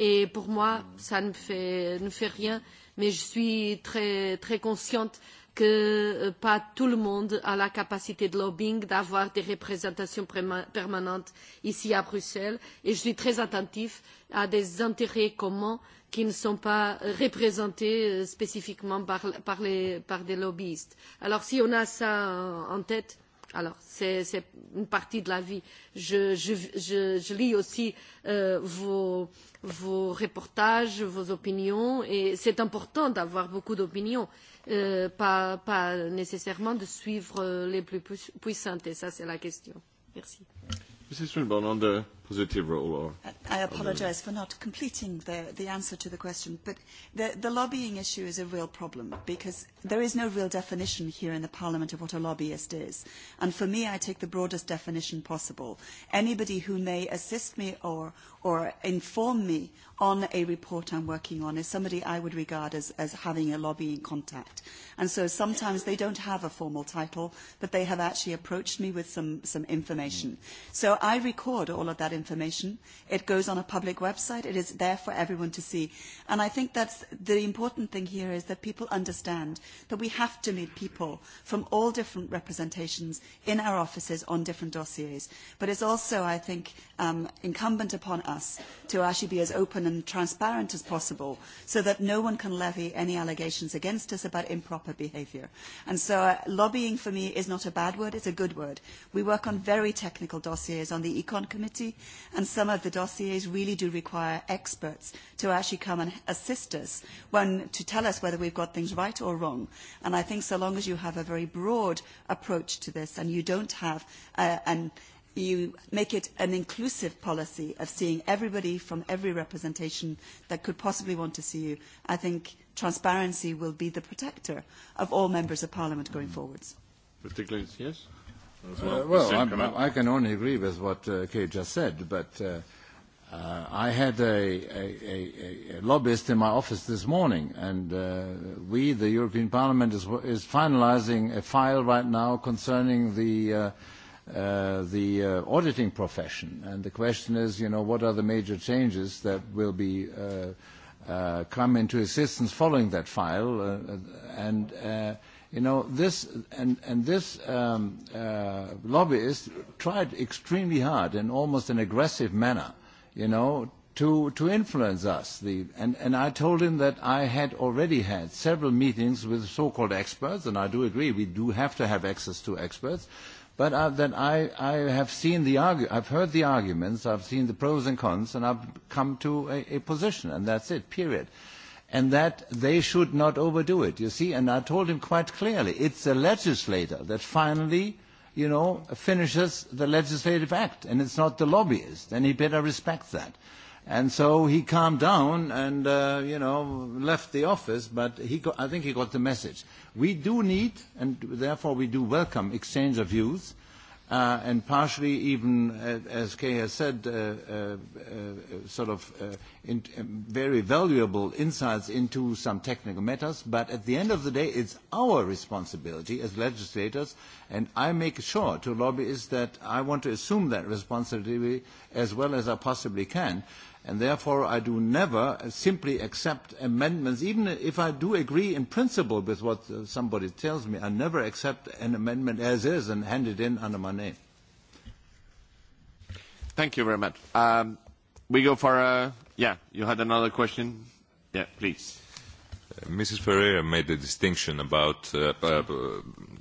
Et pour moi, ça ne fait, ne fait rien. Euh, mais je suis très, très consciente que pas tout le monde a la capacité de lobbying d'avoir des représentations permanentes ici à Bruxelles et je suis très attentif à des intérêts communs qui ne sont pas représentés spécifiquement par, des lobbyistes. Alors si on a cela en tête, Alors, c'est une partie de la vie. Je, je, je, je lis aussi euh, vos, vos reportages, vos opinions, et c'est important d'avoir beaucoup d'opinions, euh, pas, pas nécessairement de suivre les plus puissantes, et ça, c'est la question. Merci. Monsieur Swinburne, on the positive role? Or I apologize for not completing the, the answer to the question, but the, the lobbying issue is a real problem because there is no real definition here in the Parliament of what a lobbyist is. And for me, I take the broadest definition possible. Anybody who may assist me or, or inform me on a report I'm working on is somebody I would regard as, as having a lobbying contact. And so sometimes they don't have a formal title, but they have actually approached me with some, some information. So I record all of that information. It goes on a public website. It is there for everyone to see. And I think that's the important thing here is that people understand that we have to meet people from all different representations in our offices on different dossiers. But it's also, I think, um, incumbent upon us to actually be as open and transparent as possible so that no one can levy any allegations against us about improper behaviour. And so uh, lobbying for me is not a bad word, it's a good word. We work on very technical dossiers on the Econ Committee, And some of the dossiers really do require experts to actually come and assist us when, to tell us whether we've got things right or wrong. And I think so long as you have a very broad approach to this and you don't have uh, an you make it an inclusive policy of seeing everybody from every representation that could possibly want to see you, I think transparency will be the protector of all members of parliament going forwards. Particularly, yes? as well? well, I, I can only agree with what uh, Kate just said, but uh, uh, I had a, a, a, a lobbyist in my office this morning, and uh, we, the European Parliament, is, is finalizing a file right now concerning the uh, uh, the uh, auditing profession. And the question is, you know, what are the major changes that will be uh, uh, come into existence following that file? Uh, and uh, You know, this and, and this um, uh, lobbyist tried extremely hard in almost an aggressive manner, you know, to, to influence us. The, and, and I told him that I had already had several meetings with so-called experts, and I do agree we do have to have access to experts, but uh, that I, I have seen the argu- I've heard the arguments, I've seen the pros and cons, and I've come to a, a position, and that's it, period and that they should not overdo it, you see. And I told him quite clearly, it's the legislator that finally, you know, finishes the legislative act, and it's not the lobbyist, and he better respect that. And so he calmed down and, uh, you know, left the office, but he got, I think he got the message. We do need, and therefore we do welcome exchange of views, uh, and partially even, uh, as Kay has said, uh, uh, uh, sort of uh, in, um, very valuable insights into some technical matters. But at the end of the day, it's our responsibility as legislators, and I make sure to lobbyists that I want to assume that responsibility as well as I possibly can And therefore, I do never simply accept amendments, even if I do agree in principle with what somebody tells me. I never accept an amendment as is and hand it in under my name. Thank you very much. Um, we go for, a. yeah, you had another question? Yeah, please. Mrs. Ferreira made the distinction about uh, uh,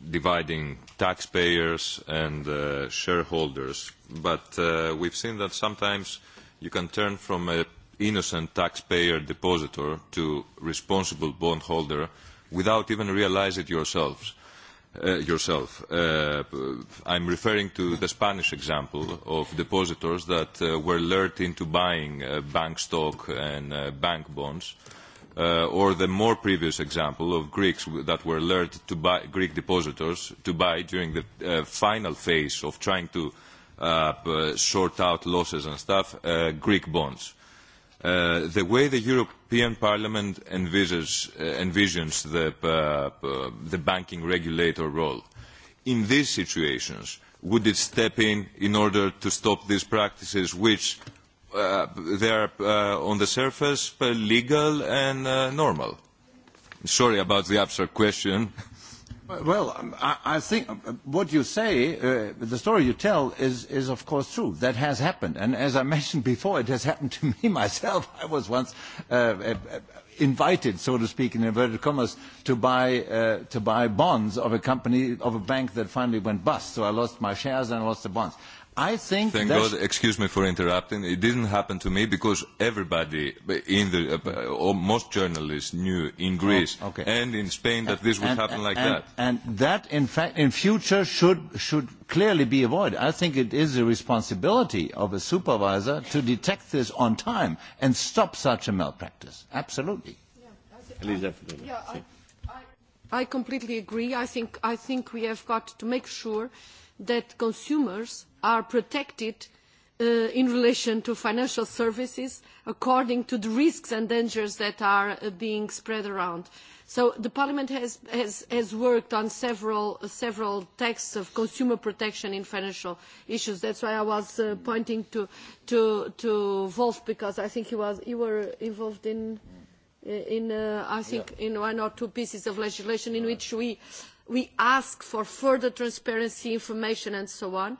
dividing taxpayers and uh, shareholders, but uh, we've seen that sometimes – you can turn from an innocent taxpayer depositor to responsible bondholder without even realising it yourselves yourself. Uh, I'm referring to the Spanish example of depositors that were lured into buying bank stock and bank bonds, or the more previous example of Greeks that were lured to buy, Greek depositors to buy during the final phase of trying to uh, sort out losses and stuff, uh, Greek bonds. Uh, the way the European Parliament envisages, uh, envisions the, uh, the banking regulator role, in these situations, would it step in in order to stop these practices which uh, they are uh, on the surface legal and uh, normal? Sorry about the abstract question. Well, I, think what you say, uh, the story you tell, is, is of course true. That has happened, and as I mentioned before, it has happened to me myself. I was once uh, invited, so to speak, in inverted commas, to buy uh, to buy bonds of a company of a bank that finally went bust. So I lost my shares and I lost the bonds. I think Thank God, excuse me for interrupting. It didn't happen to me because everybody, in the, uh, or most journalists knew in Greece oh, okay. and in Spain that this would and, happen like and, that. And that, in fact, in future should, should clearly be avoided. I think it is the responsibility of a supervisor to detect this on time and stop such a malpractice. Absolutely. Yeah, I, I, I completely agree. I think, I think we have got to make sure that consumers are protected in relation to financial services according to the risks and dangers that are being spread around. So Parliament has, worked on several, texts of consumer protection in financial issues. That is why I was pointing to, Wolf because I think you were involved in, I think, in one or two pieces of legislation in which we we ask for further transparency information and so on.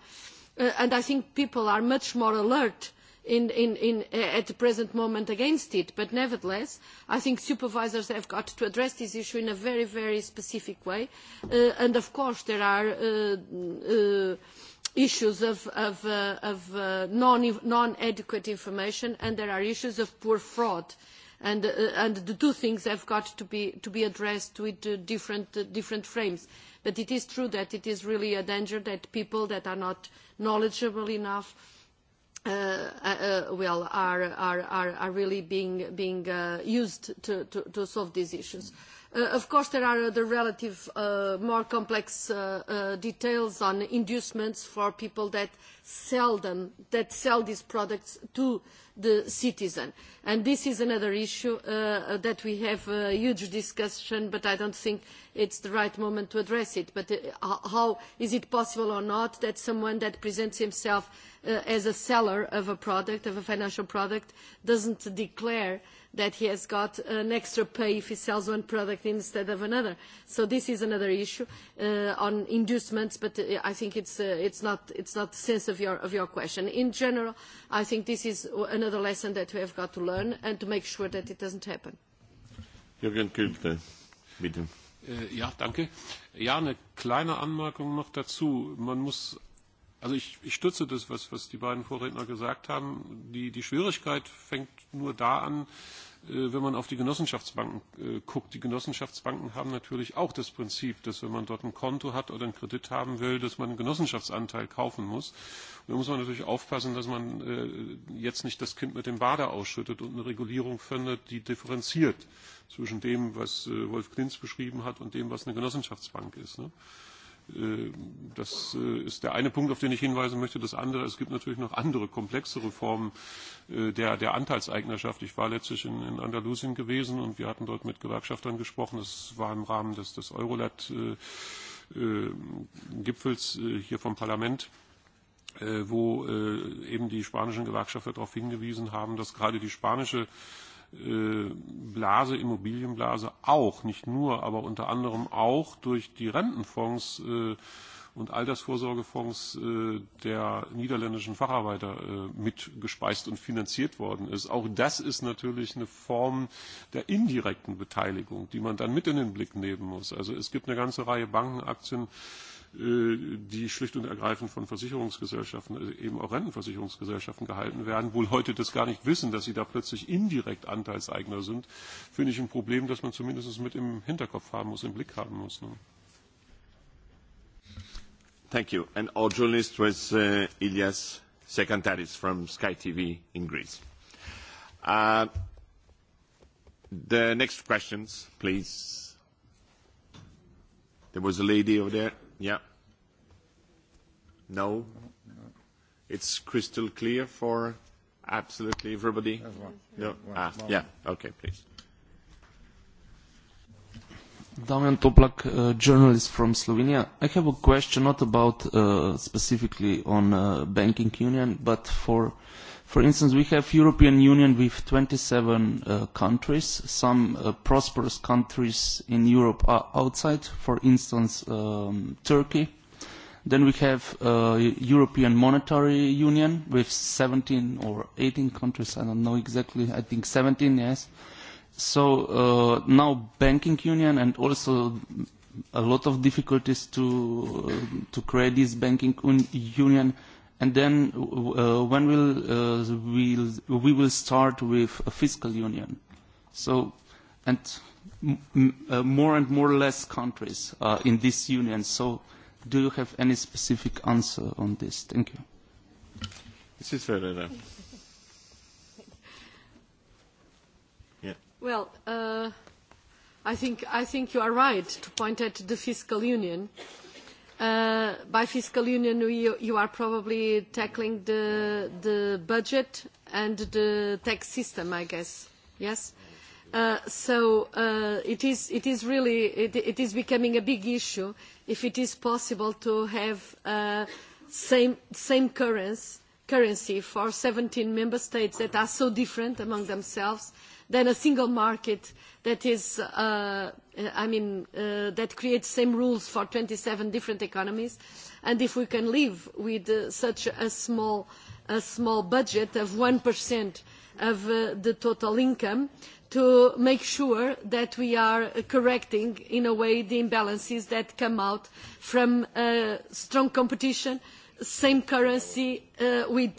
and I think people are much more alert at the present moment against it. But nevertheless, I think supervisors have got to address this issue in a very, very specific way. and of course, there are issues of, non-adequate information and there are issues of poor fraud. Uh, and the two things have got to be addressed with different frames but it is true that it is really a danger that people that are not knowledgeable enough well are really being used to solve these issues of course, there are other relative more complex details on inducements for people that sell them, that sell these products to the citizen. And this is another issue that we have a huge discussion, but I don't think it's the right moment to address it. But how is it possible or not that someone that presents himself as a seller of a product, of a financial product, doesn't declare that he has got an extra pay if he sells one product instead of another. So this is another issue on inducements, but I think it's, uh, it's, not, it's not the sense of your, of your question. In general, I think this is another lesson that we have got to learn and to make sure that it doesn't happen. Jürgen Kühlte, bitte. Ja, danke. Ja, eine kleine Anmerkung noch dazu. Man muss Also ich, ich stütze das, was, was die beiden Vorredner gesagt haben. Die, die Schwierigkeit fängt nur da an, wenn man auf die Genossenschaftsbanken guckt. Die Genossenschaftsbanken haben natürlich auch das Prinzip, dass wenn man dort ein Konto hat oder einen Kredit haben will, dass man einen Genossenschaftsanteil kaufen muss. Und da muss man natürlich aufpassen, dass man jetzt nicht das Kind mit dem Bade ausschüttet und eine Regulierung findet, die differenziert zwischen dem, was Wolf Klinz beschrieben hat und dem, was eine Genossenschaftsbank ist. Ne? Das ist der eine Punkt, auf den ich hinweisen möchte. Das andere, es gibt natürlich noch andere komplexere Formen der, der Anteilseignerschaft. Ich war letztlich in, in Andalusien gewesen und wir hatten dort mit Gewerkschaftern gesprochen. Das war im Rahmen des, des Eurolat-Gipfels hier vom Parlament wo eben die spanischen Gewerkschafter darauf hingewiesen haben, dass gerade die spanische äh, Blase, Immobilienblase auch, nicht nur, aber unter anderem auch durch die Rentenfonds und Altersvorsorgefonds der niederländischen Facharbeiter mitgespeist und finanziert worden ist. Auch das ist natürlich eine Form der indirekten Beteiligung, die man dann mit in den Blick nehmen muss. Also es gibt eine ganze Reihe Bankenaktien, die schlicht und ergreifend von Versicherungsgesellschaften, also eben auch Rentenversicherungsgesellschaften gehalten werden, wohl heute das gar nicht wissen, dass sie da plötzlich indirekt Anteilseigner sind, finde ich ein Problem, das man zumindest mit im Hinterkopf haben muss, im Blick haben muss. Ne? Thank you. And our journalist was uh, Ilias Sekantaris from Sky TV in Greece. Uh, the next questions, please. There was a lady over there. Yeah. No? It's crystal clear for absolutely everybody? No? yeah. Okay, please. Damian Toplak, uh, journalist from Slovenia. I have a question not about uh, specifically on uh, banking union, but for For instance, we have European Union with 27 uh, countries. Some uh, prosperous countries in Europe are outside, for instance, um, Turkey. Then we have uh, European Monetary Union with 17 or 18 countries. I don't know exactly. I think 17, yes. So uh, now banking union and also a lot of difficulties to uh, to create this banking un union. And then when will we will start with a fiscal union? So, and more and more less countries are in this union. So, do you have any specific answer on this? Thank you. This is Ferreira. Yeah. Well, uh, I think I think you are right to point at the fiscal union. Uh, by fiscal union, you, you are probably tackling the, the budget and the tax system, I guess. Yes? so it, is, it is really, it, it is becoming a big issue if it is possible to have uh, same, same currency, currency for 17 member states that are so different among themselves than a single market that is, I mean, that creates same rules for twenty seven different economies. And if we can live with such a small, budget of 1% of the total income, to make sure that we are correcting, in a way, the imbalances that come out from strong competition, same currency with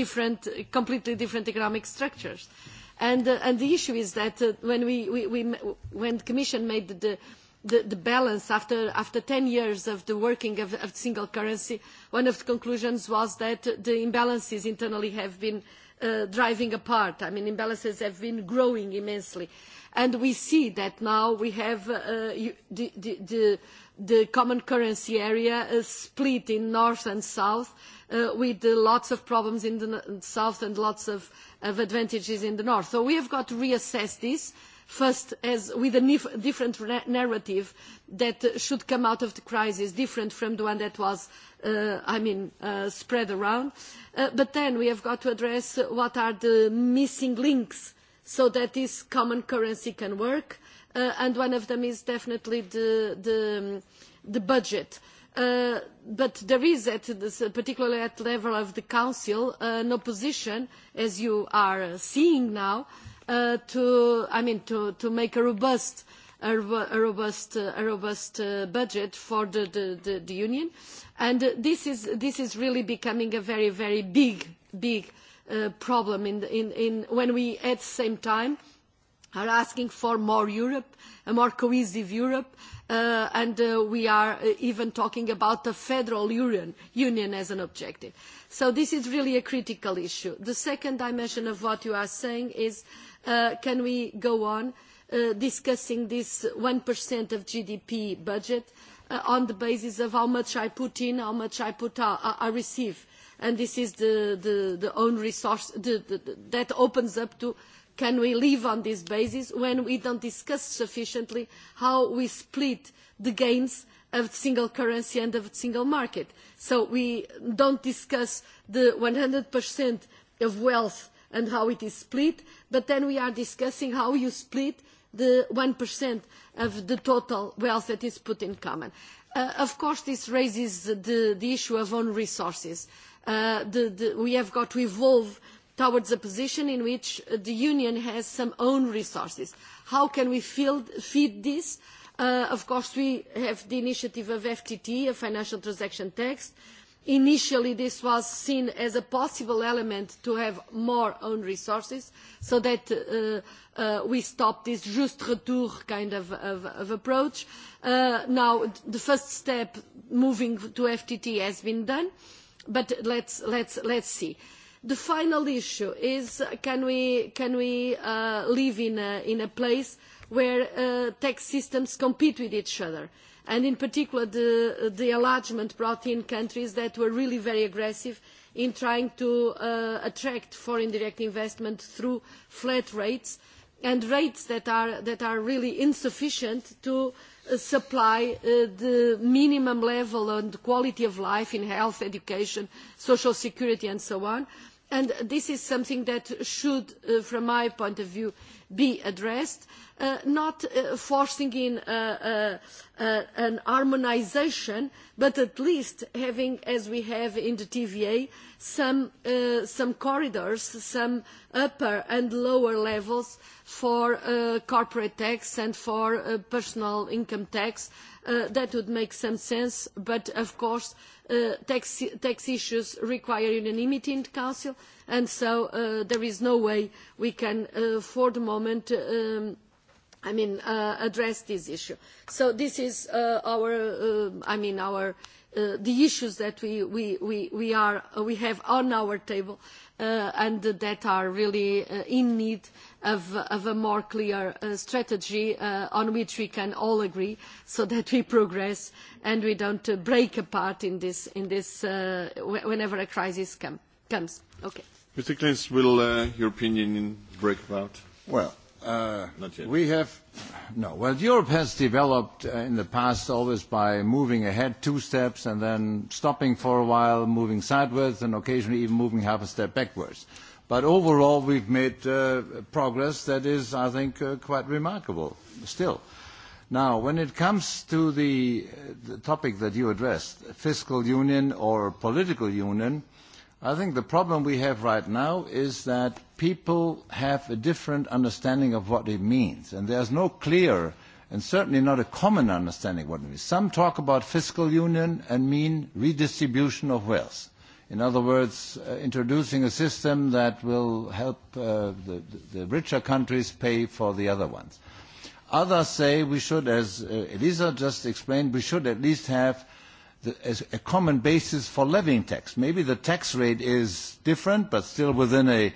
different, completely different economic structures. Uh, And, the issue is that when, we, we, we, when the Commission made the, the, the balance after, after 10 years of the working of, of single currency, one of the conclusions was that the imbalances internally have been driving apart. I mean, imbalances have been growing immensely. And we see that now we have the the, the common currency area is split in north and south with lots of problems in the south and lots of, advantages in the north. So we have got to reassess this first as with a different narrative that should come out of the crisis, different from the one that was, I mean, spread around. but then we have got to address what are the missing links so that this common currency can work and one of them is definitely the, budget. but there is, at this, particularly at the level of the Council, an opposition, as you are seeing now, to, I mean, to, to make a robust a robust budget for the union. and This is really becoming a very, very big problem when we, at the same time, are asking for more Europe, a more cohesive Europe, and we are even talking about the federal union, as an objective. So this is really a critical issue. The second dimension of what you are saying is, can we go on discussing this 1% of GDP budget on the basis of how much I put in, how much I, put out, I receive? And this is the, the, the own resource, the, the, that opens up to can we live on this basis when we do not discuss sufficiently how we split the gains of the single currency and of the single market. So we do not discuss the one 100% of wealth and how it is split, but then we are discussing how you split the 1% of the total wealth that is put in common. of course, this raises the, issue of own resources. we have got to evolve uh, towards a position in which the union has some own resources. How can we feed this? of course, we have the initiative of FTT, a financial transaction tax. Initially, this was seen as a possible element to have more own resources so that we stop this just retour kind of, approach. now, the first step moving to FTT has been done, but let's, let's, let's see. Uh, The final issue is can we, can we uh, live in a, in a place where uh, tax systems compete with each other? And in particular, the, the enlargement brought in countries that were really very aggressive in trying to uh, attract foreign direct investment through flat rates and rates that are, that are really insufficient to supply the minimum level and quality of life in health, education, social security and so on and this is something that should, from my point of view, be addressed, not forcing in an harmonisation, but at least having, as we have in the TVA, some, corridors, some upper and lower levels for corporate tax and for personal income tax. that would make some sense, but of course, tax issues require unanimity in the council and so there is no way we can for the moment address this issue. so this is our the issues that we have on our table and that are really in need of, a more clear strategy on which we can all agree so that we progress and we do not break apart in this, whenever a crisis comes. Mr. Klinz, will your opinion break apart? Well, not yet. we have, no, well, Europe has developed in the past always by moving ahead two steps and then stopping for a while, moving sideways and occasionally even moving half a step backwards. But overall, we've made progress that is, I think, quite remarkable still. Now, when it comes to the topic that you addressed, fiscal union or political union, I think the problem we have right now is that people have a different understanding of what it means, and there's no clear and certainly not a common understanding of what it means. Some talk about fiscal union and mean redistribution of wealth In other words, introducing a system that will help the richer countries pay for the other ones. Others say we should, as Elisa just explained, we should at least have a common basis for levying tax. Maybe the tax rate is different, but still within a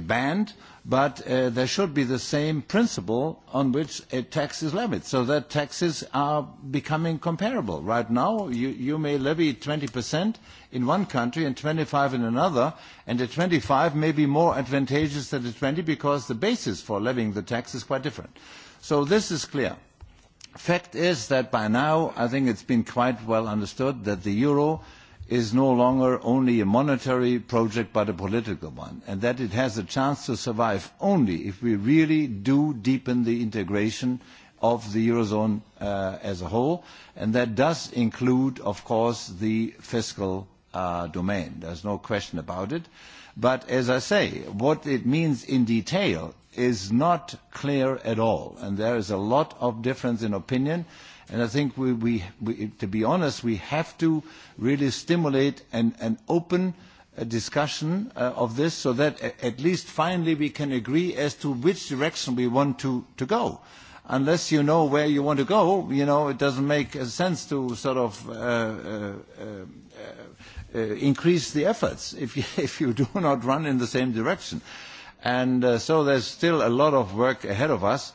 band, but there should be the same principle on which a tax is levied, so that taxes are becoming comparable. Right now, you, you may levy 20% in one country and 25 in another, and a 25 may be more advantageous than a 20 because the basis for levying the tax is quite different. So this is clear. Fact is that by now, I think it's been quite well understood that the euro is no longer only a monetary project but a political one, and that it has a chance to survive only if we really do deepen the integration of the Eurozone as a whole, and that does include, of course, the fiscal domain. There's no question about it. But as I say, what it means in detail is not clear at all, and there is a lot of difference in opinion. And I think we, we, we to be honest, we have to really stimulate an, an open uh, discussion uh, of this so that at least finally we can agree as to which direction we want to, to go unless you know where you want to go, you know, it doesn't make sense to sort of uh, uh, uh, increase the efforts if you, if you do not run in the same direction. And uh, so there's still a lot of work ahead of us.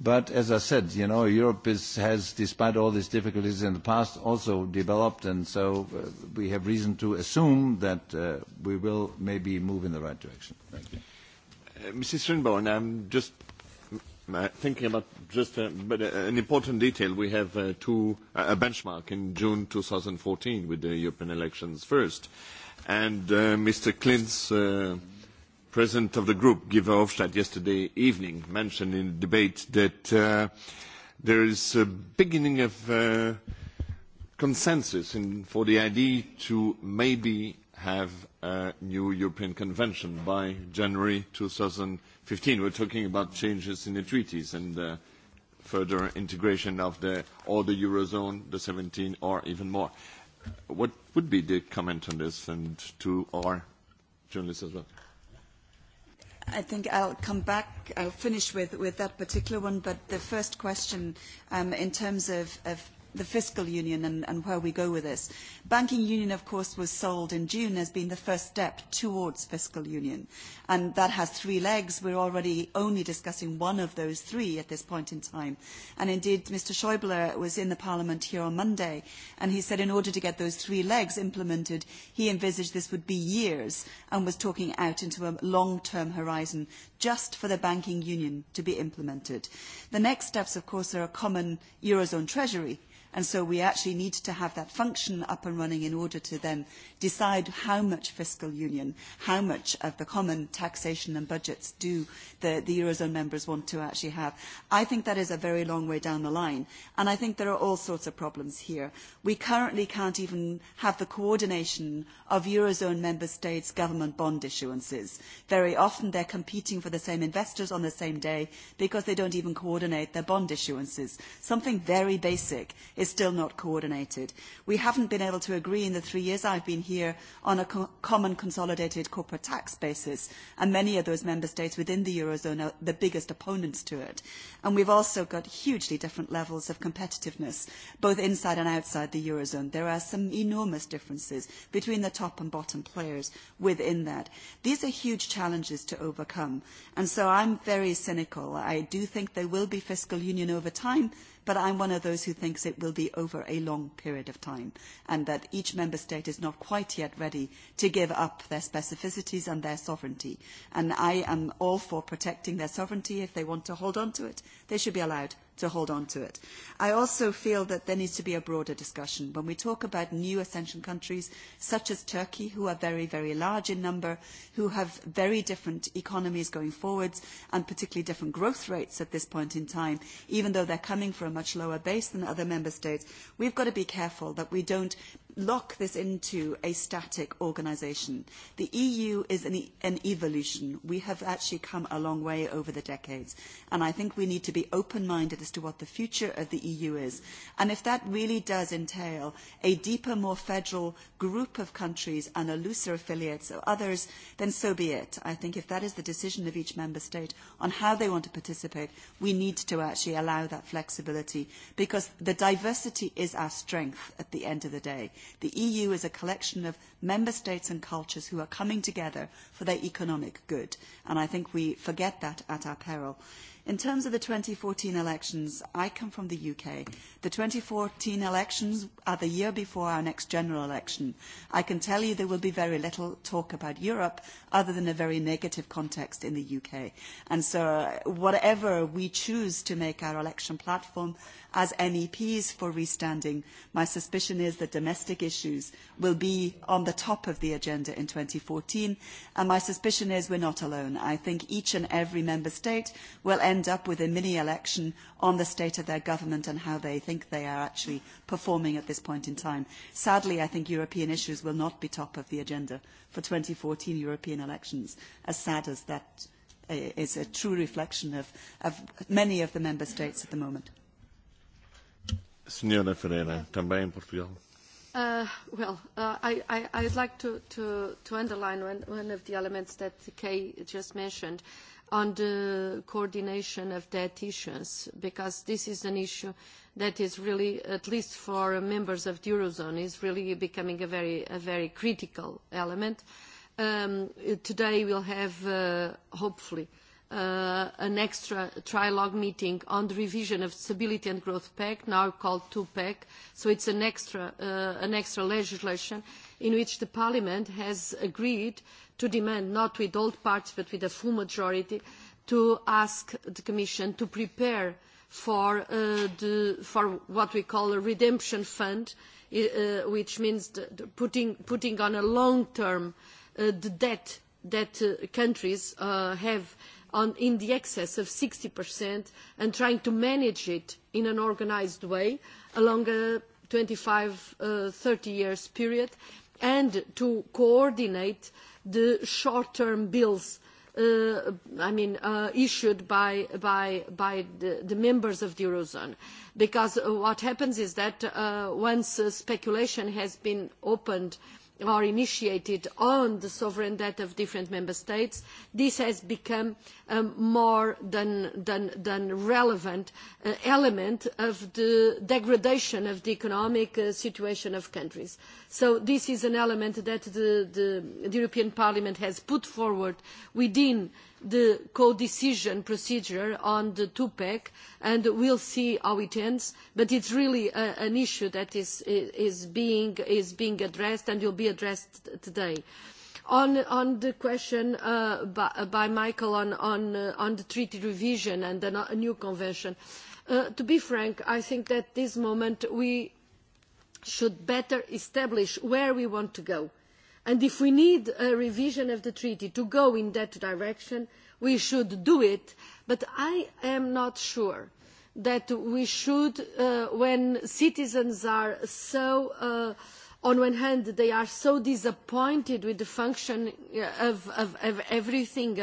But as I said, you know, Europe is, has, despite all these difficulties in the past, also developed, and so uh, we have reason to assume that uh, we will maybe move in the right direction. Thank you. Uh, Mr. Swinburne, I'm just uh, thinking about just uh, but, uh, an important detail. We have uh, two, uh, a benchmark in June 2014 with the European elections first, and uh, Mr. Clint's. Uh, president of the group, Guy Verhofstadt, yesterday evening mentioned in the debate that there is a beginning of consensus for the idea to maybe have a new European Convention by January fifteen. We're talking about changes in the treaties and further integration of the, all the Eurozone, the seventeen or even more. What would be the comment on this and to our journalists as well? I think I'll come back, I'll finish with, with that particular one, but the first question um, in terms of, of the fiscal union and, and where we go with this. Banking union, of course, was sold in June as being the first step towards fiscal union. And that has three legs. We're already only discussing one of those three at this point in time. And indeed, Mr. Schäuble was in the Parliament here on Monday, and he said in order to get those three legs implemented, he envisaged this would be years and was talking out into a long-term horizon just for the banking union to be implemented. The next steps, of course, are a common Eurozone treasury And so we actually need to have that function up and running in order to then decide how much fiscal union, how much of the common taxation and budgets do the, the Eurozone members want to actually have. I think that is a very long way down the line. And I think there are all sorts of problems here. We currently can't even have the coordination of Eurozone member states' government bond issuances. Very often they're competing for the same investors on the same day because they don't even coordinate their bond issuances. Something very basic is is still not coordinated. We haven't been able to agree in the three years I've been here on a co common consolidated corporate tax basis, and many of those member states within the Eurozone are the biggest opponents to it. And we've also got hugely different levels of competitiveness, both inside and outside the Eurozone. There are some enormous differences between the top and bottom players within that. These are huge challenges to overcome. And so I'm very cynical. I do think there will be fiscal union over time, But I'm one of those who thinks it will be over a long period of time and that each member state is not quite yet ready to give up their specificities and their sovereignty. And I am all for protecting their sovereignty. If they want to hold on to it, they should be allowed to hold on to it. I also feel that there needs to be a broader discussion. When we talk about new accession countries, such as Turkey, who are very, very large in number, who have very different economies going forwards, and particularly different growth rates at this point in time, even though they're coming from a much lower base than other member states, we've got to be careful that we don't lock this into a static organisation. The EU is an, an evolution. We have actually come a long way over the decades, and I think we need to be open-minded as to what the future of the EU is. And if that really does entail a deeper, more federal group of countries and a looser affiliates of others, then so be it. I think if that is the decision of each member state on how they want to participate, we need to actually allow that flexibility because the diversity is our strength at the end of the day. The EU is a collection of member states and cultures who are coming together for their economic good. And I think we forget that at our peril. In terms of the 2014 elections, I come from the UK. The 2014 elections are the year before our next general election. I can tell you there will be very little talk about Europe other than a very negative context in the UK. And so whatever we choose to make our election platform as MEPs for restanding, my suspicion is that domestic issues will be on the top of the agenda in 2014. And my suspicion is we're not alone. I think each and every member state will end end up with a mini-election on the state of their government and how they think they are actually performing at this point in time. Sadly, I think European issues will not be top of the agenda for 2014 European elections, as sad as that is a true reflection of, of many of the member states at the moment. Senhora Ferreira, também em Portugal. Uh, Well, uh, I I, I'd like to to to underline one one of the elements that Kay just mentioned. Uh, on the coordination of debt issuance, because this is an issue that is really, at least for members of the Eurozone, is really becoming a very, a very critical element. today we'll have, hopefully, an extra trilogue meeting on the revision of Stability and Growth Pact, now called two pack. So it's an extra, legislation in which Parliament has agreed to demand, not with all parts but with a full majority, to ask the Commission to prepare for, what we call a redemption fund, which means putting, on a long term the debt that countries have in the excess of 60% and trying to manage it in an organised way along a twenty five, thirty years period and to coordinate the short-term bills issued by, the, members of the Eurozone. Because what happens is that once speculation has been opened uh, are initiated on the sovereign debt of different member states, this has become a more than, relevant element of the degradation of the economic situation of countries. So this is an element that the European Parliament has put forward within the co-decision procedure on the two-pack, and we'll see how it ends. But it's really an issue that is, being, addressed and will be addressed today. On the question by Michael on the treaty revision and a new convention, to be frank, I think that at this moment we should better establish where we want to go And if we need a revision of the treaty to go in that direction, we should do it. But I am not sure that we should, when citizens are so, on one hand, they are so disappointed with the function of, everything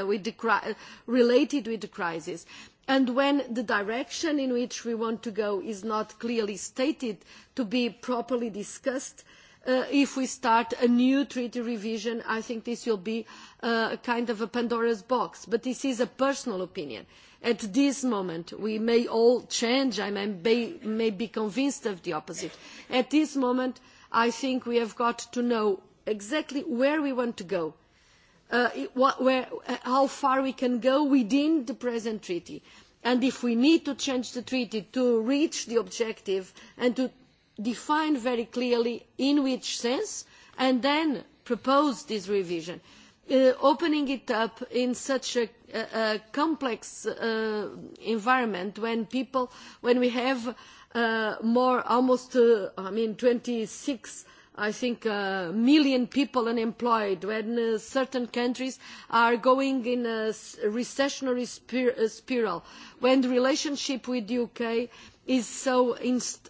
related with the crisis, and when the direction in which we want to go is not clearly stated to be properly discussed, uh, if we start a new treaty revision, I think this will be a kind of a Pandora's box. But this is a personal opinion. At this moment, we may all change. I may, be convinced of the opposite. At this moment, I think we have got to know exactly where we want to go, how far we can go within the present treaty. And if we need to change the treaty to reach the objective and to define very clearly in which sense and then propose this revision. opening it up in such a, complex environment when people, when we have more, almost, I mean, twenty six I think, million people unemployed, when certain countries are going in a recessionary spiral, when the relationship with the UK is so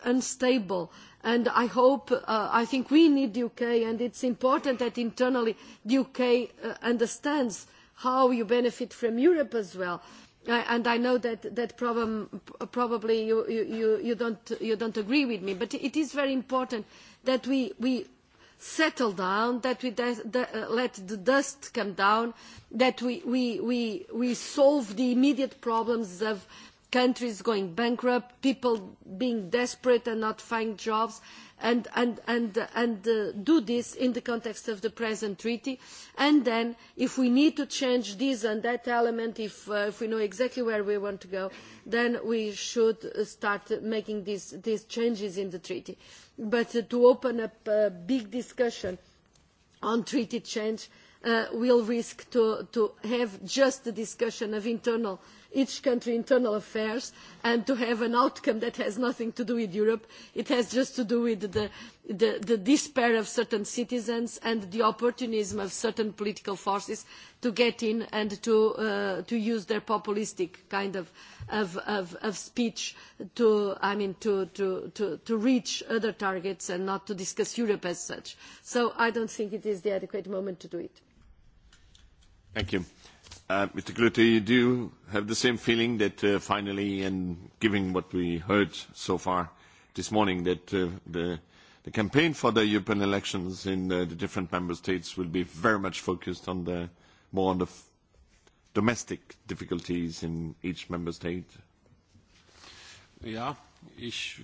unstable. And I hope, I think we need the UK, and it is important that internally the UK understands how you benefit from Europe as well. And I know that, that problem, probably you, you, you, don't, you don't agree with me, but it is very important that we, we settle down, that we let the dust come down, that we, we, we, we solve the immediate problems of countries going bankrupt, people being desperate and not finding jobs, and, do this in the context of the present treaty. And then, if we need to change this and that element, if, we know exactly where we want to go, then we should start making these, changes in the treaty. But to open up a big discussion on treaty change will risk to, have just the discussion of internal uh, each country's internal affairs and to have an outcome that has nothing to do with Europe. It has just to do with the, the, the despair of certain citizens and the opportunism of certain political forces to get in and to, uh, to use their populistic kind of, of, of, of speech to, I mean, to, to, to, to reach other targets and not to discuss Europe as such. So I don't think it is the adequate moment to do it. Thank you. Mr. Klute, do you have the same feeling that finally, and given what we heard so far this morning, that the campaign for the European elections in the different member states will be very much focused on the more on the domestic difficulties in each member state? Ja, ich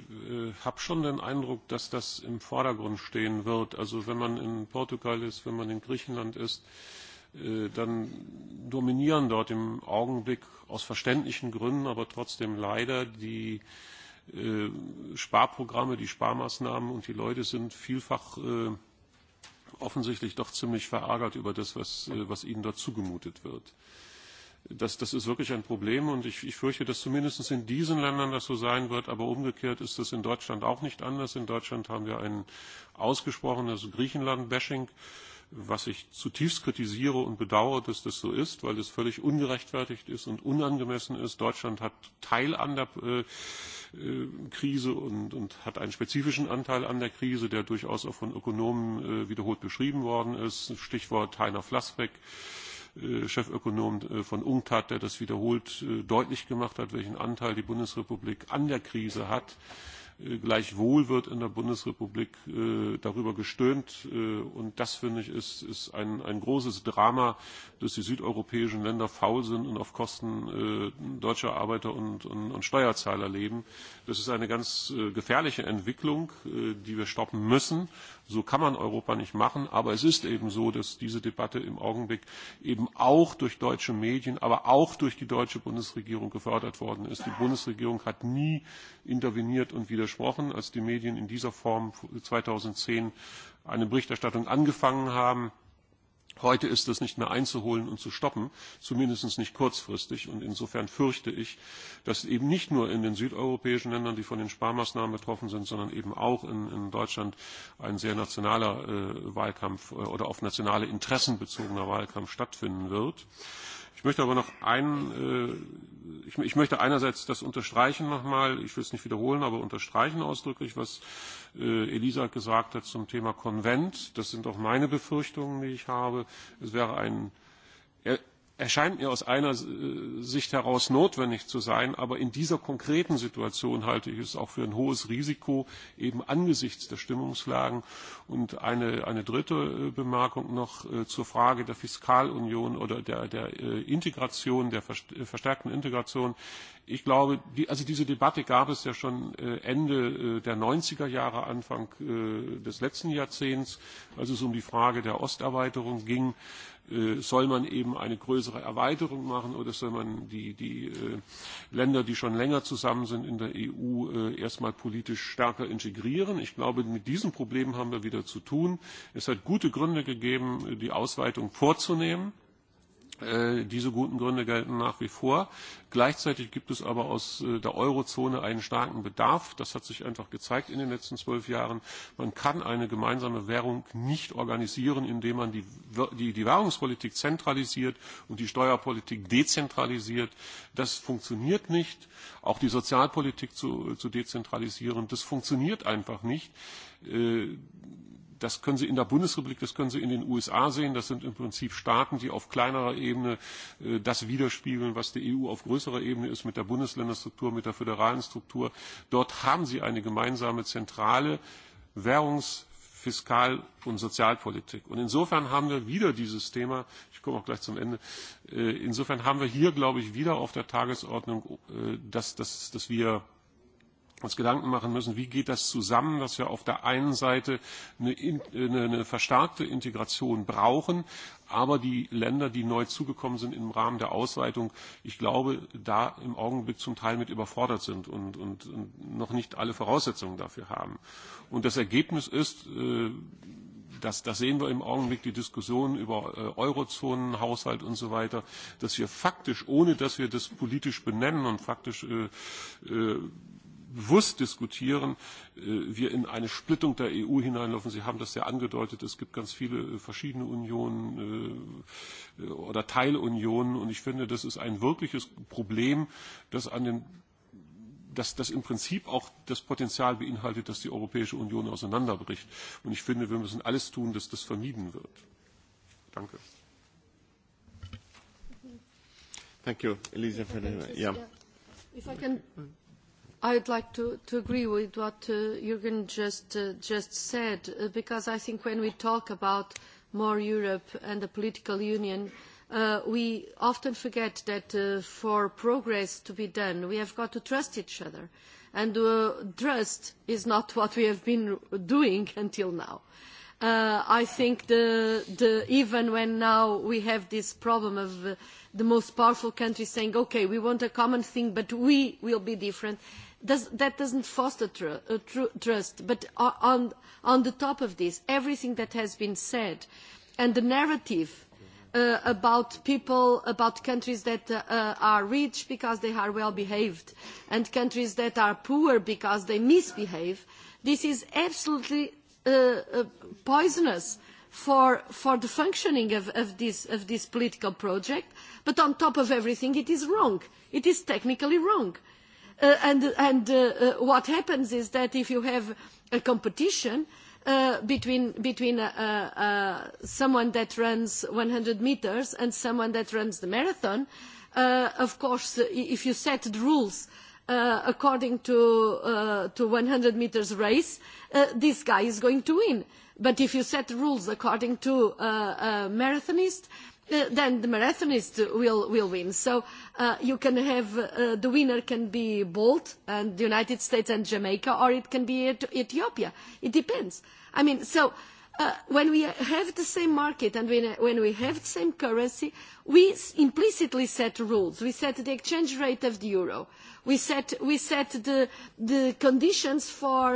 hab schon den Eindruck, dass das im Vordergrund stehen wird. Also wenn man in Portugal ist, wenn man in Griechenland ist, dann dominieren dort im Augenblick aus verständlichen Gründen, aber trotzdem leider die Sparprogramme, die Sparmaßnahmen und die Leute sind vielfach offensichtlich doch ziemlich verärgert über das, was, was ihnen dort zugemutet wird. Das, das ist wirklich ein Problem und ich, ich fürchte, dass zumindest in diesen Ländern das so sein wird, aber umgekehrt ist das in Deutschland auch nicht anders. In Deutschland haben wir ein ausgesprochenes Griechenland-Bashing. Äh, was ich zutiefst kritisiere und bedauere, dass das so ist, weil es völlig ungerechtfertigt ist und unangemessen ist. Deutschland hat Teil an der Krise und, und hat einen spezifischen Anteil an der Krise, der durchaus auch von Ökonomen wiederholt beschrieben worden ist. Stichwort Heiner Flassbeck. Chefökonom von UNCTAD, der das wiederholt deutlich gemacht hat, welchen Anteil die Bundesrepublik an der Krise hat. Gleichwohl wird in der Bundesrepublik darüber gestöhnt. Und das, finde ich, ist, ein, großes Drama dass die südeuropäischen Länder faul sind und auf Kosten deutscher Arbeiter und, Steuerzahler leben. Das ist eine ganz gefährliche Entwicklung, die wir stoppen müssen. So kann man Europa nicht machen. Aber es ist eben so, dass diese Debatte im Augenblick eben auch durch deutsche Medien, aber auch durch die deutsche Bundesregierung gefördert worden ist. Die Bundesregierung hat nie interveniert und widersprochen, als die Medien in dieser Form 2010 eine Berichterstattung angefangen haben Heute ist es nicht mehr einzuholen und zu stoppen, zumindest nicht kurzfristig. Und insofern fürchte ich, dass eben nicht nur in den südeuropäischen Ländern, die von den Sparmaßnahmen betroffen sind, sondern eben auch in, Deutschland ein sehr nationaler Wahlkampf oder auf nationale Interessen bezogener Wahlkampf stattfinden wird. Ich möchte aber noch einen, ich, möchte einerseits das unterstreichen nochmal, ich will es nicht wiederholen, aber unterstreichen ausdrücklich, was Elisa gesagt hat zum Thema Konvent. Das sind auch meine Befürchtungen, die ich habe. Es wäre ein erscheint mir aus einer Sicht heraus notwendig zu sein, aber in dieser konkreten Situation halte ich es auch für ein hohes Risiko, eben angesichts der Stimmungslagen. Und eine, eine dritte Bemerkung noch zur Frage der Fiskalunion oder der, der Integration, der verstärkten Integration. Ich glaube, die, also diese Debatte gab es ja schon Ende der 90er Jahre, Anfang des letzten Jahrzehnts, als es um die Frage der Osterweiterung ging soll man eben eine größere Erweiterung machen oder soll man die, die Länder, die schon länger zusammen sind in der EU, erstmal politisch stärker integrieren? Ich glaube, mit diesem Problem haben wir wieder zu tun. Es hat gute Gründe gegeben, die Ausweitung vorzunehmen. Diese guten Gründe gelten nach wie vor. Gleichzeitig gibt es aber aus der Eurozone einen starken Bedarf. Das hat sich einfach gezeigt in den letzten zwölf Jahren. Man kann eine gemeinsame Währung nicht organisieren, indem man die, die, die Währungspolitik zentralisiert und die Steuerpolitik dezentralisiert. Das funktioniert nicht. Auch die Sozialpolitik zu, zu dezentralisieren, das funktioniert einfach nicht das können Sie in der Bundesrepublik, das können Sie in den USA sehen. Das sind im Prinzip Staaten, die auf kleinerer Ebene das widerspiegeln, was die EU auf größerer Ebene ist, mit der Bundesländerstruktur, mit der föderalen Struktur. Dort haben Sie eine gemeinsame zentrale Währungs-, Fiskal- und Sozialpolitik. Und insofern haben wir wieder dieses Thema, ich komme auch gleich zum Ende, insofern haben wir hier, glaube ich, wieder auf der Tagesordnung, dass, dass, dass wir uns Gedanken machen müssen, wie geht das zusammen, dass wir auf der einen Seite eine, eine, eine verstärkte Integration brauchen, aber die Länder, die neu zugekommen sind im Rahmen der Ausweitung, ich glaube, da im Augenblick zum Teil mit überfordert sind und, und, und noch nicht alle Voraussetzungen dafür haben. Und das Ergebnis ist, äh, das, das sehen wir im Augenblick, die Diskussion über Eurozonenhaushalt Eurozonen, Haushalt und so weiter, dass wir faktisch, ohne dass wir das politisch benennen und faktisch äh, äh, bewusst diskutieren, wir in eine Splittung der EU hineinlaufen. Sie haben das ja angedeutet, es gibt ganz viele verschiedene Unionen oder Teilunionen und ich finde, das ist ein wirkliches Problem, das an den dass das im Prinzip auch das Potenzial beinhaltet, dass die Europäische Union auseinanderbricht. Und ich finde, wir müssen alles tun, dass das vermieden wird. Danke. Danke, Elisa. If I can I would like to, agree with what Jürgen just, said, because I think when we talk about more Europe and the political union, we often forget that for progress to be done, we have got to trust each other. And trust is not what we have been doing until now. I think even when now we have this problem of the most powerful countries saying, okay, we want a common thing, but we will be different, that doesn't foster trust. But on, on the top of this, everything that has been said and the narrative about people, about countries that are rich because they are well behaved and countries that are poor because they misbehave, this is absolutely poisonous for, the functioning of, this, political project. But on top of everything, it is wrong. It is technically wrong and what happens is that if you have a competition between someone that runs one hundred meters and someone that runs the marathon, of course, if you set the rules according to to 100 meters race, this guy is going to win. But if you set rules according to a marathonist, then the marathonist will, will win. So you can have, the winner can be Bolt and the United States and Jamaica, or it can be Ethiopia. It depends. I mean, so when we have the same market and when we have the same currency, we implicitly set rules. We set the exchange rate of the euro. We set, the, conditions for,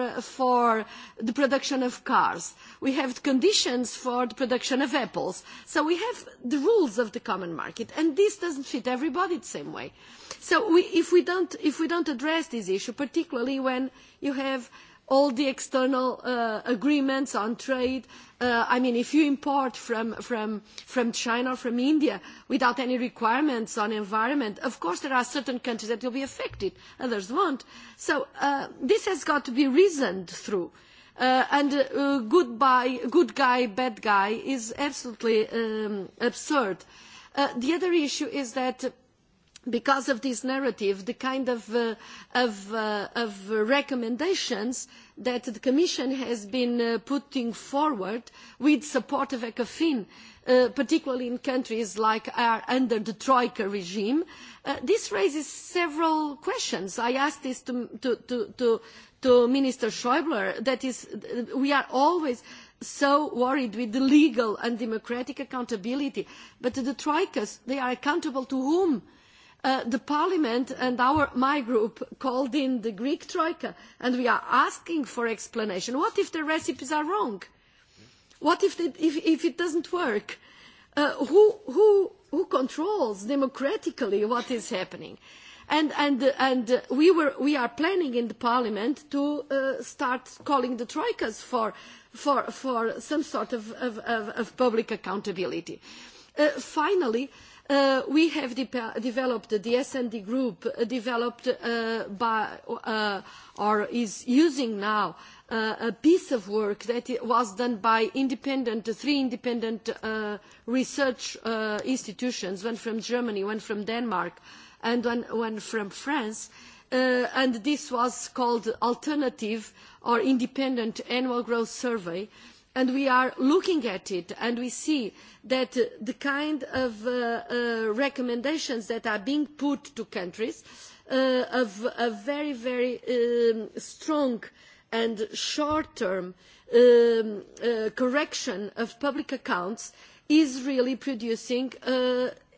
the production of cars. We have the conditions for the production of apples. So we have the rules of the common market, and this doesn't fit everybody the same way. So if, we don't, if we don't address this issue, particularly when you have – all the external agreements on trade. I mean, if you import from, China, or from India, without any requirements on environment, of course there are certain countries that will be affected, others won't. So this has got to be reasoned through. and good, guy, bad guy is absolutely absurd. the other issue is that because of this narrative, the kind of, recommendations that the Commission has been putting forward with support of ECOFIN, particularly in countries like are under the Troika regime, this raises several questions. I asked this to, Minister Schäuble, that is, we are always so worried with the legal and democratic accountability. But the troikas, they are accountable to whom? the parliament and our, my group called in the Greek troika and we are asking for explanation. What if the recipes are wrong? What if, it if, if it doesn't work? who, who, who controls democratically what is happening? And, and, and we, were, we are planning in the parliament to uh, start calling the troikas for, for, for some sort of, of, of, of public accountability. Uh, finally, uh, we have developed the S&D group developed by or is using now a piece of work that was done by independent, three independent research institutions, one from Germany, one from Denmark, and one, from France. and this was called Alternative or Independent Annual Growth Survey, and we are looking at it and we see that the kind of recommendations that are being put to countries of a very, very strong and short-term correction of public accounts is really producing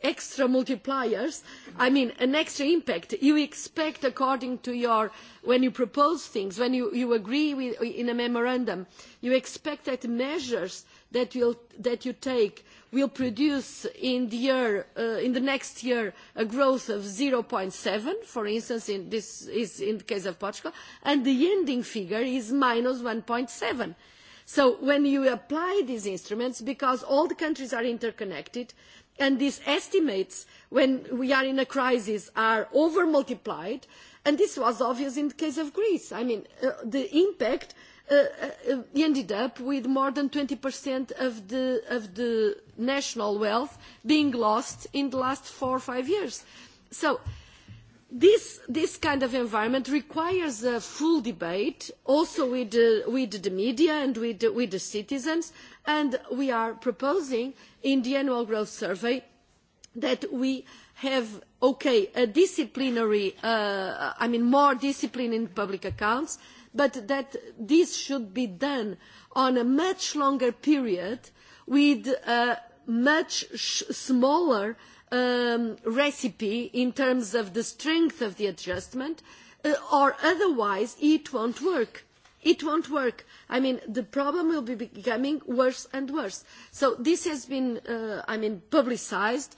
extra multipliers, I mean, an extra impact. You expect according to your, when you propose things, when you, you agree with, in a memorandum, you expect that measures that, you'll, that you take will produce in the, year, in the next year a growth of zero seven, for instance, in this is in the case of Portugal, and the ending figure is minus one seven. So when you apply these instruments, because all the countries are interconnected, and these estimates when we are in a crisis are over multiplied and this was obvious in the case of greece i mean the impact ended up with more than 20% of the of the national wealth being lost in the last four or five years so this this kind of environment requires a full debate also with the, with the media and with with the citizens and we are proposing in the annual growth survey that we have okay a disciplinary uh, I mean more discipline in public accounts but that this should be done on a much longer period with a much smaller recipe in terms of the strength of the adjustment or otherwise it won't work It won't work. I mean, the problem will be becoming worse and worse. So this has been, I mean, publicised.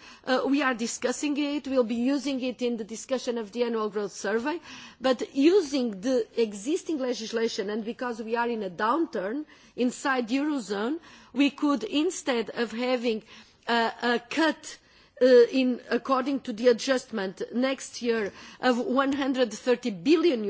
we are discussing it. We'll be using it in the discussion of the annual growth survey. But using the existing legislation, and because we are in a downturn inside the Eurozone, we could, instead of having a cut in, according to the adjustment next year of EUR one hundred and thirty billion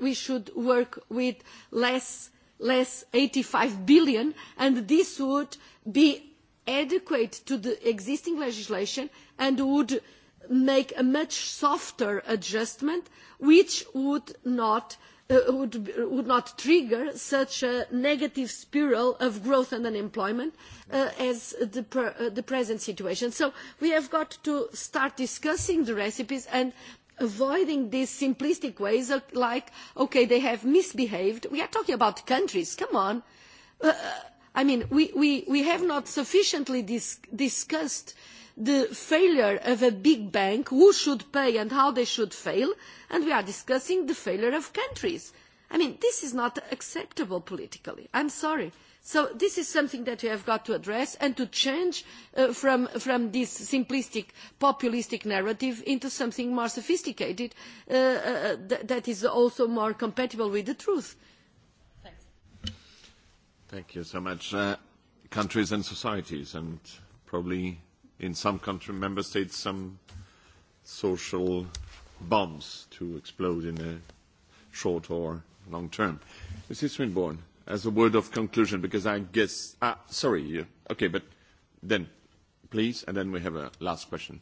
we should work with less less 85 billion, and this would be adequate to the existing legislation and would make a much softer adjustment, which would not would, not trigger such a negative spiral of growth and unemployment as the, present situation. So we have got to start discussing the recipes and avoiding these simplistic ways of like, okay, they have misbehaved. We are talking about countries, come on. I mean, we, we, we have not sufficiently discussed uh, the failure of a big bank, who should pay and how they should fail, and we are discussing the failure of countries. I mean, this is not acceptable politically. I am sorry. So this is something that we have got to address and to change from, this simplistic, populistic narrative into something more sophisticated that is also more compatible with the truth. Thank you so much. countries and societies, and probably in some country member states some social bombs to explode in a short or long term. Mr Swinburne, as a word of conclusion, because I guess, ah, sorry, yeah, okay, but then, please, and then we have a last question.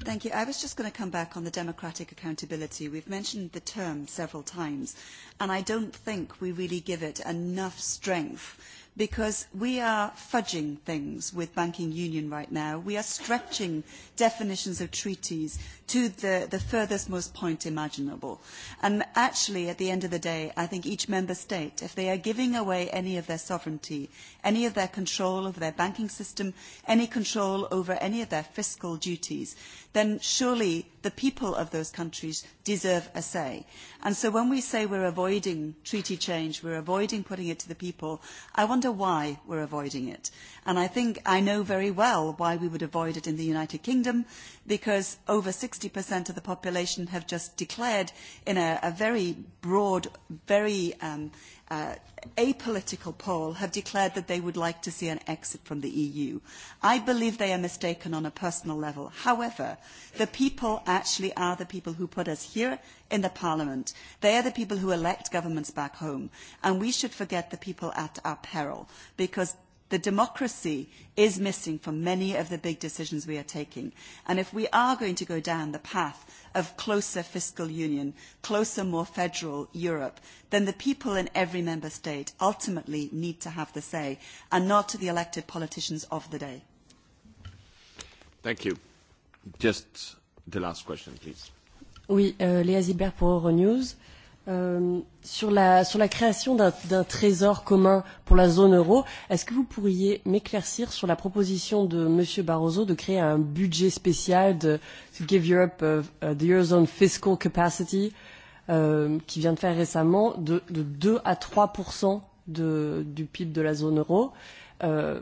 Thank you. I was just going to come back on the democratic accountability. We've mentioned the term several times, and I don't think we really give it enough strength because we are fudging things with banking union right now. We are stretching definitions of treaties to the, the furthest most point imaginable. And actually, at the end of the day, I think each member state, if they are giving away any of their sovereignty, any of their control over their banking system, any control over any of their fiscal duties, then surely the people of those countries deserve a say. And so when we say we're avoiding treaty change, we're avoiding putting it to the people, I wonder why we're avoiding it. And I think I know very well why we would avoid it in the United Kingdom, because over 60% of the population have just declared in a, a very broad, very um, uh, apolitical poll have declared that they would like to see an exit from the EU. I believe they are mistaken on a personal level. However, the people actually are the people who put us here in the parliament. They are the people who elect governments back home. And we should forget the people at our peril because The democracy is missing from many of the big decisions we are taking. And if we are going to go down the path of closer fiscal union, closer, more federal Europe, then the people in every member state ultimately need to have the say and not to the elected politicians of the day. Thank you. Just the last question, please. Oui, Léa Zibert pour Euronews sur la, sur la création d'un trésor commun pour la zone euro, est-ce que vous pourriez m'éclaircir sur la proposition de M. Barroso de créer un budget spécial de to give Europe a, a, the Eurozone fiscal capacity euh, qui vient de faire récemment de, de 2 à 3 de, du PIB de la zone euro euh,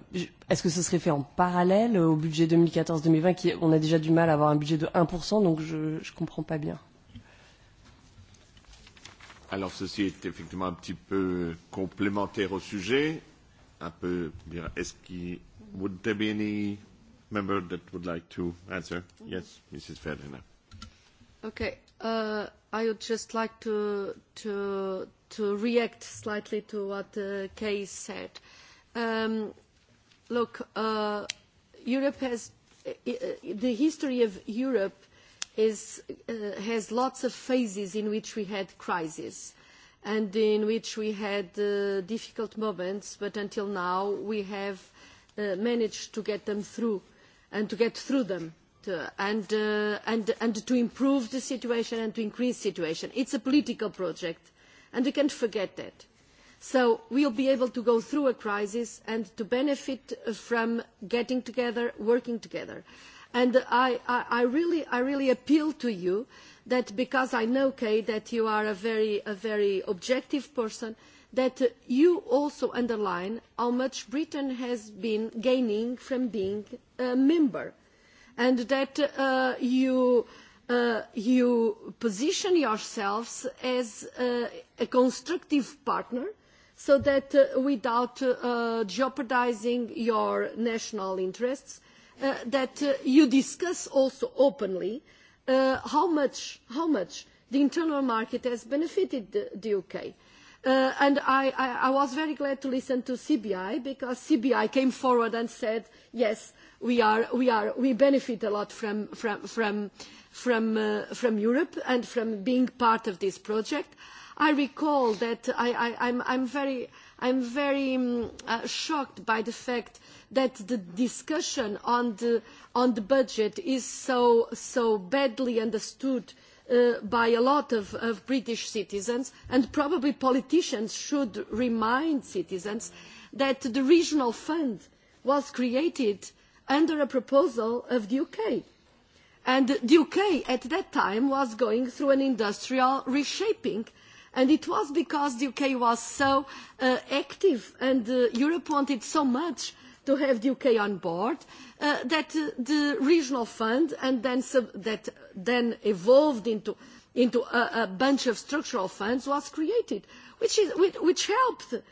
Est-ce que ce serait fait en parallèle au budget 2014-2020 qui, On a déjà du mal à avoir un budget de 1%, donc je ne comprends pas bien. Alors ceci est effectivement un petit peu complémentaire au sujet. Un peu dire, est-ce qu'il would there be any member that would like to answer? Yes, Mrs. Ferdinand. Okay, uh, I would just like to to to react slightly to what uh, Kay said. Um, look, uh, Europe has uh, the history of Europe is, uh, has lots of phases in which we had crises and in which we had uh, difficult moments, but until now we have uh, managed to get them through and to get through them to, and, uh, and, and to improve the situation and to increase the situation. It's a political project and we can't forget that. So we will be able to go through a crisis and to benefit from getting together, working together And I, I, I, really, I really appeal to you that because I know, Kay, that you are a very, a very objective person, that you also underline how much Britain has been gaining from being a member and that you, you position yourselves as a constructive partner so that without jeopardising your national interests that you discuss also openly how much the internal market has benefited the UK. and I, was very glad to listen to CBI because CBI came forward and said, yes, we, are, we, are, we benefit a lot from, from, from, Europe and from being part of this project. I recall that I, I, I'm, I'm very, I'm very shocked by the fact that that the discussion on the, budget is so, badly understood by a lot of, British citizens, and probably politicians should remind citizens that the regional fund was created under a proposal of the UK. And the UK at that time was going through an industrial reshaping. And it was because the UK was so active and Europe wanted so much to have the UK on board, that the regional fund and then that then evolved into into a, a bunch of structural funds was created, which is which, which helped um,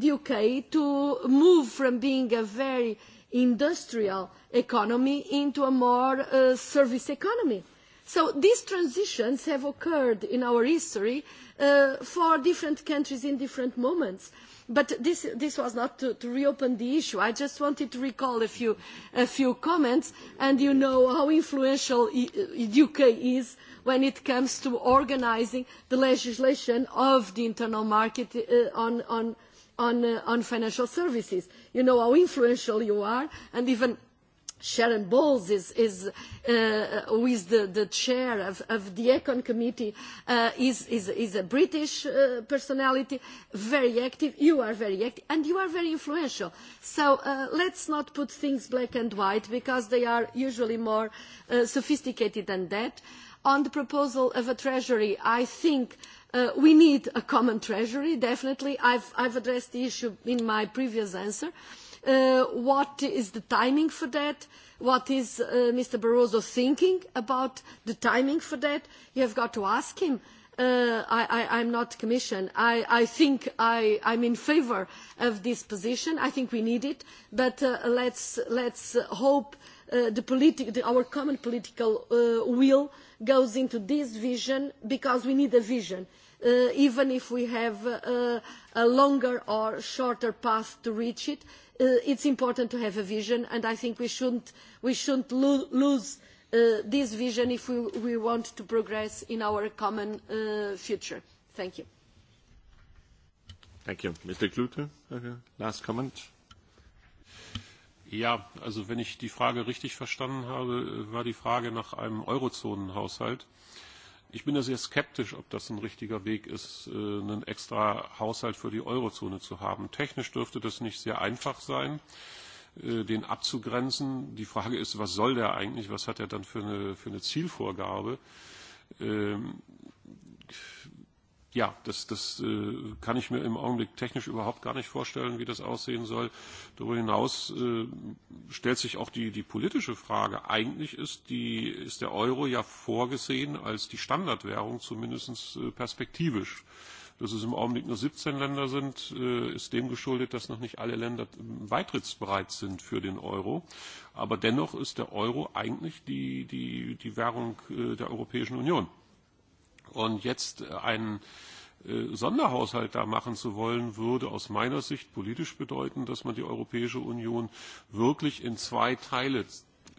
the UK to move from being a very industrial economy into a more uh, service economy. So these transitions have occurred in our history uh, for different countries in different moments But this, this was not to, to reopen the issue. I just wanted to recall a few, a few comments, and you know how influential the UK is when it comes to organising the legislation of the internal market on, on, on, financial services. You know how influential you are, and even Sharon Bowles is, is uh, who is the, the chair of, of the Econ Committee, uh, is, is, is a British uh, personality, very active. You are very active, and you are very influential. So uh, let's not put things black and white because they are usually more uh, sophisticated than that. On the proposal of a treasury, I think we need a common treasury, definitely. I've, I've addressed the issue in my previous answer. Uh, what is the timing for that? What is Mr. Barroso thinking about the timing for that? You have got to ask him. Uh I, I, I'm not Commission. I, I think I, I'm in favour of this position. I think we need it, but uh, let's, let's hope the our common political uh will goes into this vision because we need a vision even if we have a longer or shorter path to reach it. It is important to have a vision, and I think we shouldn't, we shouldn't lo lose this vision if we, we want to progress in our common future. Thank you. Thank you. Mr. Klute, last comment. Ja, also wenn ich die Frage richtig verstanden habe, war die Frage nach einem Eurozonenhaushalt. Ich bin da sehr skeptisch, ob das ein richtiger Weg ist, einen extra Haushalt für die Eurozone zu haben. Technisch dürfte das nicht sehr einfach sein, den abzugrenzen. Die Frage ist, was soll der eigentlich? Was hat er dann für eine, für eine Zielvorgabe? ja, das, das äh, kann ich mir im Augenblick technisch überhaupt gar nicht vorstellen, wie das aussehen soll. Darüber hinaus äh, stellt sich auch die, die politische Frage. Eigentlich ist, die, ist der Euro ja vorgesehen als die Standardwährung, zumindest äh, perspektivisch. Dass es im Augenblick nur 17 Länder sind, äh, ist dem geschuldet, dass noch nicht alle Länder beitrittsbereit sind für den Euro. Aber dennoch ist der Euro eigentlich die, die, die Währung äh, der Europäischen Union. Und jetzt einen Sonderhaushalt da machen zu wollen, würde aus meiner Sicht politisch bedeuten, dass man die Europäische Union wirklich in zwei Teile,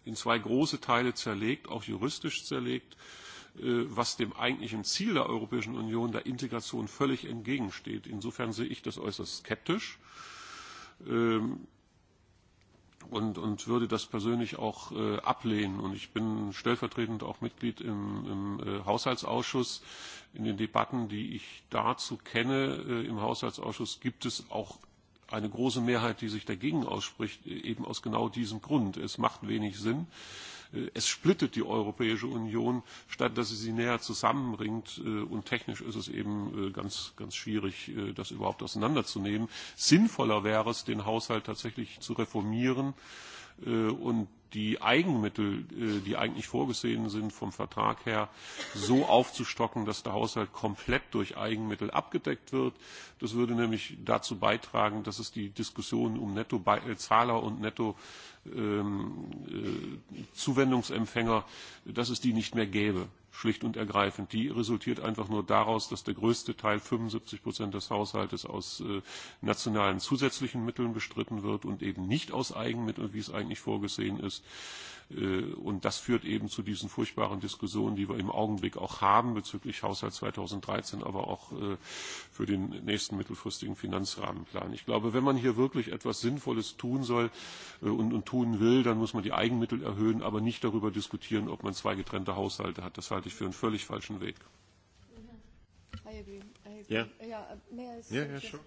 in zwei große Teile zerlegt, auch juristisch zerlegt, was dem eigentlichen Ziel der Europäischen Union, der Integration, völlig entgegensteht. Insofern sehe ich das äußerst skeptisch und, und würde das persönlich auch äh, ablehnen. Und ich bin stellvertretend auch Mitglied im, im äh, Haushaltsausschuss. In den Debatten, die ich dazu kenne äh, im Haushaltsausschuss, gibt es auch eine große Mehrheit, die sich dagegen ausspricht, eben aus genau diesem Grund. Es macht wenig Sinn. Äh, es splittet die Europäische Union, statt dass sie sie näher zusammenbringt. Und technisch ist es eben ganz, ganz schwierig, das überhaupt auseinanderzunehmen. Sinnvoller wäre es, den Haushalt tatsächlich zu reformieren und die Eigenmittel, die eigentlich vorgesehen sind vom Vertrag her, so aufzustocken, dass der Haushalt komplett durch Eigenmittel abgedeckt wird. Das würde nämlich dazu beitragen, dass es die Diskussion um Nettozahler und Netto Zuwendungsempfänger, dass es die nicht mehr gäbe, schlicht und ergreifend. Die resultiert einfach nur daraus, dass der größte Teil, 75 Prozent des Haushaltes, aus nationalen zusätzlichen Mitteln bestritten wird und eben nicht aus Eigenmitteln, wie es eigentlich vorgesehen ist. Und das führt eben zu diesen furchtbaren Diskussionen, die wir im Augenblick auch haben bezüglich Haushalt 2013, aber auch für den nächsten mittelfristigen Finanzrahmenplan. Ich glaube, wenn man hier wirklich etwas Sinnvolles tun soll und, tun will, dann muss man die Eigenmittel erhöhen, aber nicht darüber diskutieren, ob man zwei getrennte Haushalte hat. Das halte ich für einen völlig falschen Weg. I agree. I agree. Yeah. Yeah, may I yeah, yeah, sure.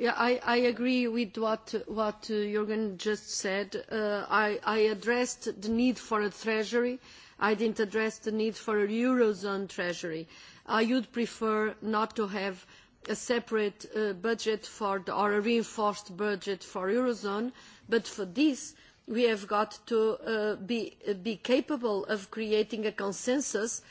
Yeah, I, I agree with what, what Jürgen just said. I, I addressed the need for a treasury. I didn't address the need for a Eurozone treasury. I would prefer not to have a separate budget for the, or a reinforced budget for Eurozone, but for this we have got to be, capable of creating a consensus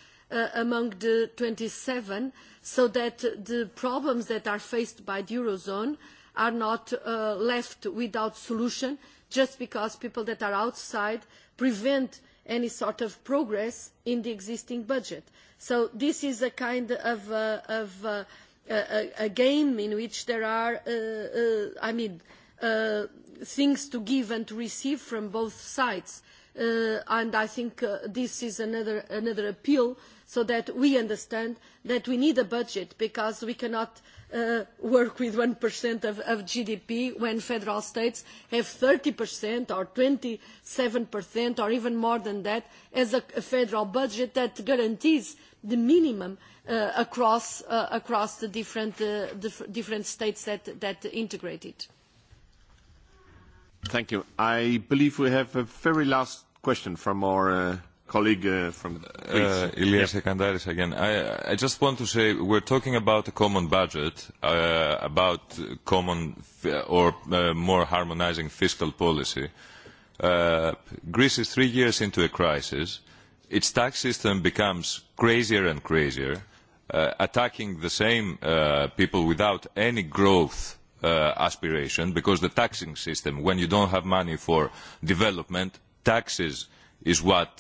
among the twenty seven so that the problems that are faced by the Eurozone are not left without solution just because people that are outside prevent any sort of progress in the existing budget. So this is a kind of, a, game in which there are, I mean, things to give and to receive from both sides. and I think this is another, another appeal uh, so that we understand that we need a budget because we cannot work with 1% of, of GDP when federal states have 30% or 27% or even more than that as a, federal budget that guarantees the minimum across, the different, states that, integrate it. Thank you. I believe we have a very last question from our colleague from Greece. Ilias Sekandaris again. I, I just want to say we're talking about a common budget, uh, about common or uh, more harmonizing fiscal policy. Uh, Greece is three years into a crisis. Its tax system becomes crazier and crazier, uh, attacking the same uh, people without any growth uh, aspiration because the taxing system, when you don't have money for development, taxes is what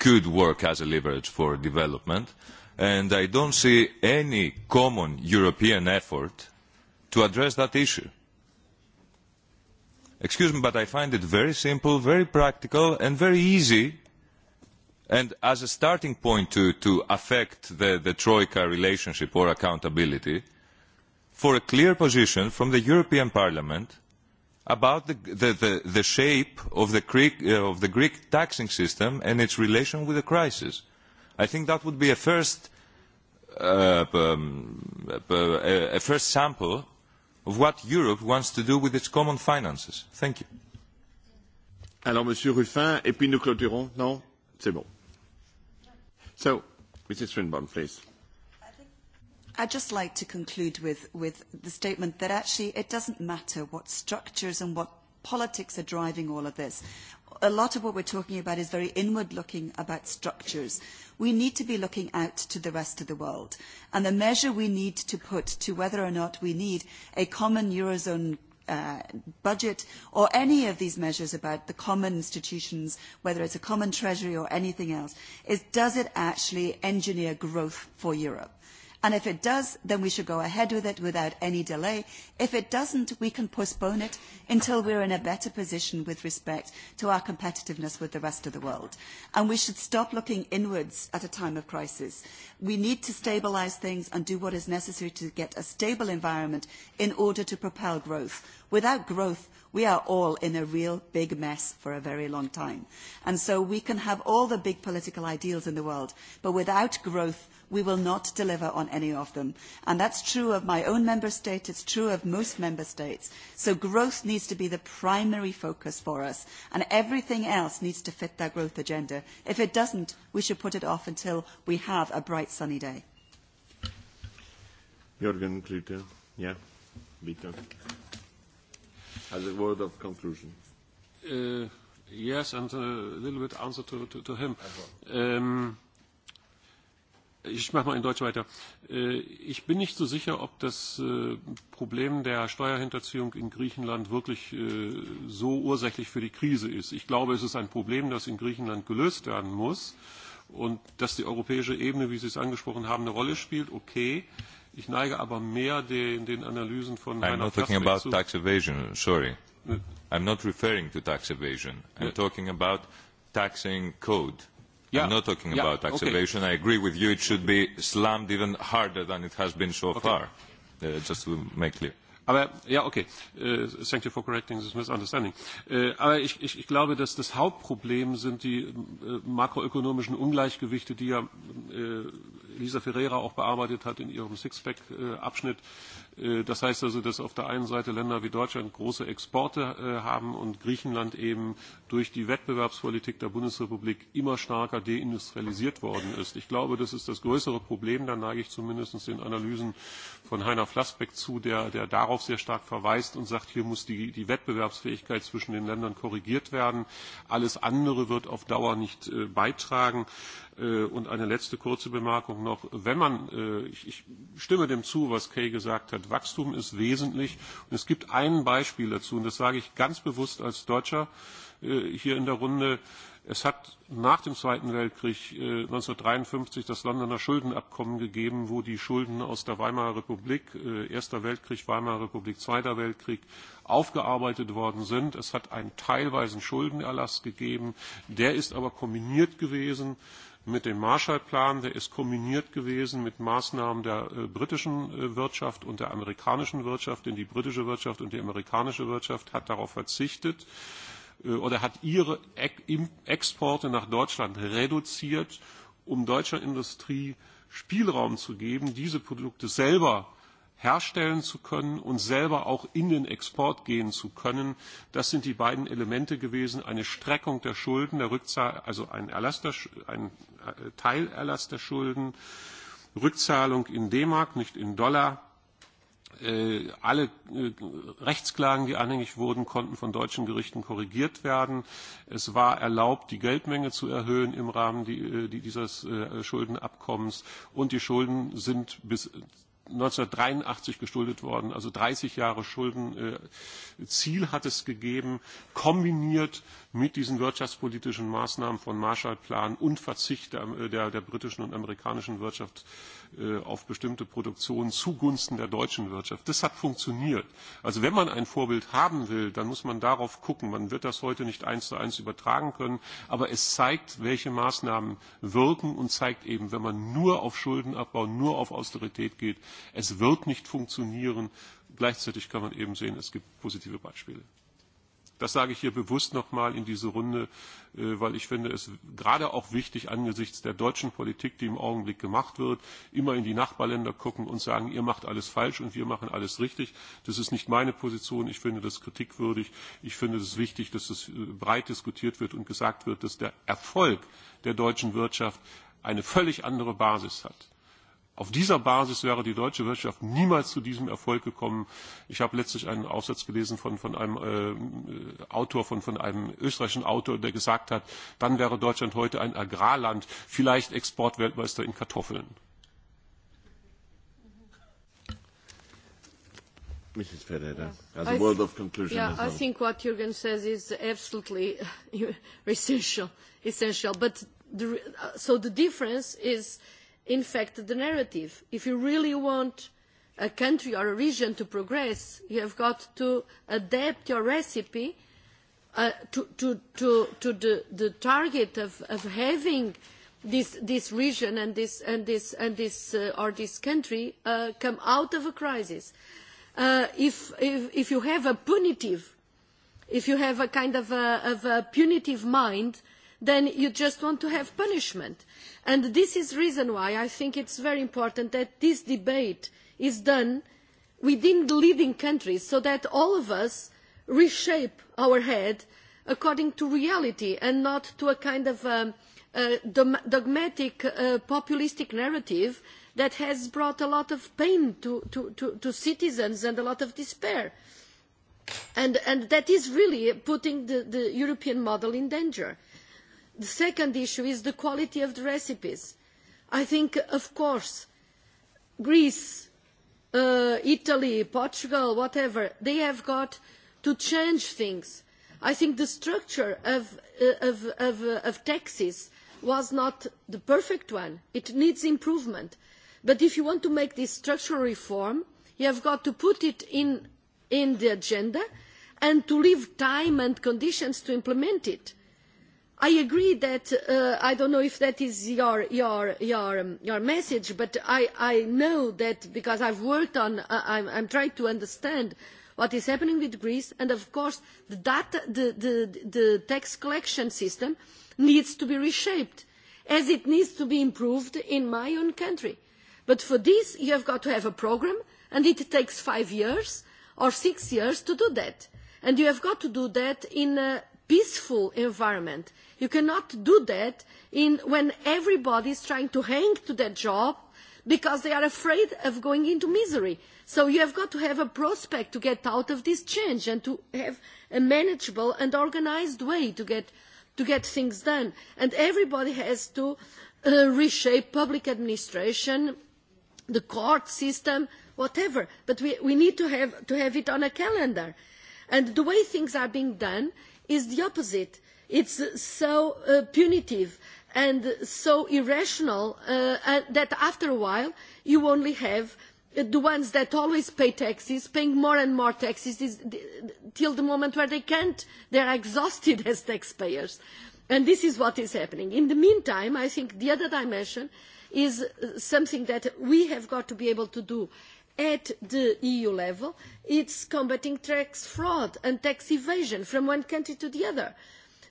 could work as a leverage for development. And I don't see any common European effort to address that issue. Excuse me, but I find it very simple, very practical, and very easy, and as a starting point to, to affect the, the Troika relationship or accountability, for a clear position from the European Parliament – about the, the, the, the shape of the, Greek, uh, of the Greek taxing system and its relation with the crisis. I think that would be a first, uh, a first sample of what Europe wants to do with its common finances. Thank you. Alors, Monsieur Ruffin, et puis nous clôturons. Non, c'est bon. So, Mrs. Swinburne, please. I'd just like to conclude with, with the statement that actually it doesn't matter what structures and what politics are driving all of this. A lot of what we're talking about is very inward looking about structures. We need to be looking out to the rest of the world. And the measure we need to put to whether or not we need a common Eurozone budget or any of these measures about the common institutions, whether it's a common treasury or anything else, is does it actually engineer growth for Europe? And if it does, then we should go ahead with it without any delay. If it doesn't, we can postpone it until we're in a better position with respect to our competitiveness with the rest of the world. And we should stop looking inwards at a time of crisis. We need to stabilise things and do what is necessary to get a stable environment in order to propel growth. Without growth, we are all in a real big mess for a very long time. And so we can have all the big political ideals in the world, but without growth, we will not deliver on any of them. And that's true of my own member state, it's true of most member states. So growth needs to be the primary focus for us, and everything else needs to fit that growth agenda. If it doesn't, we should put it off until we have a bright sunny day. As a word of conclusion. Uh, yes, and a little bit answer to, to, to him. Um, Ich mache mal in Deutsch weiter. Ich bin nicht so sicher, ob das Problem der Steuerhinterziehung in Griechenland wirklich so ursächlich für die Krise ist. Ich glaube, es ist ein Problem, das in Griechenland gelöst werden muss und dass die europäische Ebene, wie Sie es angesprochen haben, eine Rolle spielt. Okay. Ich neige aber mehr den, den Analysen von I'm not talking about tax evasion, sorry. I'm not referring to tax evasion. I'm talking about taxing code Yeah. I'm not talking yeah. about acceleration. I agree with you. It should be slammed even harder than it has been so okay. far, uh, just to make clear. Aber ja, okay. Uh, thank you for correcting this misunderstanding. Uh, aber ich, ich, ich glaube, dass das Hauptproblem sind die uh, makroökonomischen Ungleichgewichte, die ja uh, Lisa Ferreira auch bearbeitet hat in ihrem Sixpack-Abschnitt. Das heißt also, dass auf der einen Seite Länder wie Deutschland große Exporte haben und Griechenland eben durch die Wettbewerbspolitik der Bundesrepublik immer stärker deindustrialisiert worden ist. Ich glaube, das ist das größere Problem. Da neige ich zumindest den Analysen von Heiner Flassbeck zu, der, der darauf sehr stark verweist und sagt, hier muss die, die Wettbewerbsfähigkeit zwischen den Ländern korrigiert werden. Alles andere wird auf Dauer nicht beitragen. Und eine letzte kurze Bemerkung noch. Wenn man, ich stimme dem zu, was Kay gesagt hat, Wachstum ist wesentlich. Und es gibt ein Beispiel dazu, und das sage ich ganz bewusst als Deutscher hier in der Runde. Es hat nach dem Zweiten Weltkrieg 1953 das Londoner Schuldenabkommen gegeben, wo die Schulden aus der Weimarer Republik, Erster Weltkrieg, Weimarer Republik, Zweiter Weltkrieg aufgearbeitet worden sind. Es hat einen teilweisen Schuldenerlass gegeben. Der ist aber kombiniert gewesen mit dem Marshallplan, der ist kombiniert gewesen mit Maßnahmen der britischen Wirtschaft und der amerikanischen Wirtschaft, denn die britische Wirtschaft und die amerikanische Wirtschaft hat darauf verzichtet oder hat ihre Exporte nach Deutschland reduziert, um deutscher Industrie Spielraum zu geben, diese Produkte selber herstellen zu können und selber auch in den Export gehen zu können. Das sind die beiden Elemente gewesen, eine Streckung der Schulden, der Rückzahl, also ein, Erlass der, ein Teilerlass der Schulden, Rückzahlung in D-Mark, nicht in Dollar. Alle Rechtsklagen, die anhängig wurden, konnten von deutschen Gerichten korrigiert werden. Es war erlaubt, die Geldmenge zu erhöhen im Rahmen dieses Schuldenabkommens. Und die Schulden sind bis 1983 geschuldet worden, also 30 Jahre Schuldenziel hat es gegeben, kombiniert mit diesen wirtschaftspolitischen Maßnahmen von Marshallplan und Verzicht der, der britischen und amerikanischen Wirtschaft auf bestimmte Produktionen zugunsten der deutschen Wirtschaft. Das hat funktioniert. Also wenn man ein Vorbild haben will, dann muss man darauf gucken. Man wird das heute nicht eins zu eins übertragen können, aber es zeigt, welche Maßnahmen wirken und zeigt eben, wenn man nur auf Schuldenabbau, nur auf Austerität geht, es wird nicht funktionieren. Gleichzeitig kann man eben sehen, es gibt positive Beispiele. Das sage ich hier bewusst nochmal in diese Runde, weil ich finde es gerade auch wichtig angesichts der deutschen Politik, die im Augenblick gemacht wird, immer in die Nachbarländer gucken und sagen, ihr macht alles falsch und wir machen alles richtig. Das ist nicht meine Position. Ich finde das kritikwürdig. Ich finde es wichtig, dass es breit diskutiert wird und gesagt wird, dass der Erfolg der deutschen Wirtschaft eine völlig andere Basis hat Auf dieser Basis wäre die deutsche Wirtschaft niemals zu diesem Erfolg gekommen. Ich habe letztlich einen Aufsatz gelesen von, von einem äh, Autor, von, von einem österreichischen Autor, der gesagt hat, dann wäre Deutschland heute ein Agrarland, vielleicht Exportweltmeister in Kartoffeln. Mrs. Ferreira, as a word of conclusion. Yeah, I think what Jürgen says is absolutely essential. essential. But the, so the difference is in fact the narrative. If you really want a country or a region to progress, you have got to adapt your recipe to, the, the target of, of having this, this region and this, and this, and this uh, or this country uh, come out of a crisis. Uh, if, if, if you have a punitive, if you have a kind of a, of a punitive mind, then you just want to have punishment. And this is the reason why I think it is very important that this debate is done within the leading countries so that all of us reshape our head according to reality and not to a kind of dogmatic populistic narrative that has brought a lot of pain to, citizens and a lot of despair. And, that is really putting the, European model in danger. The second issue is the quality of the recipes. I think, of course, Greece, Italy, Portugal, whatever, they have got to change things. I think the structure of, taxes was not the perfect one. It needs improvement. But if you want to make this structural reform, you have got to put it in, in the agenda and to leave time and conditions to implement it I agree that I don't know if that is your your your your message, but I I know that because I've worked on I I'm trying to understand what is happening with Greece, and of course the data the the the tax collection system needs to be reshaped, as it needs to be improved in my own country. But for this, you have got to have a programme, and it takes five years or six years to do that, and you have got to do that in a peaceful environment. You cannot do that in, when everybody is trying to hang to their job because they are afraid of going into misery. So you have got to have a prospect to get out of this change and to have a manageable and organised way to get, to get things done. And everybody has to reshape public administration, the court system, whatever. But we, we need to have, to have it on a calendar. And the way things are being done is the opposite. It is so punitive and so irrational that after a while you only have the ones that always pay taxes paying more and more taxes till the moment where they can't. They are exhausted as taxpayers. And this is what is happening. In the meantime, I think the other dimension is something that we have got to be able to do at the EU level, it's combating tax fraud and tax evasion from one country to the other.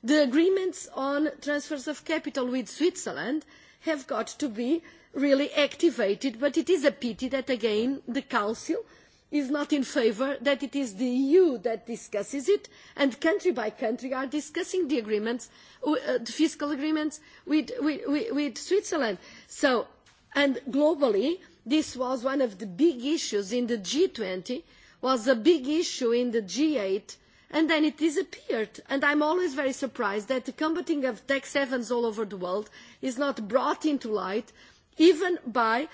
The agreements on transfers of capital with Switzerland have got to be really activated, but it is a pity that, again, the Council is not in favour that it is the EU that discusses it, and country by country are discussing the agreements, the fiscal agreements with, Switzerland. So, and globally, This was one of the big issues in the g twenty, was a big issue in the g eight, and then it disappeared. And I am always very surprised that the combating of tax havens all over the world is not brought into light, even by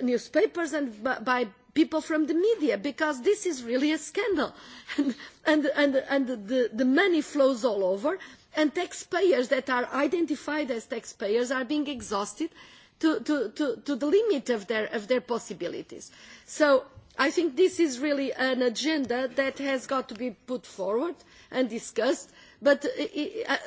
newspapers and by people from the media because this is really a scandal and, and, and, and the, the money flows all over and taxpayers that are identified as taxpayers are being exhausted to, the limit of their, possibilities. So I think this is really an agenda that has got to be put forward and discussed but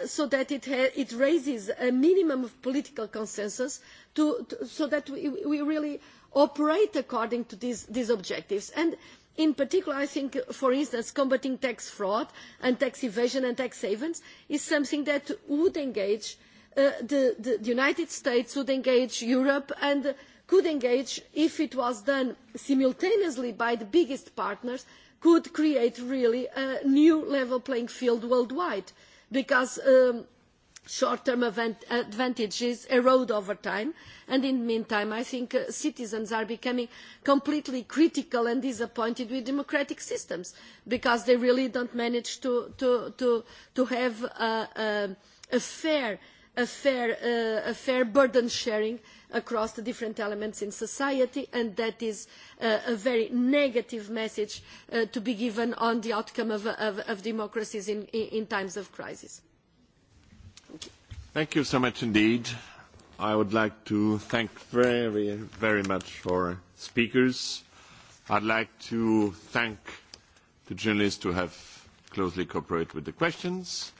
so that it, raises a minimum of political consensus so that we, really operate according to these, objectives. And in particular, I think, for instance, combating tax fraud and tax evasion and tax havens is something that would engage the, United States would engage Europe and could engage, if it was done simultaneously by the biggest partners, could create really a new level playing field worldwide because short-term advantages erode over time. And in the meantime, I think citizens are becoming completely critical and disappointed with democratic systems because they really do not manage to, have a, fair a fair, burden sharing across the different elements in society and that is a very negative message to be given on the outcome of, democracies in, times of crisis. Thank you so much indeed. I would like to thank very, very much our speakers. I'd like to thank the journalists who have closely cooperated with the questions,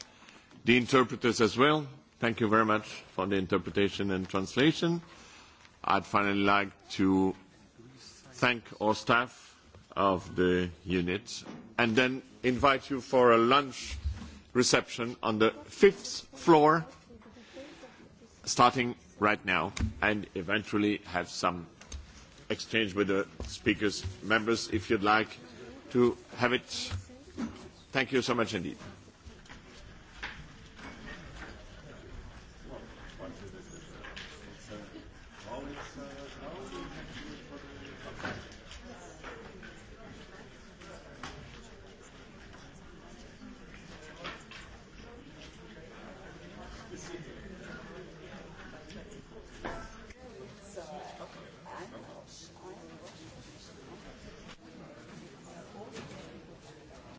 the interpreters as well, Thank you very much for the interpretation and translation. I'd finally like to thank all staff of the unit and then invite you for a lunch reception on the fifth floor starting right now and eventually have some exchange with the speakers members if you'd like to have it. Thank you so much indeed.